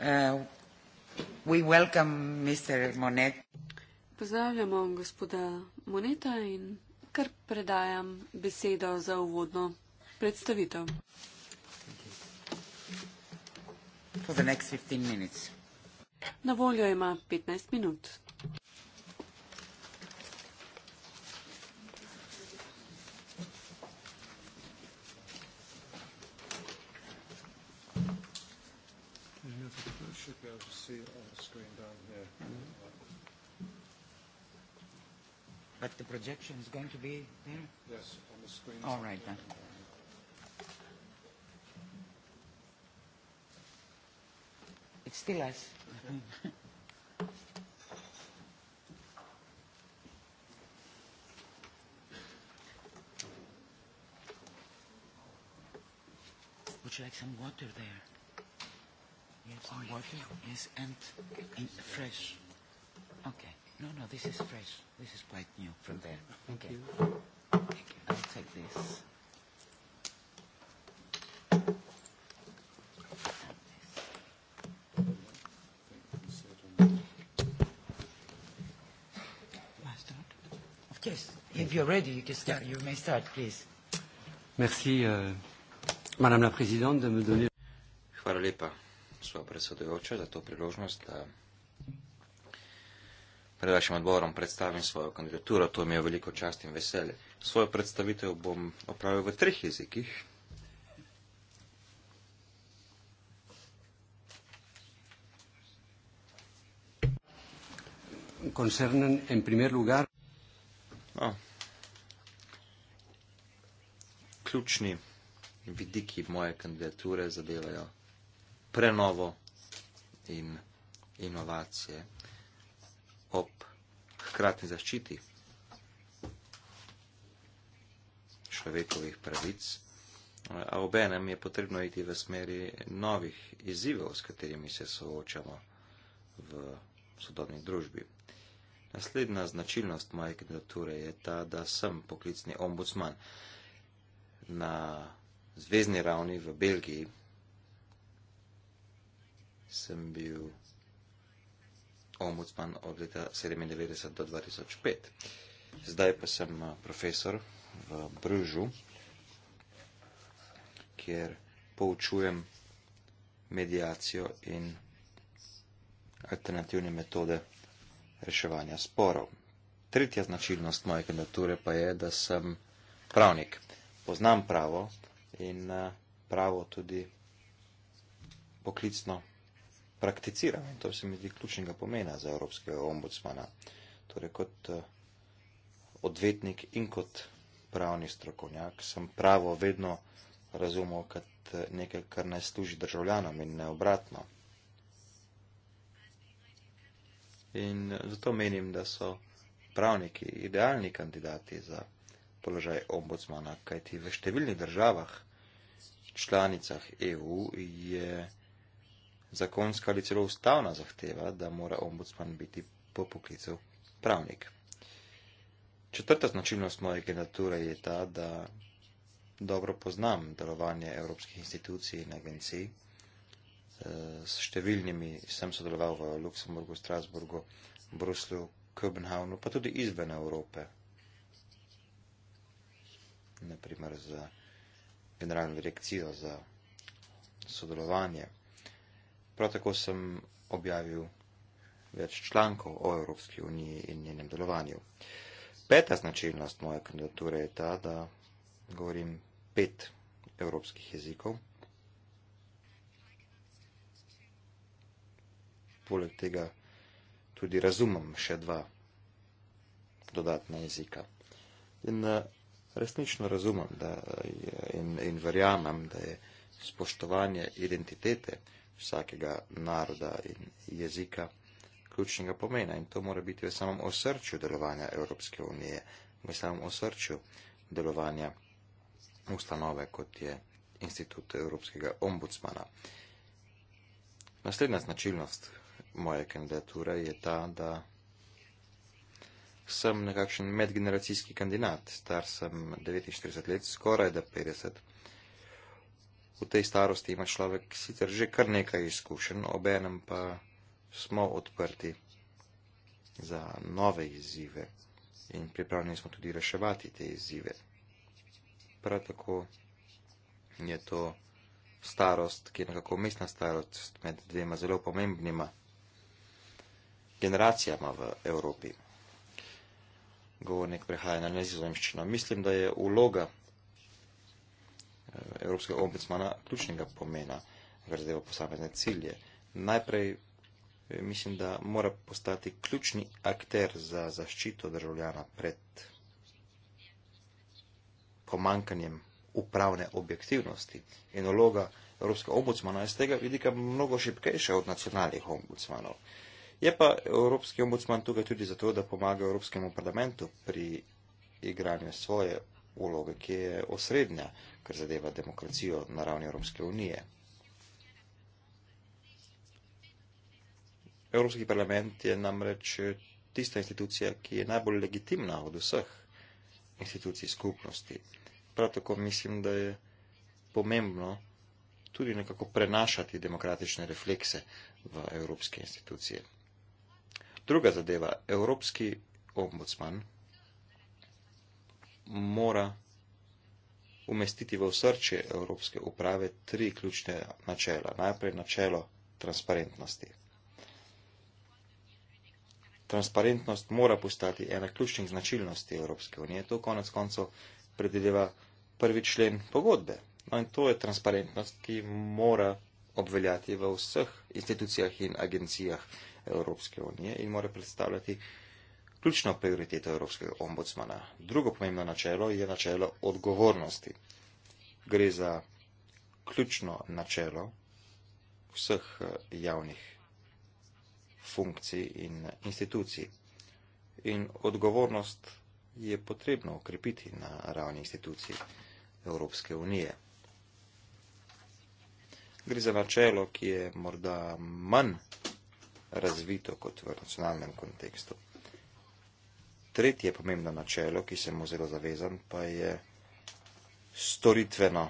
Uh, we welcome Mr. Monet. Pozdravljamo gospoda Moneta in kar predajam besedo za uvodno predstavitev. For the next 15 minutes. Na voljo ima 15 minut. projection is going to be there? Yes, on the screen. All right, then. It's still us. Would you like some water there? You have some oh, water? Yeah. Yes, and in, fresh. Okay. No, no, this is fresh. This is quite new from there. Thank okay. you. Thank you. I'll take this. Merci, euh, Madame la Présidente, de me donner. Hvala lepa, gospod predsedujoča, za to priložnost, da Pred vašim odborom predstavim svojo kandidaturo, to mi je veliko čast in veselje. Svojo predstavitev bom opravil v treh jezikih. Koncernen en primer lugar. O. No. Ključni vidiki moje kandidature zadevajo prenovo in inovacije. Uh, ob hkratni zaščiti človekovih pravic, a obenem je potrebno iti v smeri novih izzivov, s katerimi se soočamo v sodobni družbi. Naslednja značilnost moje kandidature je ta, da sem poklicni ombudsman na zvezdni ravni v Belgiji. Sem bil ombudsman od leta 1997 do 2005. Zdaj pa sem eh, profesor v Bržu, kjer poučujem medijacijo in alternativne metode reševanja sporov. Tretja značilnost moje kandidature pa je, da sem pravnik. Poznam pravo in eh, pravo tudi poklicno prakticiram in to se mi zdi ključnega pomena za evropskega ombudsmana, torej kot eh, odvetnik in kot pravni strokovnjak, sem pravo vedno razumel kot eh, nekaj, kar naj služi državljanom in ne obratno. In eh, zato menim, da so pravniki idealni kandidati za položaj ombudsmana, kajti v številnih državah, članicah EU je zakonska ali celo ustavna zahteva, da mora ombudsman biti po poklicu pravnik. Četrta značilnost moje kandidature je ta, da dobro poznam delovanje evropskih institucij in agencij. S številnimi sem sodeloval v Luksemburgu, Strasburgu, Bruslju, Kopenhavnu, pa tudi izven Evrope. Naprimer za generalno direkcijo za sodelovanje Prav tako sem objavil več člankov o Evropski uniji in njenem delovanju. Peta značilnost moje kandidature je ta, da govorim pet evropskih jezikov. Poleg tega tudi razumem še dva dodatna jezika. In eh, resnično razumem da je, in, in verjamem, da je spoštovanje identitete, vsakega naroda in jezika ključnega pomena. In to mora biti v samem osrčju delovanja Evropske unije, v samem osrčju delovanja ustanove, kot je institut Evropskega ombudsmana. Naslednja značilnost moje kandidature je ta, da sem nekakšen medgeneracijski kandidat. Star sem 49 let, skoraj da 50 v tej starosti ima človek sicer že kar nekaj izkušenj, obenem pa smo odprti za nove izzive in pripravljeni smo tudi reševati te izzive. Prav tako je to starost, ki je nekako mestna starost med dvema zelo pomembnima generacijama v Evropi. Govornik prehaja na nezizozemščino. Mislim, da je uloga Eh, evropskega ombudsmana ključnega pomena, kar zadeva posamezne cilje. Najprej eh, mislim, da mora postati ključni akter za zaščito državljana pred pomankanjem upravne objektivnosti. In vloga Evropskega ombudsmana je z tega vidika mnogo šipkejša od nacionalnih ombudsmanov. Je pa Evropski ombudsman tukaj tudi zato, da pomaga Evropskemu parlamentu pri igranju svoje vloge, ki je osrednja, kar zadeva demokracijo na ravni Evropske unije. Evropski parlament je namreč tista institucija, ki je najbolj legitimna od vseh institucij skupnosti. Prav tako mislim, da je pomembno tudi nekako prenašati demokratične reflekse v evropske institucije. Druga zadeva, Evropski ombudsman mora umestiti v srčje Evropske uprave tri ključne načela. Najprej načelo transparentnosti. Transparentnost mora postati ena ključnih značilnosti Evropske unije. To konec koncev predvideva prvi člen pogodbe. No in to je transparentnost, ki mora obveljati v vseh institucijah in agencijah Evropske unije in mora predstavljati ključna prioriteta Evropskega ombudsmana. Drugo pomembno načelo je načelo odgovornosti. Gre za ključno načelo vseh eh, javnih funkcij in institucij. In odgovornost je potrebno ukrepiti na ravni institucij Evropske unije. Gre za načelo, ki je morda manj razvito kot v nacionalnem kontekstu tretje pomembno načelo, ki sem mu zelo zavezan, pa je storitveno,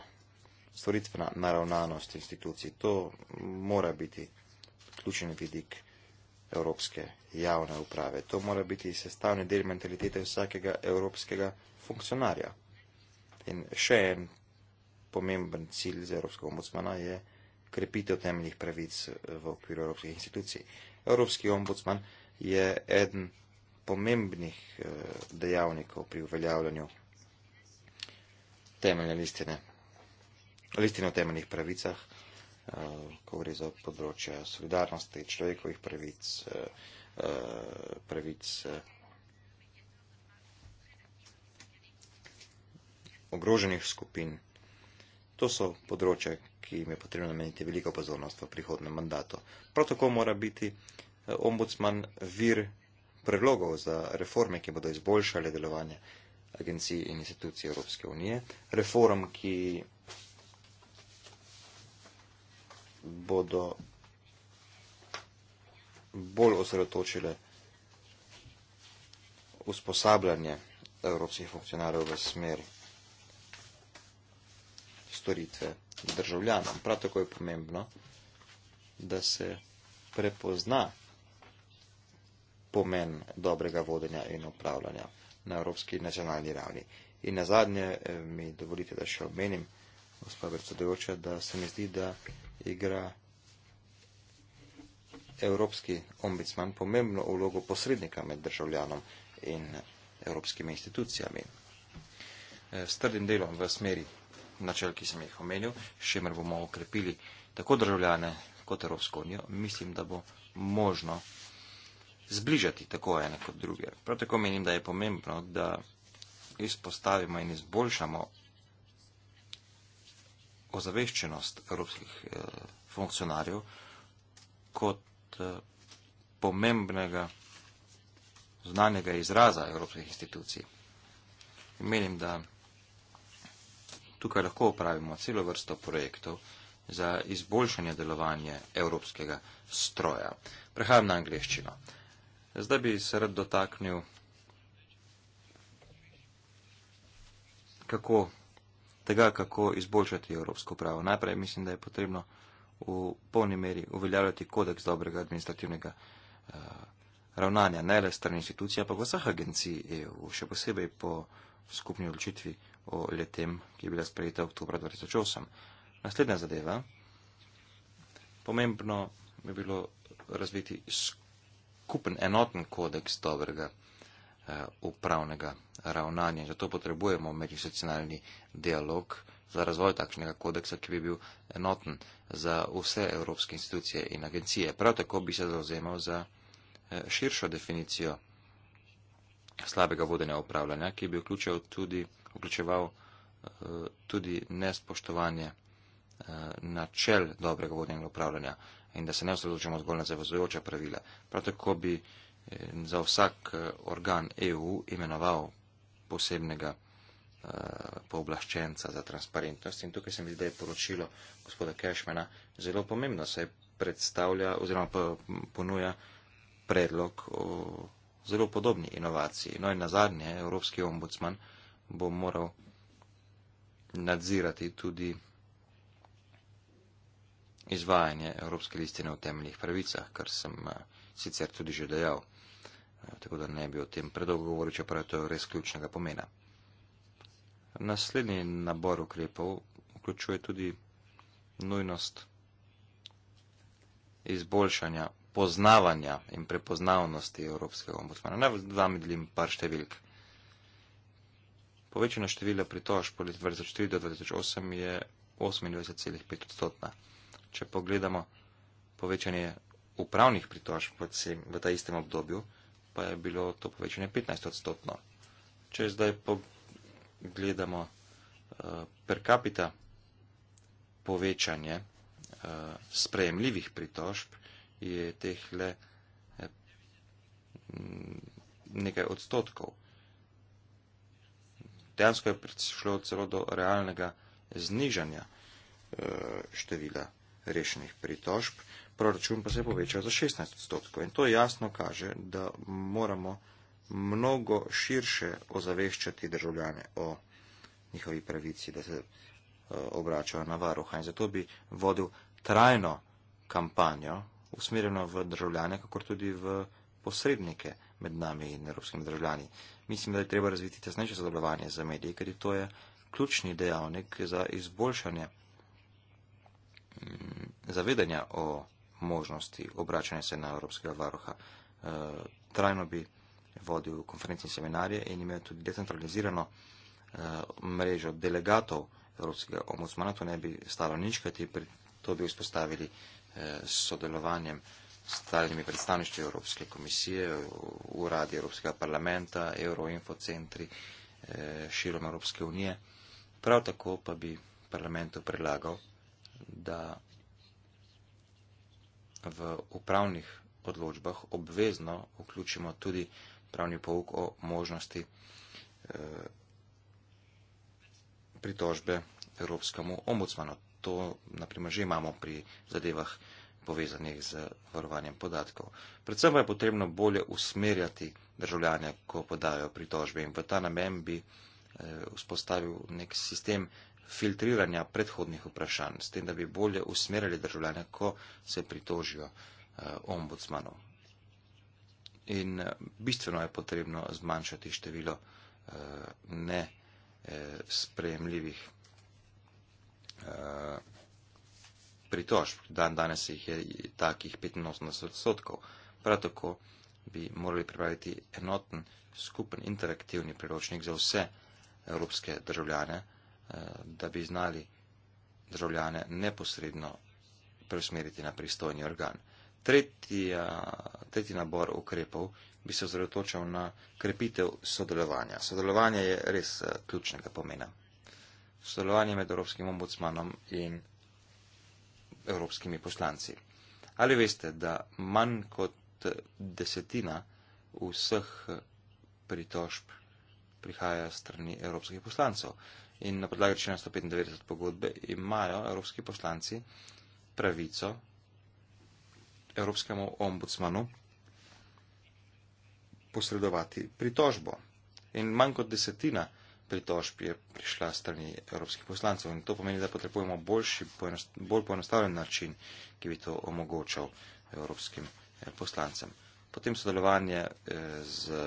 storitvena naravnanost institucij. To mora biti ključni vidik evropske javne uprave. To mora biti sestavni del mentalitete vsakega evropskega funkcionarja. In še en pomemben cilj za evropskega ombudsmana je krepitev temeljnih pravic v okviru evropskih institucij. Evropski ombudsman je eden pomembnih eh, dejavnikov pri uveljavljanju temeljne listine, listine o temeljnih pravicah, eh, ko gre za področje solidarnosti, človekovih pravic, eh, pravic ogroženih skupin. To so področje, ki jim je potrebno nameniti veliko pozornost v prihodnem mandatu. Prav tako mora biti ombudsman vir predlogov za reforme, ki bodo izboljšale delovanje agencij in institucij Evropske unije, reform, ki bodo bolj osredotočile usposabljanje evropskih funkcionarjev v smer storitve državljanom. Prav tako je pomembno, da se prepozna pomen dobrega vodenja in upravljanja na evropski nacionalni ravni. In na zadnje eh, mi dovolite, da še omenim, gospod predsedujoča, da se mi zdi, da igra evropski ombudsman pomembno vlogo posrednika med državljanom in evropskimi institucijami. Eh, s trdim delom v smeri načel, ki sem jih omenil, še mer bomo okrepili tako državljane kot Evropsko unijo, mislim, da bo možno zbližati tako ene kot druge. Prav tako menim, da je pomembno, da izpostavimo in izboljšamo ozaveščenost evropskih eh, funkcionarjev kot eh, pomembnega znanega izraza evropskih institucij. In menim, da tukaj lahko upravimo celo vrsto projektov za izboljšanje delovanja evropskega stroja. Prehajam na angliščino. Zdaj bi se rad dotaknil, kako, tega, kako izboljšati evropsko pravo. Najprej mislim, da je potrebno v polni meri uveljavljati kodeks dobrega administrativnega uh, ravnanja, ne le strani institucij, ampak vseh agencij EU, še posebej po skupni odločitvi o letem, ki je bila sprejeta oktobra 2008. Naslednja zadeva. Pomembno bi bilo razviti skupaj skupen enoten kodeks dobrega eh, upravnega ravnanja. Zato potrebujemo medinstitucionalni dialog za razvoj takšnega kodeksa, ki bi bil enoten za vse evropske institucije in agencije. Prav tako bi se zauzemal za eh, širšo definicijo slabega vodenja upravljanja, ki bi vključeval tudi, vključeval, eh, tudi nespoštovanje eh, načel dobrega vodenja upravljanja. Eh, in da se ne osredotočamo zgolj na zavezujoča pravila. Prav tako bi eh, za vsak eh, organ EU imenoval posebnega uh, pooblaščenca za transparentnost. In tukaj se mi zdi, da je poročilo gospoda Kešmena zelo pomembno, saj predstavlja oziroma ponuja predlog o zelo podobni inovaciji. No in na zadnje, Evropski ombudsman bo moral nadzirati tudi izvajanje Evropske listine o temeljnih pravicah, kar sem eh, sicer tudi že dejal, eh, tako da ne bi o tem predolgo govoril, čeprav je to res ključnega pomena. Naslednji nabor ukrepov vključuje tudi nujnost izboljšanja poznavanja in prepoznavnosti Evropskega ombudsmana. Naj vam delim par številk. Povečena števila pritožb po letu 2004 do 2008 je 28,5 odstotna če pogledamo povečanje upravnih pritožb v ta istem obdobju, pa je bilo to povečanje 15 odstotno. Če zdaj pogledamo eh, per capita povečanje eh, sprejemljivih pritožb, je teh le eh, nekaj odstotkov. Dejansko je prišlo celo do realnega znižanja števila rešenih pritožb, proračun pa se je povečal za 16 odstotkov. In to jasno kaže, da moramo mnogo širše ozaveščati državljane o njihovi pravici, da se eh, obračajo na varuha. In zato bi vodil trajno kampanjo usmerjeno v državljane, kako tudi v posrednike med nami in evropskimi državljani. Mislim, da je treba razviti tesnejše sodelovanje za medije, ker to je ključni dejavnik za izboljšanje Mm, zavedanja o možnosti obračanja se na Evropskega varoha. E, trajno bi vodil konferencijne seminarije in imel tudi decentralizirano e, mrežo delegatov Evropskega omocmana. To ne bi stalo nič, kajti to bi vzpostavili e, s sodelovanjem s stalnimi predstavništvi Evropske komisije, uradi Evropskega parlamenta, Euroinfocentri, širom Evropske unije. Prav tako pa bi parlamentu predlagal, da v upravnih odločbah obvezno vključimo tudi pravni pouk o možnosti eh, pritožbe Evropskemu ombudsmanu. To naprimer že imamo pri zadevah povezanih z varovanjem podatkov. Predvsem pa je potrebno bolje usmerjati državljane, ko podajo pritožbe in v ta namen bi eh, vzpostavil nek sistem filtriranja predhodnih vprašanj, s tem, da bi bolje usmerili državljane, ko se pritožijo uh, ombudsmanov. In eh, bistveno je potrebno zmanjšati število uh, eh, nesprejemljivih uh, pritožb. Dan danes jih je takih 85 odstotkov. Prav tako bi morali pripraviti enoten, skupen interaktivni priročnik za vse evropske državljane, uh, Eh, da bi znali državljane neposredno preusmeriti na pristojni organ. Tretja, tretji nabor ukrepov bi se ozredotočal na krepitev sodelovanja. Sodelovanje je res eh, ključnega pomena. Sodelovanje med Evropskim ombudsmanom in evropskimi poslanci. Ali veste, da manj kot desetina vseh pritožb prihaja strani evropskih poslancev? In na podlagi člena 195 pogodbe imajo evropski poslanci pravico evropskemu ombudsmanu posredovati pritožbo. In manj kot desetina pritožb je prišla strani evropskih poslancev. In to pomeni, da potrebujemo boljši, bolj poenostavljen način, ki bi to omogočal evropskim eh, poslancem. Potem sodelovanje eh, z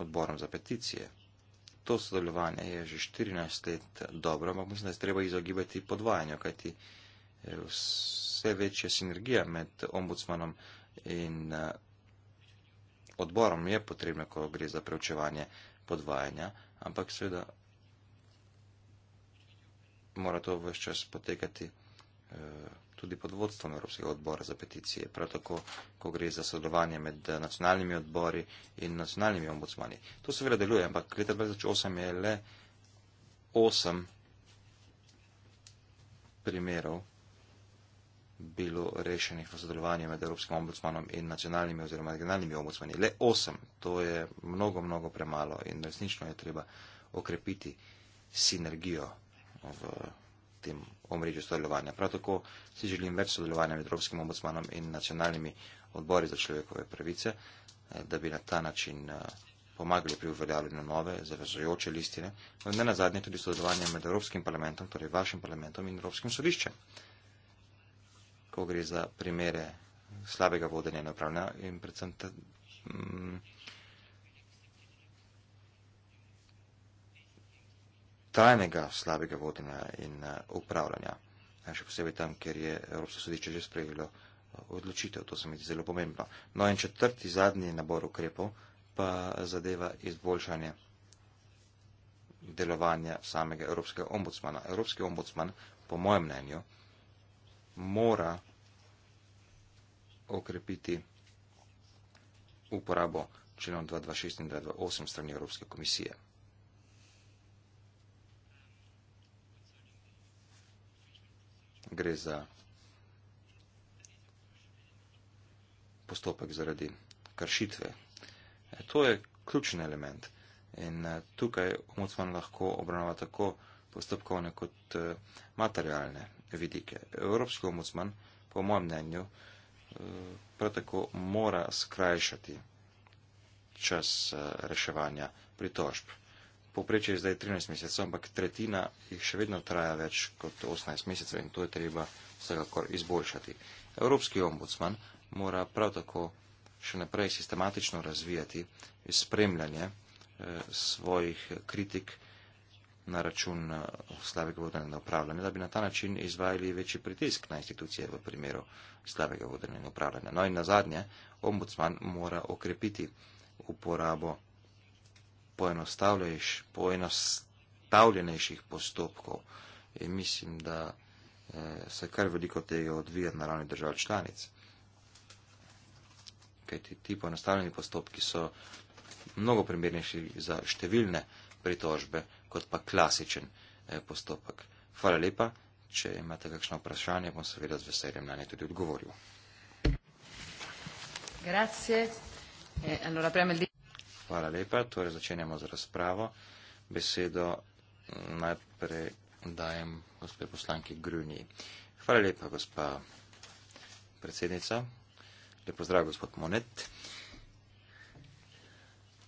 odborom za peticije to sodelovanje je že 14 let dobro, ampak mislim, da je treba izogibati podvajanju, kajti eh, vse večja sinergija med ombudsmanom in eh, odborom je potrebna, ko gre za preučevanje podvajanja, ampak seveda mora to vse čas potekati. Uh, tudi pod vodstvom Evropskega odbora za peticije, prav tako, ko gre za sodelovanje med eh, nacionalnimi odbori in nacionalnimi ombudsmani. To seveda deluje, ampak leta 2008 je le 8 primerov bilo rešenih v sodelovanju med Evropskim ombudsmanom in nacionalnimi oziroma regionalnimi ombudsmani. Le 8, to je mnogo, mnogo premalo in resnično je treba okrepiti sinergijo v tem omrežju sodelovanja. Prav tako si želim več sodelovanja med Evropskim ombudsmanom in nacionalnimi odbori za človekove pravice, eh, da bi na ta način eh, pomagali pri uveljavljanju nove, zavezojoče listine, in no, ne nazadnje tudi sodelovanje med Evropskim parlamentom, torej vašim parlamentom in Evropskim sodiščem. Ko gre za primere slabega vodenja in upravljanja in predvsem te. Mm, trajnega slabega vodenja in eh, upravljanja, ja, še posebej tam, ker je Evropsko sodišče že sprejelo eh, odločitev. To se mi zdi zelo pomembno. No in četrti, zadnji nabor ukrepov pa zadeva izboljšanje delovanja samega Evropskega ombudsmana. Evropski ombudsman, po mojem mnenju, mora okrepiti uporabo členov 226 in 228 strani Evropske komisije. gre za postopek zaradi kršitve. E, to je ključni element in e, tukaj ombudsman lahko obravnava tako postopkovne kot e, materialne vidike. Evropski ombudsman, po mojem mnenju, e, prav tako mora skrajšati čas e, reševanja pritožb povprečje je zdaj 13 mesecev, ampak tretjina jih še vedno traja več kot 18 mesecev in to je treba vsekakor izboljšati. Evropski ombudsman mora prav tako še naprej sistematično razvijati spremljanje eh, svojih kritik na račun eh, slabega vodenja upravljanja, da bi na ta način izvajali večji pritisk na institucije v primeru slabega vodenja upravljanja. No in na zadnje, ombudsman mora okrepiti uporabo poenostavljenejših postopkov. In mislim, da eh, se kar veliko tega odvija na ravni držav članic. Kaj ti, ti poenostavljeni postopki so mnogo primernejši za številne pritožbe, kot pa klasičen eh, postopek. Hvala lepa. Če imate kakšno vprašanje, bom seveda z veseljem na nje tudi odgovoril. Grazie. Eh, allora, Hvala lepa, torej začenjamo z razpravo. Besedo najprej dajem gospe poslanki Gruniji. Hvala lepa, gospa predsednica. Lep pozdrav, gospod Monet.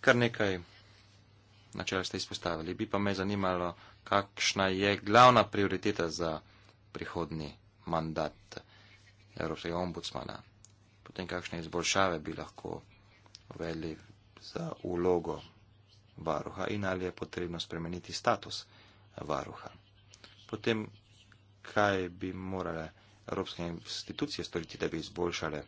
Kar nekaj načela ste izpostavili. Bi pa me zanimalo, kakšna je glavna prioriteta za prihodni mandat Evropskega ombudsmana. Potem kakšne izboljšave bi lahko uvedli za ulogo varuha in ali je potrebno spremeniti status varuha. Potem, kaj bi morale evropske institucije storiti, da bi izboljšale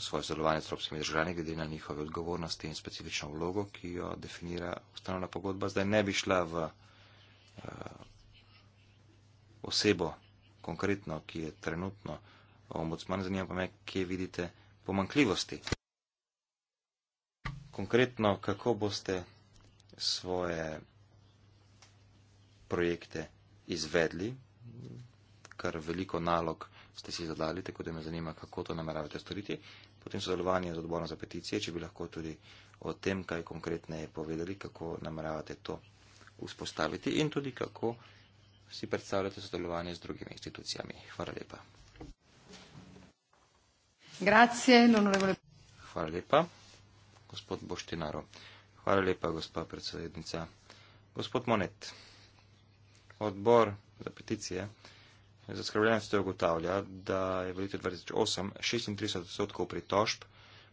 svoje sodelovanje z evropskimi državami, glede na njihove odgovornosti in specifično vlogo, ki jo definira ustanovna pogodba. Zdaj ne bi šla v uh, osebo konkretno, ki je trenutno ombudsman, zanima pa me, kje vidite pomankljivosti konkretno, kako boste svoje projekte izvedli, kar veliko nalog ste si zadali, tako da me zanima, kako to nameravate storiti. Potem sodelovanje z odborom za peticije, če bi lahko tudi o tem, kaj konkretne je povedali, kako nameravate to vzpostaviti in tudi kako si predstavljate sodelovanje z drugimi institucijami. Hvala lepa. Grazie, non volevo... Hvala lepa gospod Boštinaro. Hvala lepa, gospa predsednica. Gospod Monet, odbor za peticije za skrbljenost ugotavlja, da je v letu 2008 36 odstotkov pritožb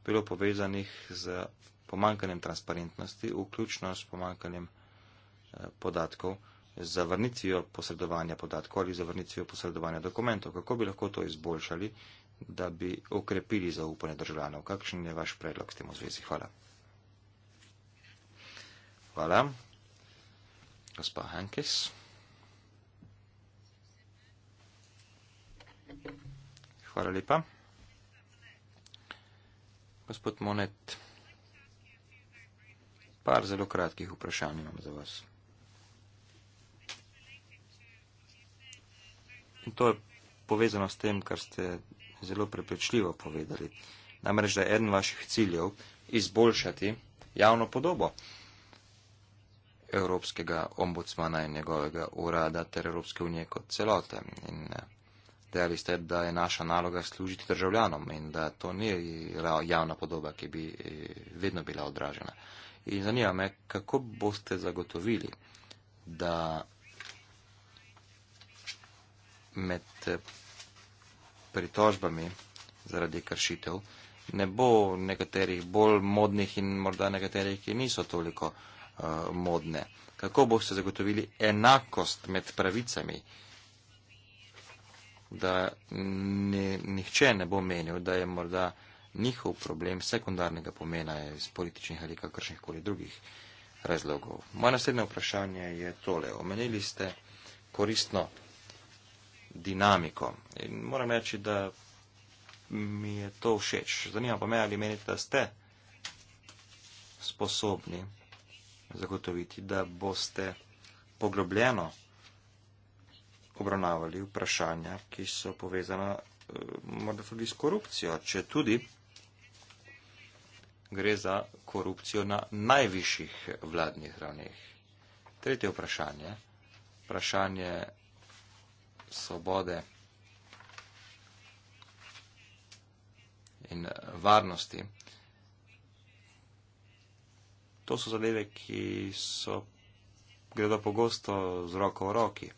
bilo povezanih z pomankanjem transparentnosti, vključno s pomankanjem eh, podatkov, z zavrnitvijo posredovanja podatkov ali zavrnitvijo posredovanja dokumentov. Kako bi lahko to izboljšali da bi okrepili zaupanje državljanov. Kakšen je vaš predlog s tem v zvezi? Hvala. Hvala. Gospa Hankes. Hvala lepa. Gospod Monet, par zelo kratkih vprašanj imam za vas. In to je povezano s tem, kar ste zelo prepečljivo povedali. Namreč, da je eden vaših ciljev izboljšati javno podobo Evropskega ombudsmana in njegovega urada ter Evropske unije kot celote. In eh, dejali ste, da je naša naloga služiti državljanom in da to ni javna podoba, ki bi eh, vedno bila odražena. In zanima me, kako boste zagotovili, da med pritožbami zaradi kršitev. Ne bo nekaterih bolj modnih in morda nekaterih, ki niso toliko uh, modne. Kako boste zagotovili enakost med pravicami, da ni, nihče ne bo menil, da je morda njihov problem sekundarnega pomena iz političnih ali kakršnih koli drugih razlogov. Moje naslednje vprašanje je tole. Omenili ste koristno dinamiko. In moram reči, da mi je to všeč. Zanima pa me, ali menite, da ste sposobni zagotoviti, da boste poglobljeno obravnavali vprašanja, ki so povezana eh, morda tudi s korupcijo, če tudi gre za korupcijo na najvišjih vladnih ravneh. Tretje vprašanje, vprašanje svobode in varnosti. To so zadeve, ki so gredo pogosto z roko v roki.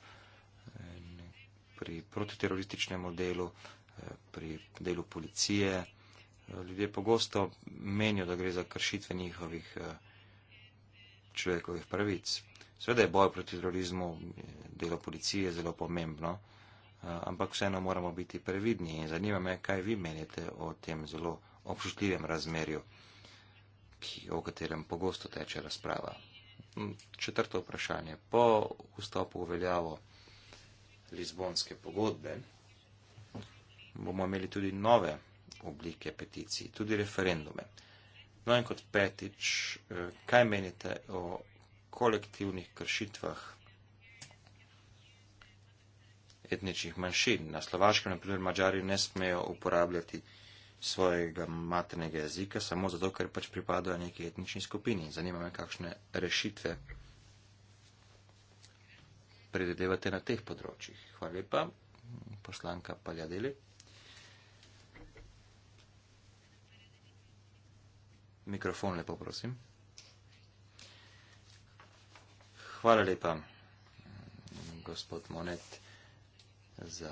Pri protiterorističnem delu, eh, pri delu policije, eh, ljudje pogosto menijo, da gre za kršitve njihovih eh, človekovih pravic. Sveda je boj proti terorizmu delo policije zelo pomembno, eh, ampak vseeno moramo biti previdni in zanima me, kaj vi menite o tem zelo občutljivem razmerju, ki, o katerem pogosto teče razprava. Mm, četrto vprašanje. Po vstopu v veljavo Lizbonske pogodbe bomo imeli tudi nove oblike peticij, tudi referendume. No in kot petič, eh, kaj menite o kolektivnih kršitvah etničnih manjšin. Na Slovaškem, na primer, Mađari ne smejo uporabljati svojega maternega jezika, samo zato, ker pač pripadajo neki etnični skupini. Zanima me, kakšne rešitve predvidevate na teh področjih. Hvala lepa, poslanka Paljadeli. Mikrofon lepo prosim. Hvala lepa, gospod Monet, za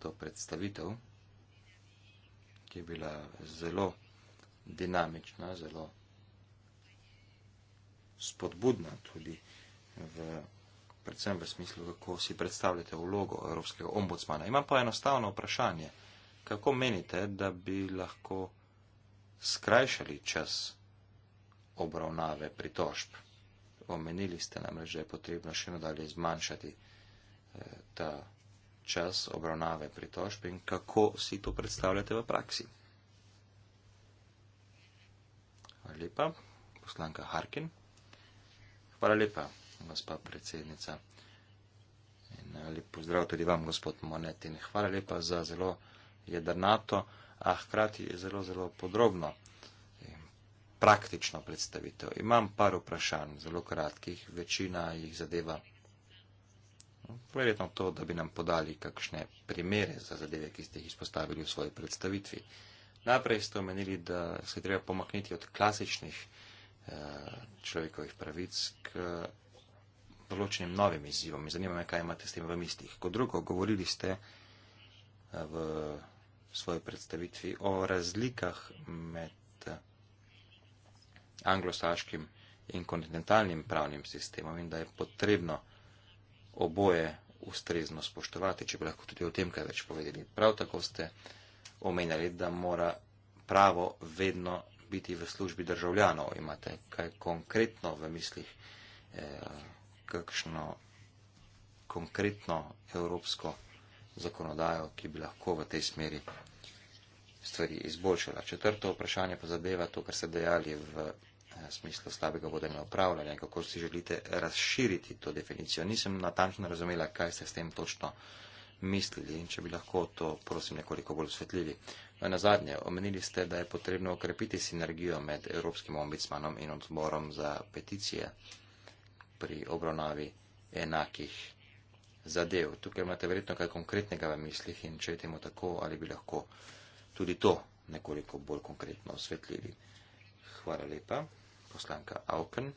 to predstavitev, ki je bila zelo dinamična, zelo spodbudna tudi v, predvsem v smislu, kako si predstavljate vlogo evropskega ombudsmana. Imam pa enostavno vprašanje. Kako menite, da bi lahko skrajšali čas obravnave pritožb? omenili ste namreč, da je potrebno še nadalje zmanjšati eh, ta čas obravnave pritožb in kako si to predstavljate v praksi. Hvala lepa, poslanka Harkin. Hvala lepa, gospa predsednica. In eh, lep pozdrav tudi vam, gospod Monet. In hvala lepa za zelo jedrnato, a hkrati zelo, zelo podrobno praktično predstavitev. Imam par vprašanj, zelo kratkih, večina jih zadeva. No, verjetno to, da bi nam podali kakšne primere za zadeve, ki ste jih izpostavili v svoji predstavitvi. Najprej ste omenili, da se treba pomakniti od klasičnih eh, človekovih pravic k določenim novim izzivom. Mi zanima me, kaj imate s tem v mislih. Kot drugo, govorili ste eh, v svoji predstavitvi o razlikah med anglosaškim in kontinentalnim pravnim sistemom in da je potrebno oboje ustrezno spoštovati, če bi lahko tudi o tem kaj več povedali. Prav tako ste omenjali, da mora pravo vedno biti v službi državljanov. Imate kaj konkretno v mislih, eh, kakšno konkretno evropsko zakonodajo, ki bi lahko v tej smeri stvari izboljšala. Četrto vprašanje pa zadeva to, kar ste dejali v Eh, smislu slabega vodenja upravljanja in kako si želite razširiti to definicijo. Nisem natančno razumela, kaj ste s tem točno mislili in če bi lahko to, prosim, nekoliko bolj osvetljivi. No, na zadnje, omenili ste, da je potrebno okrepiti sinergijo med Evropskim ombudsmanom in odborom za peticije pri obravnavi enakih zadev. Tukaj imate verjetno kaj konkretnega v mislih in če je temu tako, ali bi lahko tudi to nekoliko bolj konkretno osvetljili. Hvala lepa poslanka Auken.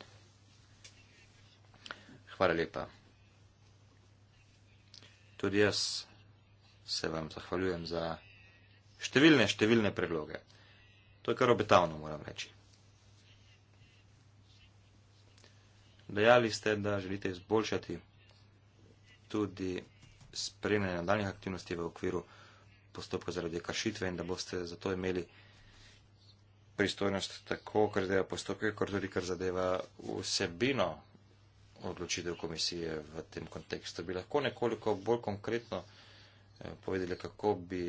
Hvala lepa. Tudi jaz se vam zahvaljujem za številne, številne predloge. To je kar obetavno, moram reči. Dejali ste, da želite izboljšati tudi spremljanje nadaljnih aktivnosti v okviru postopka zaradi kršitve in da boste zato imeli pristojnost tako, kar zadeva postopke, kot tudi, kar zadeva vsebino odločitev komisije v tem kontekstu. Bi lahko nekoliko bolj konkretno eh, povedali, kako bi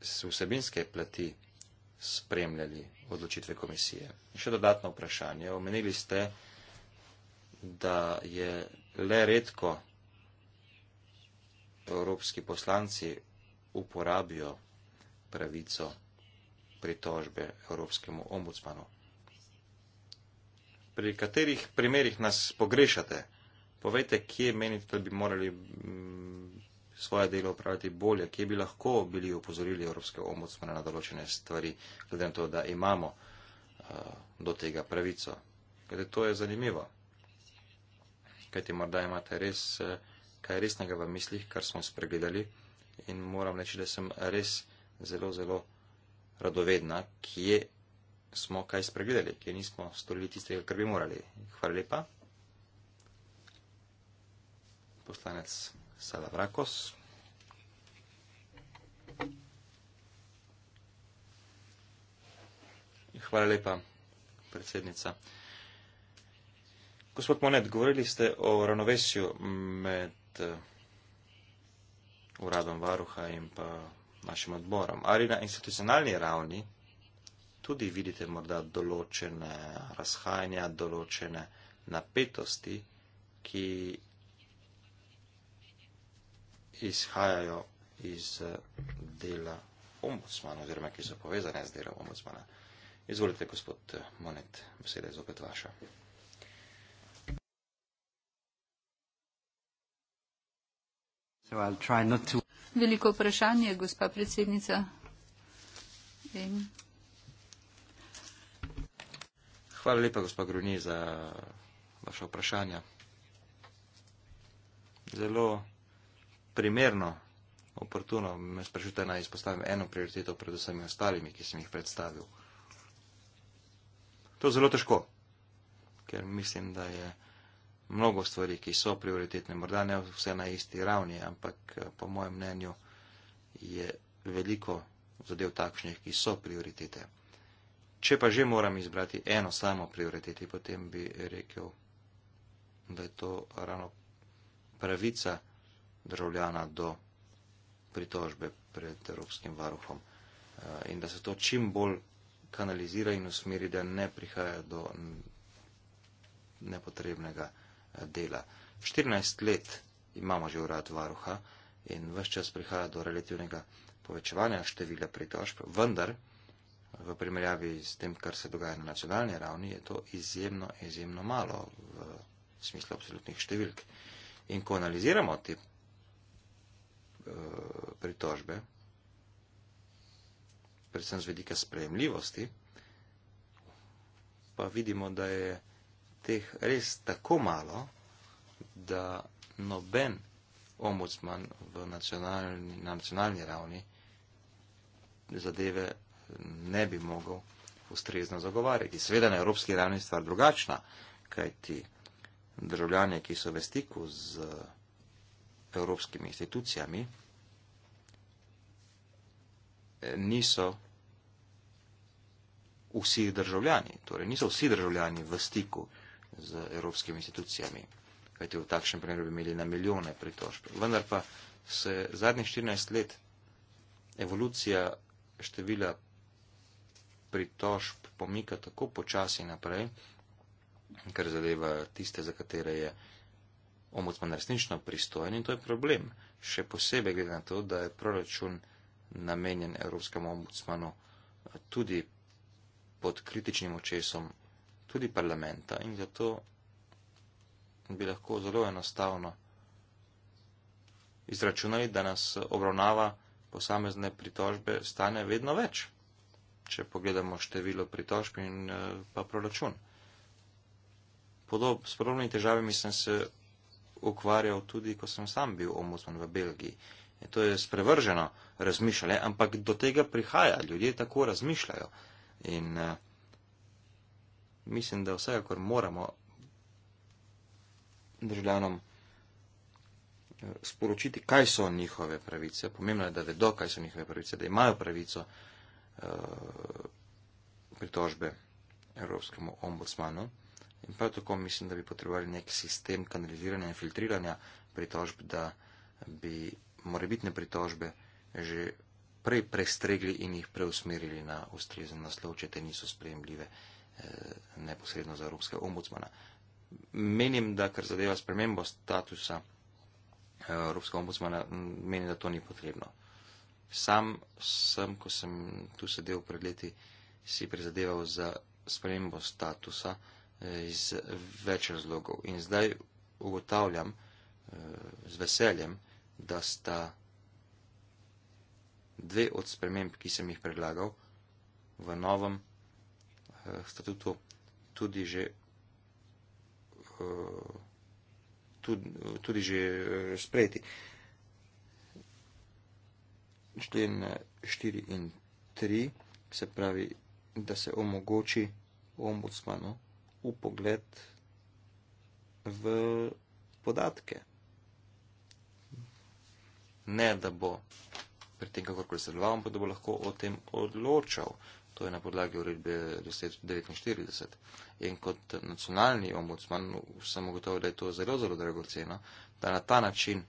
se vsebinske plati spremljali odločitve komisije. In še dodatno vprašanje. Omenili ste, da je le redko evropski poslanci uporabijo pravico pritožbe Evropskemu ombudsmanu. Pri katerih primerih nas pogrešate? Povejte, kje menite, da bi morali mm, svoje delo upravljati bolje, kje bi lahko bili upozorili Evropske ombudsmane na določene stvari, glede na to, da imamo eh, do tega pravico. Kajte, to je zanimivo. Kajte, morda imate res eh, kaj resnega v mislih, kar smo spregledali in moram reči, da sem res zelo, zelo radovedna, kje smo kaj spregledali, kje nismo storili tistega, kar bi morali. Hvala lepa. Poslanec Salavrakos. Hvala lepa, predsednica. Gospod Monet, govorili ste o ravnovesju med eh, uradom varuha in pa našim odborom. Ali na institucionalni ravni tudi vidite morda določene razhajanja, določene napetosti, ki izhajajo iz eh, dela ombudsmana oziroma ki so povezane z delom ombudsmana. Izvolite, gospod eh, Monet, beseda je zopet vaša. So I'll try not to veliko vprašanje, gospa predsednica. In... Hvala lepa, gospa Gruni, za vaše vprašanja. Zelo primerno, oportuno me sprašujete, naj izpostavim eno prioriteto pred vsemi ostalimi, ki sem jih predstavil. To je zelo težko, ker mislim, da je mnogo stvari, ki so prioritetne, morda ne vse na isti ravni, ampak eh, po mojem mnenju je veliko zadev takšnih, ki so prioritete. Če pa že moram izbrati eno samo prioriteti, potem bi rekel, da je to ravno pravica državljana do pritožbe pred Evropskim varuhom eh, in da se to čim bolj kanalizira in usmeri, da ne prihaja do nepotrebnega dela. 14 let imamo že urad varuha in vse čas prihaja do relativnega povečevanja števila pritožb, vendar v primerjavi s tem, kar se dogaja na nacionalni ravni, je to izjemno, izjemno malo v smislu absolutnih številk. In ko analiziramo te e, pritožbe, predvsem z vedika sprejemljivosti, pa vidimo, da je teh res tako malo, da noben ombudsman nacionalni, na nacionalni ravni zadeve ne bi mogel ustrezno zagovarjati. Sveda na evropski ravni je stvar drugačna, kajti državljanje, ki so v stiku z evropskimi institucijami, niso vsi državljani, torej niso vsi državljani v stiku z evropskimi institucijami. Kajti v takšnem primeru bi imeli na milijone pritožb. Vendar pa se zadnjih 14 let evolucija števila pritožb pomika tako počasi naprej, kar zadeva tiste, za katere je ombudsman resnično pristojen in to je problem. Še posebej glede na to, da je proračun namenjen Evropskemu ombudsmanu tudi pod kritičnim očesom tudi parlamenta in zato bi lahko zelo enostavno izračunali, da nas obravnava posamezne pritožbe stane vedno več, če pogledamo število pritožb in eh, pa proračun. Podob, s podobnimi težavami sem se ukvarjal tudi, ko sem sam bil omozman v Belgiji. In to je sprevrženo razmišljanje, ampak do tega prihaja, ljudje tako razmišljajo. In, uh, mislim, da vsekakor moramo državljanom eh, sporočiti, kaj so njihove pravice. Pomembno je, da vedo, kaj so njihove pravice, da imajo pravico eh, pritožbe Evropskemu ombudsmanu. In prav tako mislim, da bi potrebovali nek sistem kanaliziranja in filtriranja pritožb, da bi morebitne pritožbe že prej prestregli in jih preusmerili na ustrezen naslov, če te niso sprejemljive. Eh, neposredno za Evropske ombudsmana. Menim, da kar zadeva spremembo statusa eh, Evropske ombudsmana, menim, da to ni potrebno. Sam sem, ko sem tu sedel pred leti, si prizadeval za spremembo statusa eh, iz več razlogov. In zdaj ugotavljam z veseljem, da sta dve od sprememb, ki sem jih predlagal, v novem Eh, statutu tudi že eh, tudi, tudi že eh, sprejeti. Člen 4 in 3 se pravi, da se omogoči ombudsmanu upogled v podatke. Ne, da bo pri tem kakorkoli sedloval, ampak da bo lahko o tem odločal. To je na podlagi uredbe 1949. In kot nacionalni ombudsman sem ugotovil, da je to zelo, zelo dragoceno, da na ta način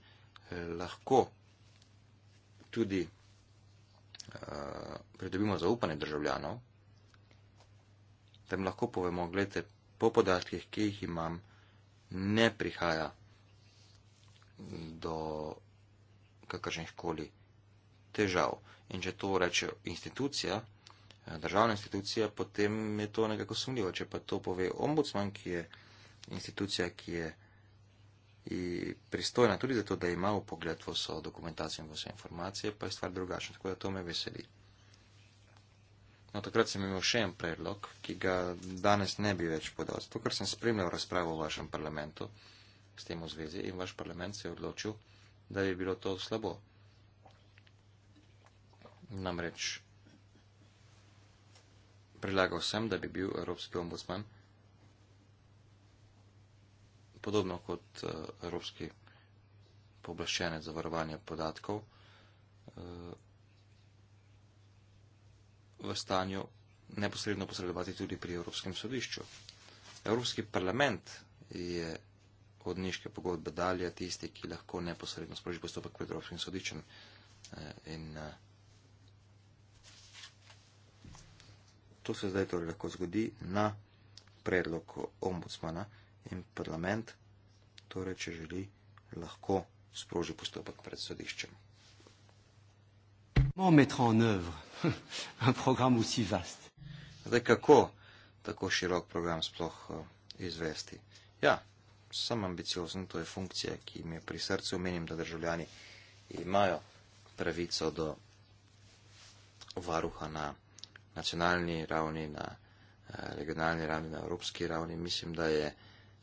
eh, lahko tudi uh, pridobimo zaupanje državljanov, da jim lahko povemo, gledajte, po podatkih, ki jih imam, ne prihaja do kakršnih koli težav. In če to reče institucija, državna institucija, potem je to nekako sumljivo. Če pa to pove ombudsman, ki je institucija, ki je pristojna tudi zato, da ima v pogled vso dokumentacijo in vse informacije, pa je stvar drugačna. Tako da to me veseli. No, takrat sem imel še en predlog, ki ga danes ne bi več podal. Zato, ker sem spremljal razpravo v vašem parlamentu s tem v zvezi in vaš parlament se je odločil, da je bilo to slabo. Namreč. Prilagal sem, da bi bil evropski ombudsman, podobno kot eh, evropski pooblaščenec za varovanje podatkov, eh, v stanju neposredno posredovati tudi pri Evropskem sodišču. Evropski parlament je od niške pogodbe dalje tisti, ki lahko neposredno sproži postopek pred Evropskim sodiščem eh, in To se zdaj torej lahko zgodi na predlog ombudsmana in parlament, torej če želi, lahko sproži postopek pred sodiščem. Zdaj, kako tako širok program sploh eh, izvesti? Ja, sem ambiciozen, to je funkcija, ki mi je pri srcu. Menim, da državljani imajo pravico do varuha na nacionalni ravni, na eh, regionalni ravni, na evropski ravni. Mislim, da je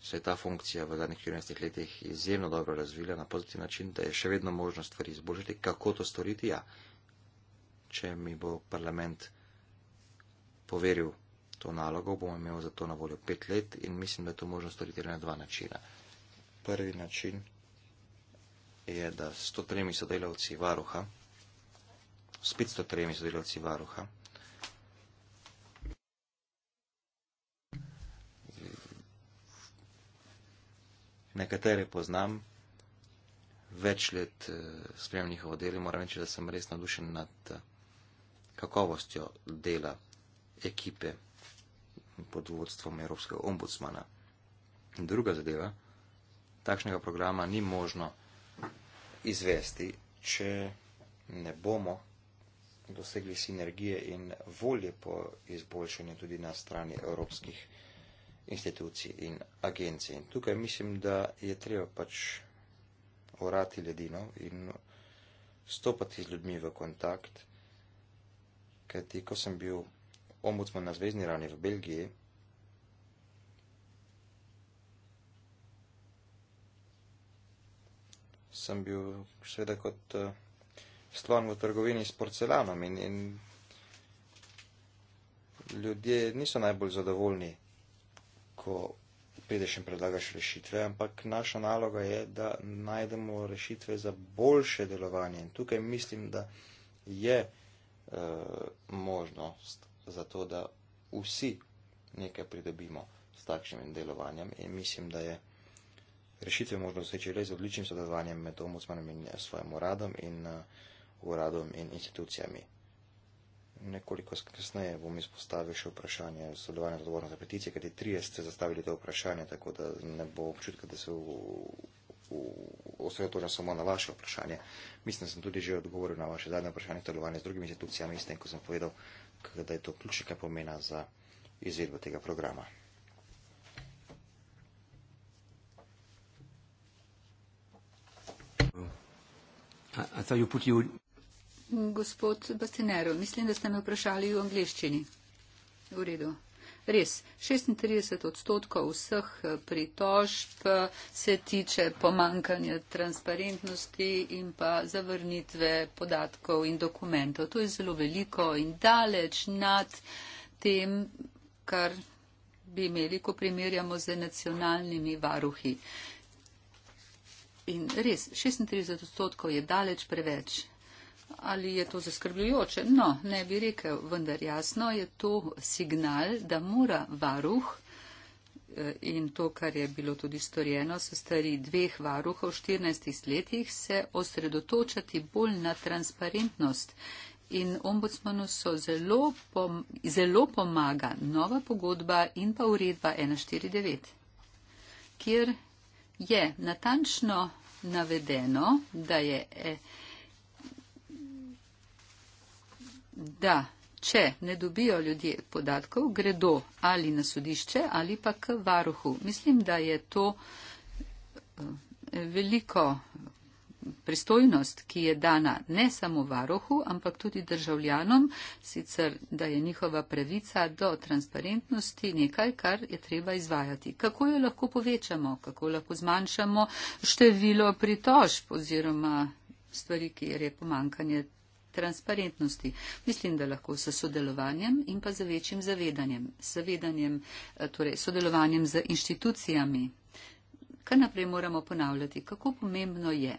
se ta funkcija v zadnjih 14 letih izjemno dobro razvila na pozitiv način, da je še vedno možnost stvari izboljšati. Kako to storiti? Ja, če mi bo parlament poveril to nalogo, bomo imeli za to na voljo pet let in mislim, da je to možnost storiti na dva načina. Prvi način je, da s 103 sodelavci varuha, s 503 sodelavci varuha, nekatere poznam, več let eh, spremljam njihovo delo in moram reči, da sem res navdušen nad eh, kakovostjo dela ekipe pod vodstvom Evropskega ombudsmana. Druga zadeva, takšnega programa ni možno izvesti, če ne bomo dosegli sinergije in volje po izboljšanju tudi na strani evropskih institucij in agencij. In tukaj mislim, da je treba pač orati ledino in stopati z ljudmi v kontakt, kajti ko sem bil ombudsman na zvezdni ravni v Belgiji, sem bil seveda kot eh, stvar v trgovini s porcelanom in, in ljudje niso najbolj zadovoljni ko prideš in predlagaš rešitve, ampak naša naloga je, da najdemo rešitve za boljše delovanje. In tukaj mislim, da je e, možnost za to, da vsi nekaj pridobimo s takšnim delovanjem in mislim, da je rešitve možno doseči res z odličnim sodelovanjem med omocmanom in eh, svojim uradom in uh, uradom in institucijami nekoliko kasneje bom izpostavil še vprašanje sodelovanja z odborom za peticije, kajti trije ste zastavili to vprašanje, tako da ne bo občutka, da se osredotočam samo na vaše vprašanje. Mislim, da sem tudi že odgovoril na vaše zadnje vprašanje sodelovanja z drugimi institucijami, s tem, ko sem povedal, da je to ključnega pomena za izvedbo tega programa. I thought you put you... Gospod Bastinero, mislim, da ste me vprašali v angliščini. V redu. Res, 36 odstotkov vseh eh, pritožb eh, se tiče pomankanja transparentnosti in pa zavrnitve podatkov in dokumentov. To je zelo veliko in daleč nad tem, kar bi imeli, ko primerjamo z nacionalnimi varuhi. In res, 36 odstotkov je daleč preveč. Ali je to zaskrbljujoče? No, ne bi rekel, vendar jasno je to signal, da mora varuh eh, in to, kar je bilo tudi storjeno s stari dveh varuhov v 14 letih, se osredotočati bolj na transparentnost. In ombudsmanu so zelo, pom zelo pomaga nova pogodba in pa uredba 149, kjer je natančno navedeno, da je. Eh, da če ne dobijo ljudje podatkov, gredo ali na sodišče ali pa k varuhu. Mislim, da je to eh, veliko pristojnost, ki je dana ne samo varohu, ampak tudi državljanom, sicer da je njihova pravica do transparentnosti nekaj, kar je treba izvajati. Kako jo lahko povečamo, kako lahko zmanjšamo število pritožb oziroma stvari, ki je pomankanje transparentnosti. Mislim, da lahko s sodelovanjem in pa z večjim zavedanjem, zavedanjem eh, torej sodelovanjem z inštitucijami. Kar naprej moramo ponavljati, kako pomembno je.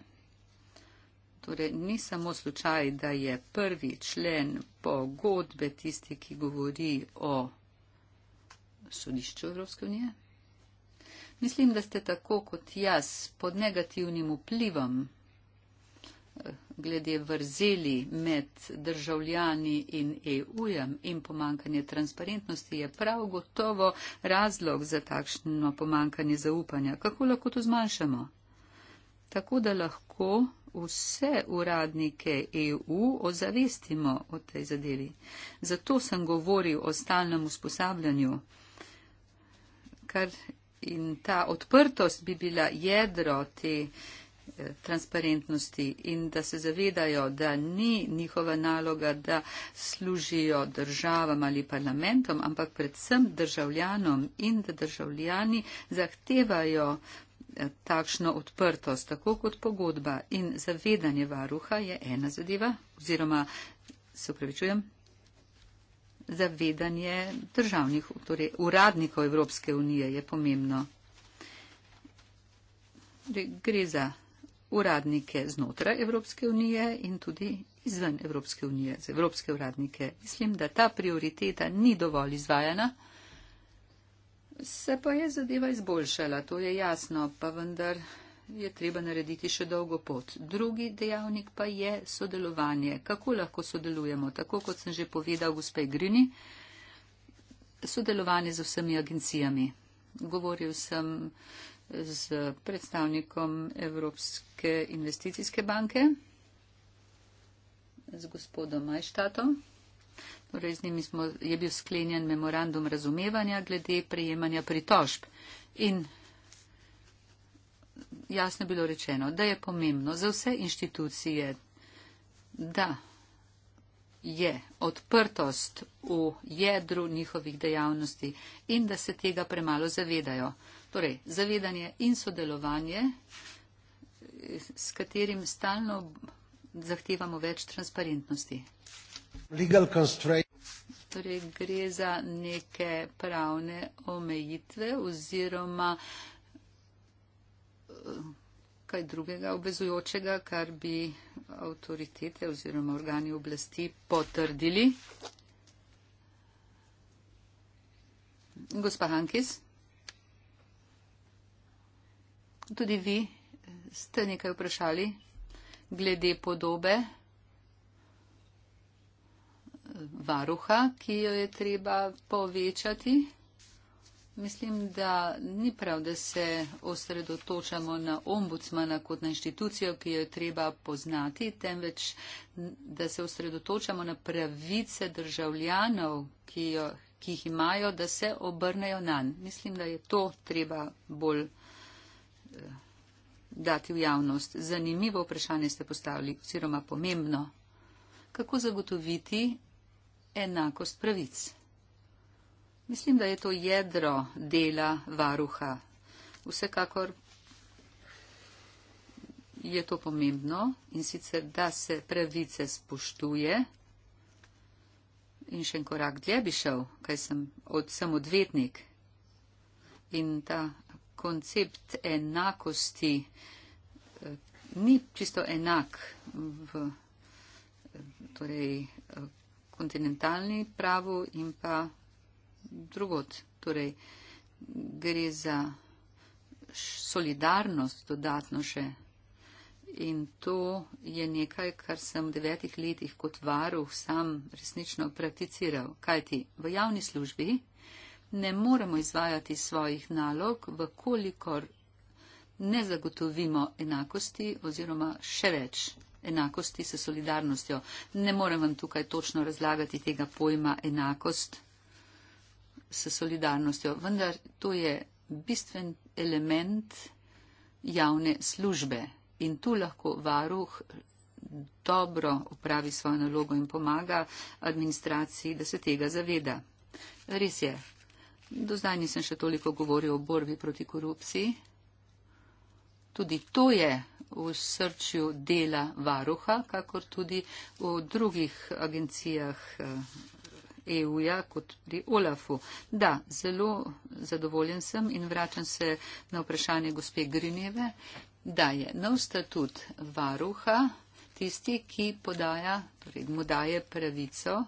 Torej, ni samo slučaj, da je prvi člen pogodbe tisti, ki govori o sodišču Evropske unije. Mislim, da ste tako kot jaz pod negativnim vplivom glede vrzeli med državljani in EU-jem in pomankanje transparentnosti je prav gotovo razlog za takšno pomankanje zaupanja. Kako lahko to zmanjšamo? Tako da lahko vse uradnike EU ozavestimo o tej zadevi. Zato sem govoril o stalnem usposabljanju. Kar in ta odprtost bi bila jedro te transparentnosti in da se zavedajo, da ni njihova naloga, da služijo državam ali parlamentom, ampak predvsem državljanom in da državljani zahtevajo eh, takšno odprtost, tako kot pogodba in zavedanje varuha je ena zadeva oziroma se upravičujem zavedanje državnih, torej uradnikov Evropske unije je pomembno. Torej, gre za uradnike znotraj Evropske unije in tudi izven Evropske unije za evropske uradnike. Mislim, da ta prioriteta ni dovolj izvajana. Se pa je zadeva izboljšala, to je jasno, pa vendar je treba narediti še dolgo pot. Drugi dejavnik pa je sodelovanje. Kako lahko sodelujemo? Tako kot sem že povedal gospe Grini, sodelovanje z vsemi agencijami. Govoril sem z predstavnikom Evropske investicijske banke, z gospodom Majštatom. Torej, z njimi smo, je bil sklenjen memorandum razumevanja glede prejemanja pritožb. In jasno je bilo rečeno, da je pomembno za vse inštitucije, da je odprtost v jedru njihovih dejavnosti in da se tega premalo zavedajo. Torej, zavedanje in sodelovanje, s katerim stalno zahtevamo več transparentnosti. Torej, gre za neke pravne omejitve oziroma eh, kaj drugega obvezujočega, kar bi avtoritete oziroma organi oblasti potrdili. Gospa Hankis. Tudi vi eh, ste nekaj vprašali glede podobe eh, varuha, ki jo je treba povečati. Mislim, da ni prav, da se osredotočamo na ombudsmana kot na inštitucijo, ki jo je treba poznati, temveč, da se osredotočamo na pravice državljanov, ki, jo, ki jih imajo, da se obrnejo na njen. Mislim, da je to treba bolj. Eh, dati v javnost. Zanimivo vprašanje ste postavili, oziroma pomembno. Kako zagotoviti enakost pravic? Mislim, da je to jedro dela varuha. Vsekakor je to pomembno in sicer, da se pravice spoštuje. In še en korak dlje bi šel, kaj sem, od, sem odvetnik. In ta koncept enakosti eh, ni čisto enak v eh, torej, eh, kontinentalni pravu in pa drugot. Torej, gre za solidarnost dodatno še. In to je nekaj, kar sem v devetih letih kot varuh sam resnično prakticiral. Kajti v javni službi ne moremo izvajati svojih nalog, vkolikor ne zagotovimo enakosti oziroma še več enakosti s solidarnostjo. Ne morem vam tukaj točno razlagati tega pojma enakost s solidarnostjo, vendar to je bistven element javne službe in tu lahko varuh dobro upravi svojo nalogo in pomaga administraciji, da se tega zaveda. Res je, Do zdaj nisem še toliko govoril o borbi proti korupciji. Tudi to je v srčju dela varuha, kakor tudi v drugih agencijah EU-ja eh, e kot pri OLAF-u. Da, zelo zadovoljen sem in vračam se na vprašanje gospe Grinjeve, da je nov statut varuha tisti, ki podaja, torej mu daje pravico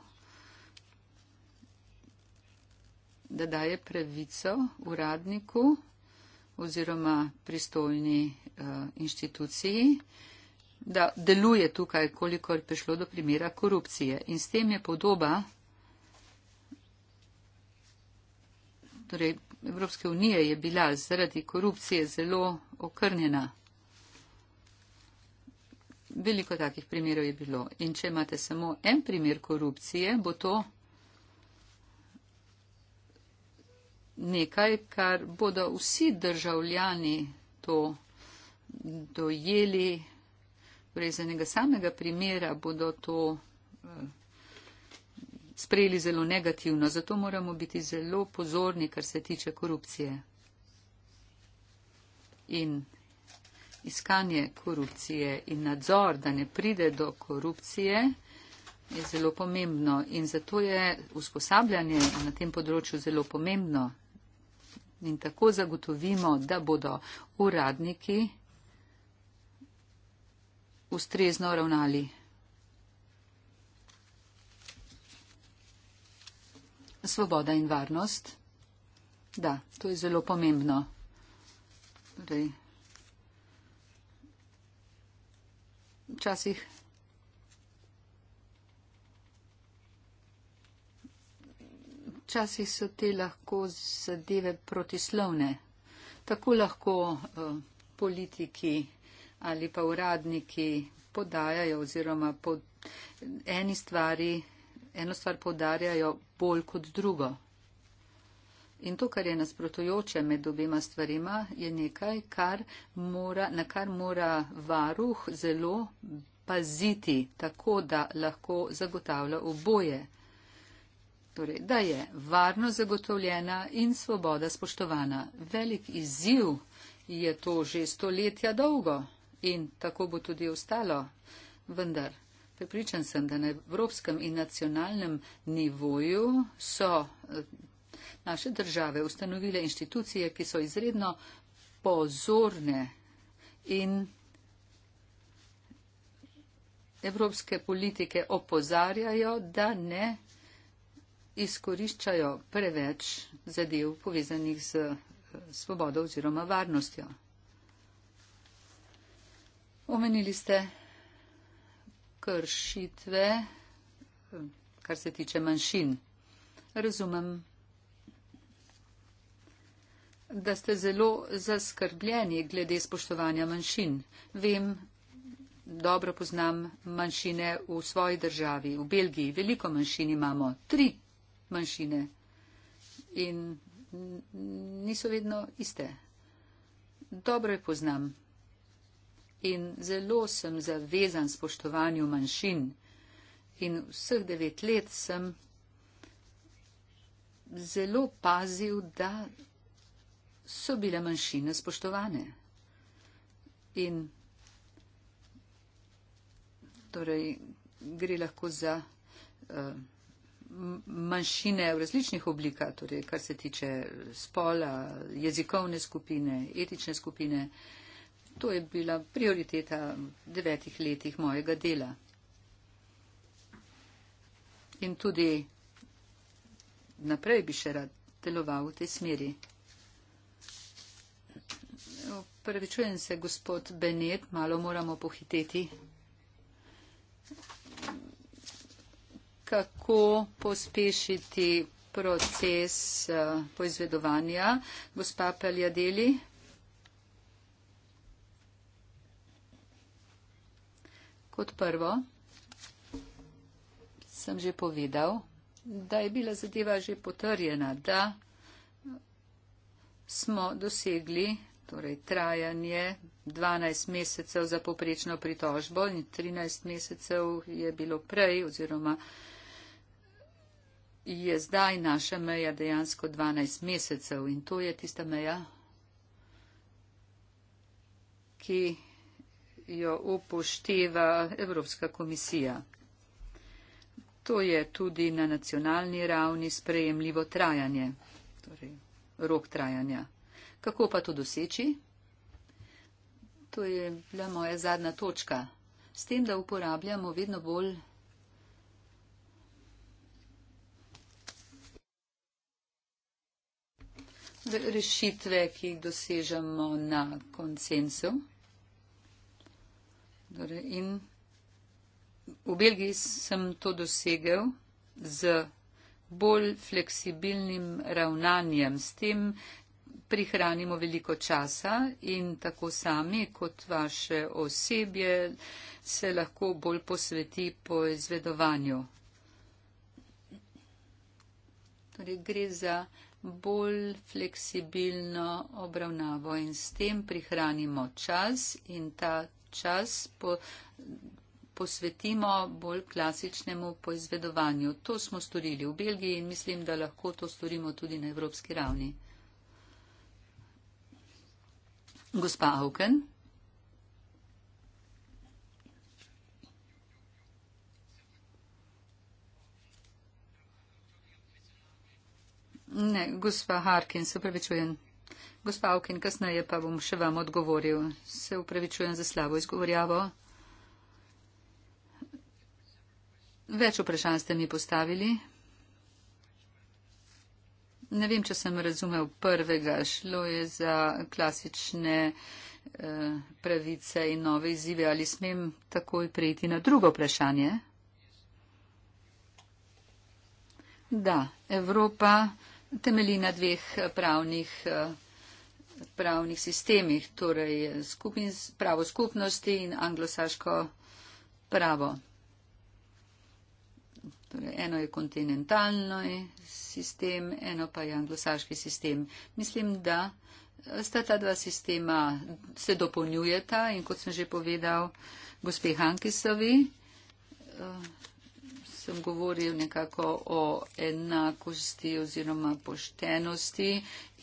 da daje pravico uradniku oziroma pristojni uh, inštituciji, da deluje tukaj, kolikor je prišlo do primera korupcije. In s tem je podoba torej Evropske unije je bila zaradi korupcije zelo okrnjena. Veliko takih primerov je bilo. In če imate samo en primer korupcije, bo to nekaj, kar bodo vsi državljani to dojeli, brez enega samega primera bodo to eh, sprejeli zelo negativno. Zato moramo biti zelo pozorni, kar se tiče korupcije in iskanje korupcije in nadzor, da ne pride do korupcije. Je zelo pomembno in zato je usposabljanje na tem področju zelo pomembno in tako zagotovimo, da bodo uradniki ustrezno ravnali. Svoboda in varnost. Da, to je zelo pomembno. Torej, včasih torej, včasih so te lahko zadeve protislovne. Tako lahko uh, politiki ali pa uradniki podajajo oziroma pod eni stvari, eno stvar podarjajo bolj kot drugo. In to, kar je nasprotujoče med obema stvarima, je nekaj, kar mora, na kar mora varuh zelo paziti, tako da lahko zagotavlja oboje torej, da je varnost zagotovljena in svoboda spoštovana. Velik izziv je to že stoletja dolgo in tako bo tudi ostalo. Vendar pripričan sem, da na evropskem in nacionalnem nivoju so eh, naše države ustanovile inštitucije, ki so izredno pozorne in evropske politike opozarjajo, da ne izkoriščajo preveč zadev povezanih z eh, svobodo oziroma varnostjo. Omenili ste kršitve, eh, kar se tiče manjšin. Razumem, da ste zelo zaskrbljeni glede spoštovanja manjšin. Vem, dobro poznam manjšine v svoji državi, v Belgiji. Veliko manjšin imamo. Tri manjšine in niso vedno iste. Dobro jih poznam in zelo sem zavezan spoštovanju manjšin in vseh devet let sem zelo pazil, da so bile manjšine spoštovane. In torej gre lahko za. Uh, manjšine v različnih oblikah, torej kar se tiče spola, jezikovne skupine, etične skupine. To je bila prioriteta devetih letih mojega dela. In tudi naprej bi še rad deloval v tej smeri. Prvičujem se, gospod Benet, malo moramo pohiteti kako pospešiti proces eh, poizvedovanja. Gospa Peljadeli. Kot prvo, sem že povedal, da je bila zadeva že potrjena, da smo dosegli torej, trajanje 12 mesecev za poprečno pritožbo in 13 mesecev je bilo prej oziroma je zdaj naša meja dejansko 12 mesecev in to je tista meja, ki jo upošteva Evropska komisija. To je tudi na nacionalni ravni sprejemljivo trajanje, torej rok trajanja. Kako pa to doseči? To je bila moja zadnja točka. S tem, da uporabljamo vedno bolj rešitve, ki jih dosežemo na koncensu. Torej, in v Belgiji sem to dosegel z bolj fleksibilnim ravnanjem. S tem prihranimo veliko časa in tako sami kot vaše osebje se lahko bolj posveti po izvedovanju. Torej gre za bolj fleksibilno obravnavo in s tem prihranimo čas in ta čas po, posvetimo bolj klasičnemu poizvedovanju. To smo storili v Belgiji in mislim, da lahko to storimo tudi na evropski ravni. Gospa Auken. Ne, gospa Harkin, se upravičujem. Gospa Avkin, kasneje pa bom še vam odgovoril. Se upravičujem za slabo izgovorjavo. Več vprašanj ste mi postavili. Ne vem, če sem razumel prvega. Šlo je za klasične eh, pravice in nove izzive. Ali smem takoj prejti na drugo vprašanje? Da, Evropa temelji na dveh eh, pravnih, eh, pravnih sistemih, torej skupin, pravo skupnosti in anglosaško pravo. Torej, eno je kontinentalni sistem, eno pa je anglosaški sistem. Mislim, da eh, sta ta dva sistema se dopolnjujeta in kot sem že povedal gospe Hankisovi, sem govoril nekako o enakosti oziroma poštenosti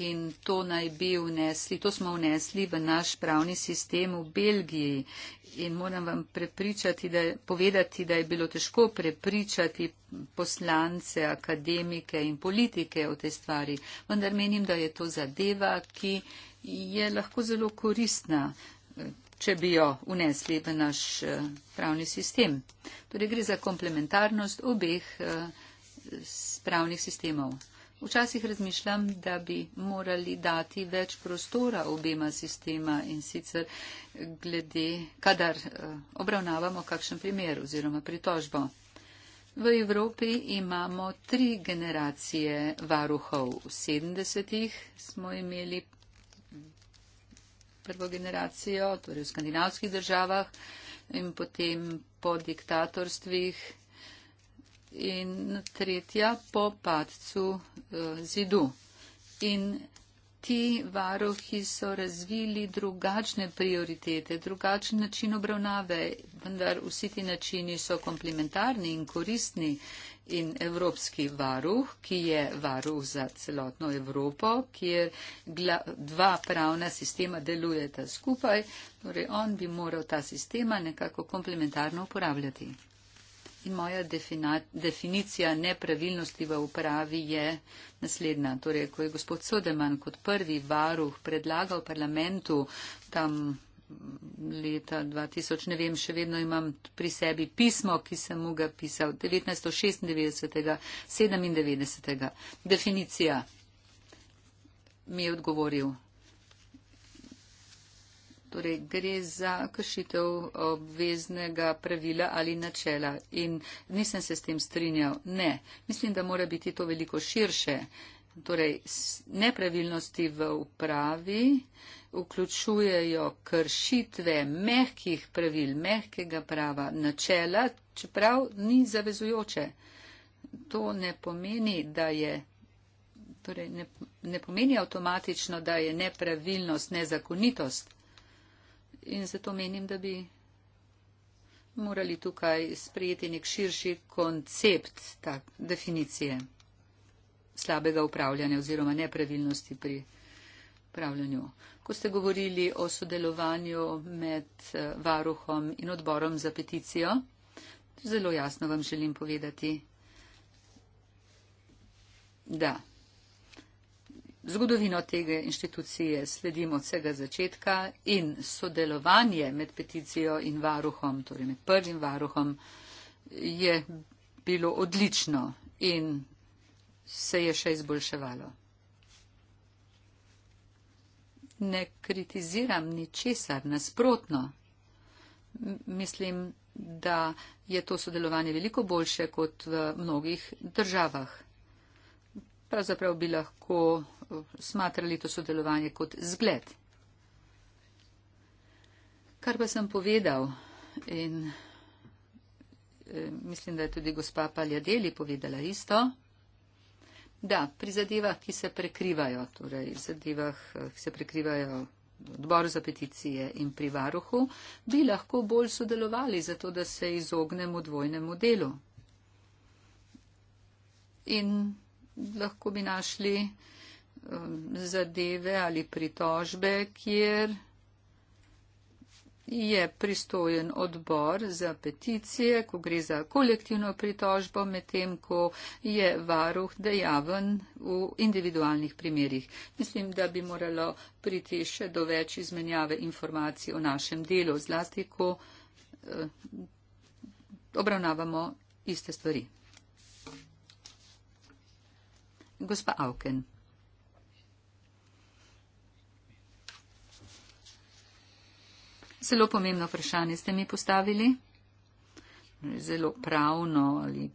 in to naj bi vnesli, to smo vnesli v naš pravni sistem v Belgiji. In moram vam prepričati, da, povedati, da je bilo težko prepričati poslance, akademike in politike o tej stvari, vendar menim, da je to zadeva, ki je lahko zelo koristna če bi jo unesli v naš eh, pravni sistem. Torej gre za komplementarnost obeh eh, pravnih sistemov. Včasih razmišljam, da bi morali dati več prostora obema sistema in sicer glede, kadar eh, obravnavamo kakšen primer oziroma pritožbo. V Evropi imamo tri generacije varuhov. V 70-ih smo imeli prvo generacijo, torej v skandinavskih državah in potem po diktatorstvih in tretja po padcu uh, zidu. In ti varohi so razvili drugačne prioritete, drugačen način obravnave, vendar vsi ti načini so komplementarni in koristni in Evropski varuh, ki je varuh za celotno Evropo, kjer dva pravna sistema delujeta skupaj, torej on bi moral ta sistema nekako komplementarno uporabljati. In moja definicija nepravilnosti v upravi je naslednja. Torej, ko je gospod Sodeman kot prvi varuh predlagal parlamentu tam leta 2000, ne vem, še vedno imam pri sebi pismo, ki sem mu ga pisal 1996-97. Definicija mi je odgovoril. Torej, gre za kršitev obveznega pravila ali načela in nisem se s tem strinjal. Ne, mislim, da mora biti to veliko širše. Torej, nepravilnosti v upravi vključujejo kršitve mehkih pravil, mehkega prava, načela, čeprav ni zavezujoče. To ne pomeni, da je. Torej, ne, ne pomeni avtomatično, da je nepravilnost, nezakonitost. In zato menim, da bi morali tukaj sprejeti nek širši koncept tak, definicije slabega upravljanja oziroma nepravilnosti pri upravljanju. Ko ste govorili o sodelovanju med eh, varuhom in odborom za peticijo, zelo jasno vam želim povedati, da zgodovino tega inštitucije sledimo od vsega začetka in sodelovanje med peticijo in varuhom, torej med prvim varuhom, je bilo odlično in se je še izboljševalo ne kritiziram ničesar, nasprotno. Mislim, da je to sodelovanje veliko boljše kot v mnogih državah. Pravzaprav bi lahko eh, smatrali to sodelovanje kot zgled. Kar pa sem povedal in eh, mislim, da je tudi gospa Paljadeli povedala isto. Da, pri zadevah, ki se prekrivajo, torej zadevah, eh, ki se prekrivajo odbor za peticije in pri varuhu, bi lahko bolj sodelovali, zato da se izognemo dvojnemu delu. In lahko bi našli um, zadeve ali pritožbe, kjer je pristojen odbor za peticije, ko gre za kolektivno pritožbo, medtem ko je varuh dejaven v individualnih primerjih. Mislim, da bi moralo priti še do več izmenjave informacij o našem delu, zlasti ko eh, obravnavamo iste stvari. Gospa Auken. Zelo pomembno vprašanje ste mi postavili. Zelo pravno ali.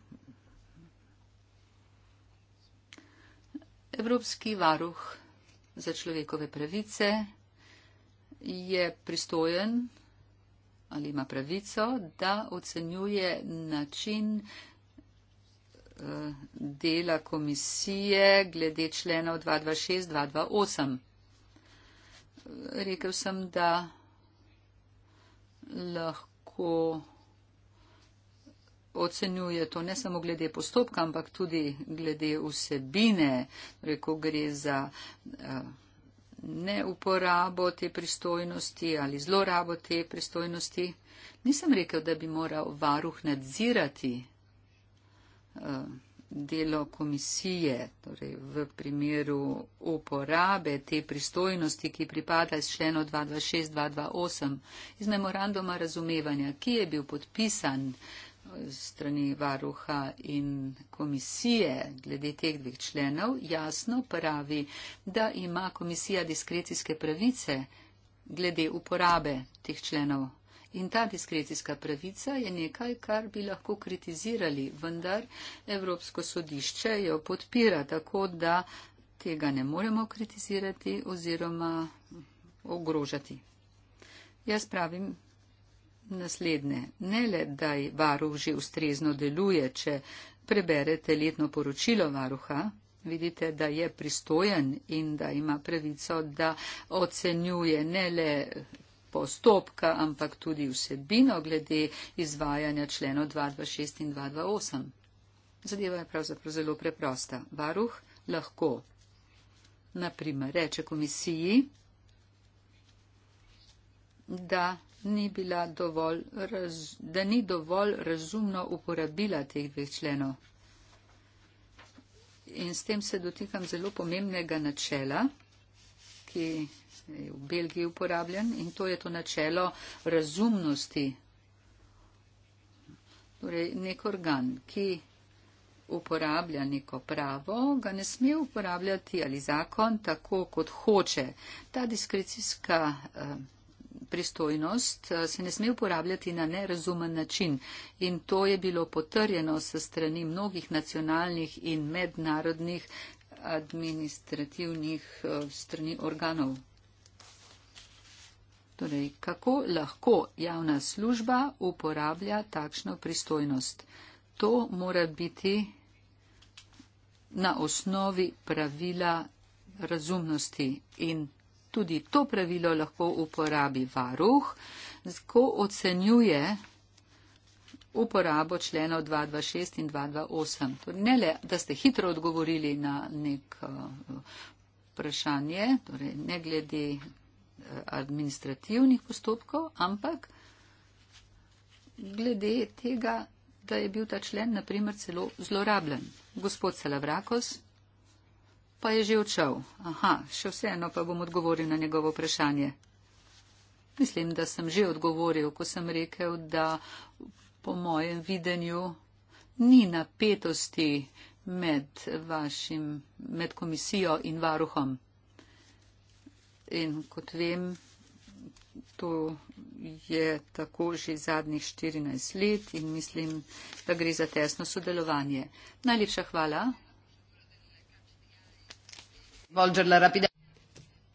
Evropski varuh za človekove pravice je pristojen ali ima pravico, da ocenjuje način eh, dela komisije glede členov 226-228. Rekel sem, da lahko ocenjuje to ne samo glede postopka, ampak tudi glede vsebine, reko torej, gre za eh, neuporabo te pristojnosti ali zlorabo te pristojnosti. Nisem rekel, da bi moral varuh nadzirati. Eh, delo komisije, torej v primeru uporabe te pristojnosti, ki pripada iz členov 226-228 iz memoranduma razumevanja, ki je bil podpisan eh, strani varuha in komisije glede teh dveh členov, jasno pravi, da ima komisija diskrecijske pravice glede uporabe teh členov In ta diskrecijska pravica je nekaj, kar bi lahko kritizirali, vendar Evropsko sodišče jo podpira, tako da tega ne moremo kritizirati oziroma ogrožati. Jaz pravim naslednje. Ne le, da varuh že ustrezno deluje, če preberete letno poročilo varuha, vidite, da je pristojen in da ima pravico, da ocenjuje ne le postopka, ampak tudi vsebino glede izvajanja členov 226 in 228. Zadeva je pravzaprav zelo preprosta. Varuh lahko, naprimer, reče komisiji, da ni, dovolj, raz, da ni dovolj razumno uporabila teh dveh členov. In s tem se dotikam zelo pomembnega načela, ki v Belgiji uporabljen in to je to načelo razumnosti. Torej, nek organ, ki uporablja neko pravo, ga ne sme uporabljati ali zakon tako, kot hoče. Ta diskrecijska eh, pristojnost eh, se ne sme uporabljati na nerazumen način in to je bilo potrjeno s strani mnogih nacionalnih in mednarodnih administrativnih eh, strani organov. Torej, kako lahko javna služba uporablja takšno pristojnost? To mora biti na osnovi pravila razumnosti in tudi to pravilo lahko uporabi varuh, ko ocenjuje uporabo členov 226 in 228. Torej, ne le, da ste hitro odgovorili na nek uh, vprašanje, torej ne glede administrativnih postopkov, ampak glede tega, da je bil ta člen, naprimer, celo zlorabljen. Gospod Salavrakos pa je že odšel. Aha, še vseeno pa bom odgovoril na njegovo vprašanje. Mislim, da sem že odgovoril, ko sem rekel, da po mojem videnju ni napetosti med, vašim, med komisijo in varuhom in kot vem, to je tako že zadnjih 14 let in mislim, da gre za tesno sodelovanje. Najlepša hvala.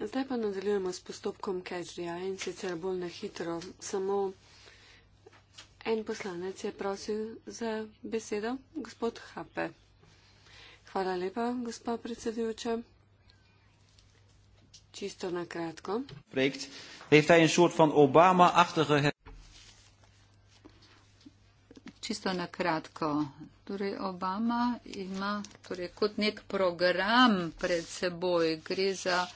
Zdaj pa nadaljujemo s postopkom Kečrija in sicer bolj na hitro. Samo en poslanec je prosil za besedo, gospod Hape. Hvala lepa, gospod predsedujoča. Čisto na kratko. Preekt, heeft hij een soort van Obama-achtige. Čisto na kratko. Torej, Obama ima torej, kot nek program pred seboj. Gre za,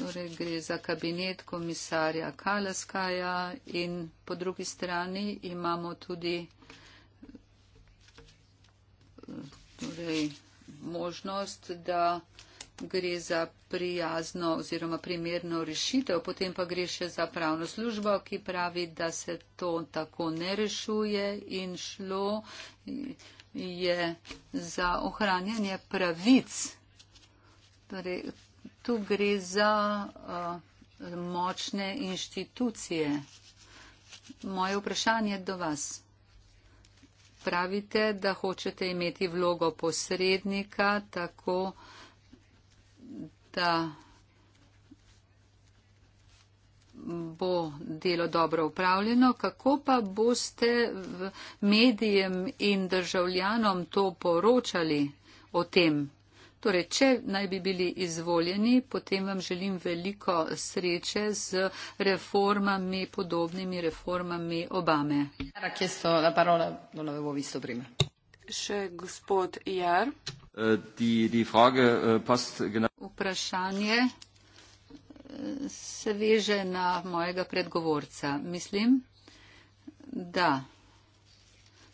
torej, gre za kabinet komisarja Kalaskaja in po drugi strani imamo tudi. Eh, torej, možnost, da gre za prijazno oziroma primerno rešitev, potem pa gre še za pravno službo, ki pravi, da se to tako ne rešuje in šlo je za ohranjanje pravic. Torej, tu gre za uh, močne inštitucije. Moje vprašanje do vas pravite, da hočete imeti vlogo posrednika, tako da bo delo dobro upravljeno. Kako pa boste medijem in državljanom to poročali o tem? Torej, če naj bi bili izvoljeni, potem vam želim veliko sreče z reformami, podobnimi reformami Obame. Še gospod Jar. Äh, äh, Vprašanje äh, se veže na mojega predgovorca. Mislim, da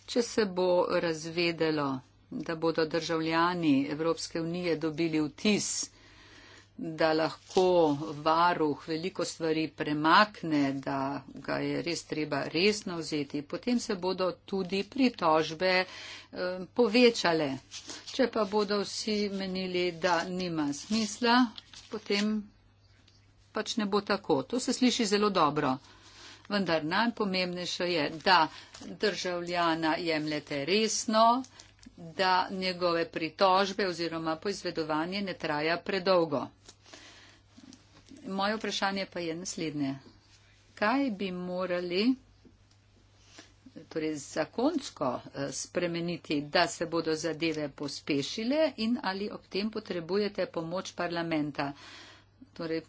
če se bo razvedelo, da bodo državljani Evropske unije dobili vtis, da lahko varuh veliko stvari premakne, da ga je res treba resno vzeti, potem se bodo tudi pritožbe eh, povečale. Če pa bodo vsi menili, da nima smisla, potem pač ne bo tako. To se sliši zelo dobro. Vendar najpomembnejše je, da državljana jemljete resno da njegove pritožbe oziroma poizvedovanje ne traja predolgo. Moje vprašanje pa je naslednje. Kaj bi morali torej zakonsko eh, spremeniti, da se bodo zadeve pospešile in ali ob tem potrebujete pomoč parlamenta? Torej,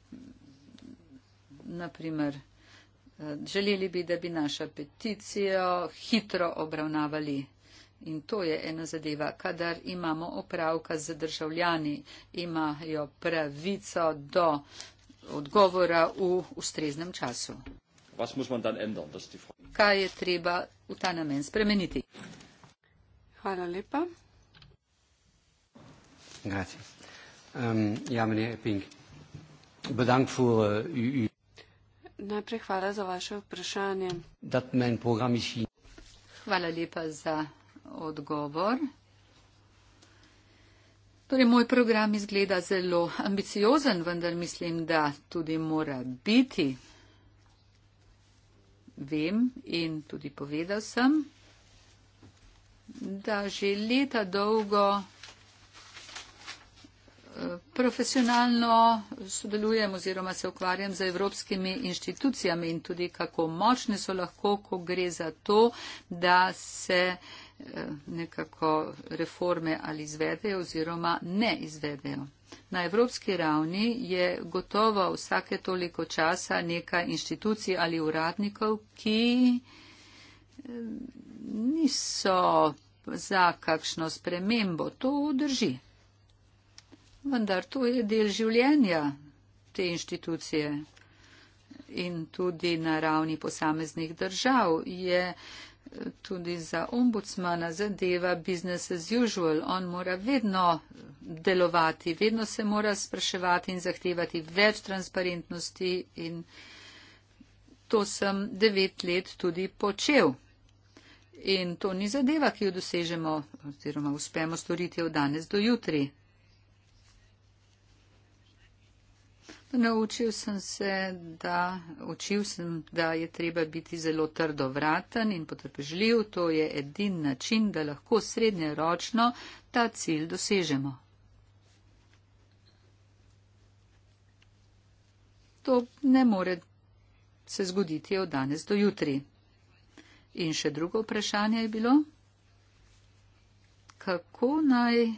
naprimer, eh, želeli bi, da bi našo peticijo hitro obravnavali In to je ena zadeva, kadar imamo opravka z državljani, imajo pravico do odgovora v ustreznem času. Ändern, Kaj je treba v ta namen spremeniti? Hvala lepa. Um, ja, Bedankt für uh, eh, Najprej hvala za vaše vprašanje. Hvala lepa za vprašanje odgovor. Torej, moj program izgleda zelo ambiciozen, vendar mislim, da tudi mora biti. Vem in tudi povedal sem, da že leta dolgo eh, profesionalno sodelujem oziroma se ukvarjam z evropskimi inštitucijami in tudi kako močne so lahko, ko gre za to, da se. Uh, nekako reforme ali izvedejo oziroma ne izvedejo. Na evropski ravni je gotovo vsake toliko časa nekaj inštitucij ali uradnikov, ki eh, niso za kakšno spremembo. To drži. Vendar to je del življenja te inštitucije in tudi na ravni posameznih držav je tudi za ombudsmana zadeva business as usual. On mora vedno delovati, vedno se mora spraševati in zahtevati več transparentnosti in to sem devet let tudi počel. In to ni zadeva, ki jo dosežemo oziroma uspemo storiti od danes do jutri. Naučil sem se, da, učil sem, da je treba biti zelo trdovraten in potrpežljiv. To je edin način, da lahko srednjeročno ta cilj dosežemo. To ne more se zgoditi od danes do jutri. In še drugo vprašanje je bilo, kako naj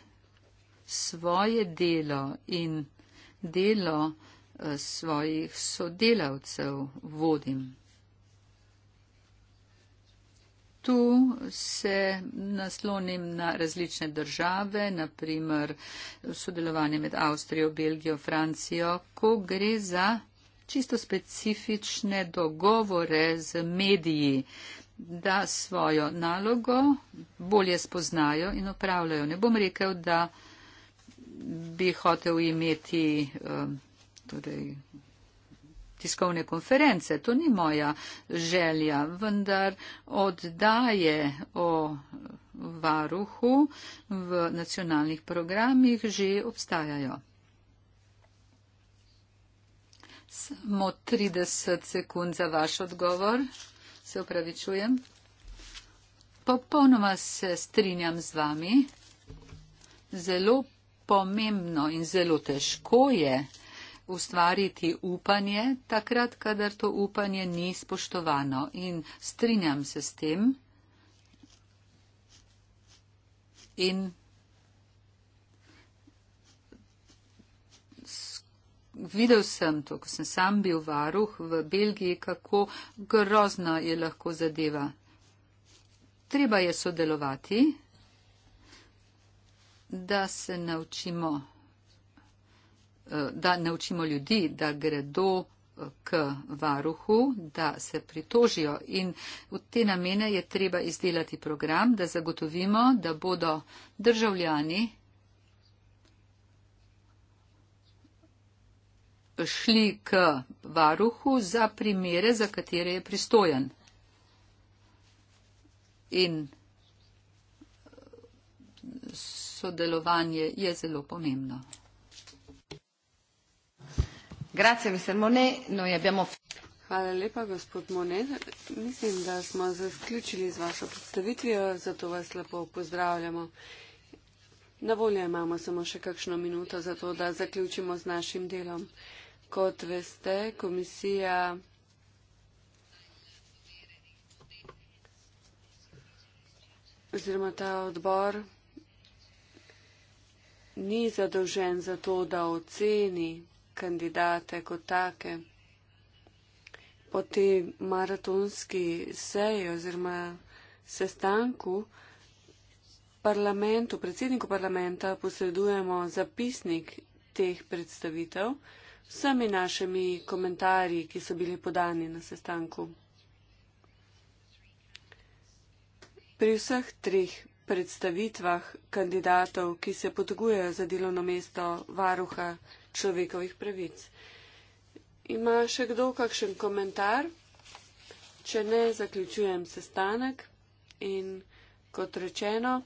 svoje delo in delo, Eh, svojih sodelavcev vodim. Tu se naslonim na različne države, naprimer sodelovanje med Avstrijo, Belgijo, Francijo, ko gre za čisto specifične dogovore z mediji, da svojo nalogo bolje spoznajo in opravljajo. Ne bom rekel, da bi hotel imeti um, torej, tiskovne konference. To ni moja želja, vendar oddaje o varuhu v nacionalnih programih že obstajajo. Samo 30 sekund za vaš odgovor. Se upravičujem. Popolnoma se strinjam z vami. Zelo pomembno in zelo težko je ustvariti upanje, takrat, kadar to upanje ni spoštovano. In strinjam se s tem. In videl sem to, ko sem sam bil varuh v Belgiji, kako grozna je lahko zadeva. Treba je sodelovati, da se naučimo da naučimo ljudi, da gredo eh, k varuhu, da se pritožijo in v te namene je treba izdelati program, da zagotovimo, da bodo državljani šli k varuhu za primere, za katere je pristojen. In eh, sodelovanje je zelo pomembno. Grazie, Monet. Noi abbiamo... Hvala lepa, gospod Monet. Mislim, da smo zaključili z vašo predstavitvijo, zato vas lepo pozdravljamo. Na voljo imamo samo še kakšno minuto, zato da zaključimo z našim delom. Kot veste, komisija. Oziroma ta odbor ni zadolžen za to, da oceni kandidate kot take. Po tej maratonski seji oziroma sestanku parlamentu, predsedniku parlamenta posredujemo zapisnik teh predstavitev s vsemi našimi komentarji, ki so bili podani na sestanku. Pri vseh treh predstavitvah kandidatov, ki se potegujejo za delovno mesto varuha človekovih pravic. Ima še kdo kakšen komentar? Če ne, zaključujem sestanek in kot rečeno.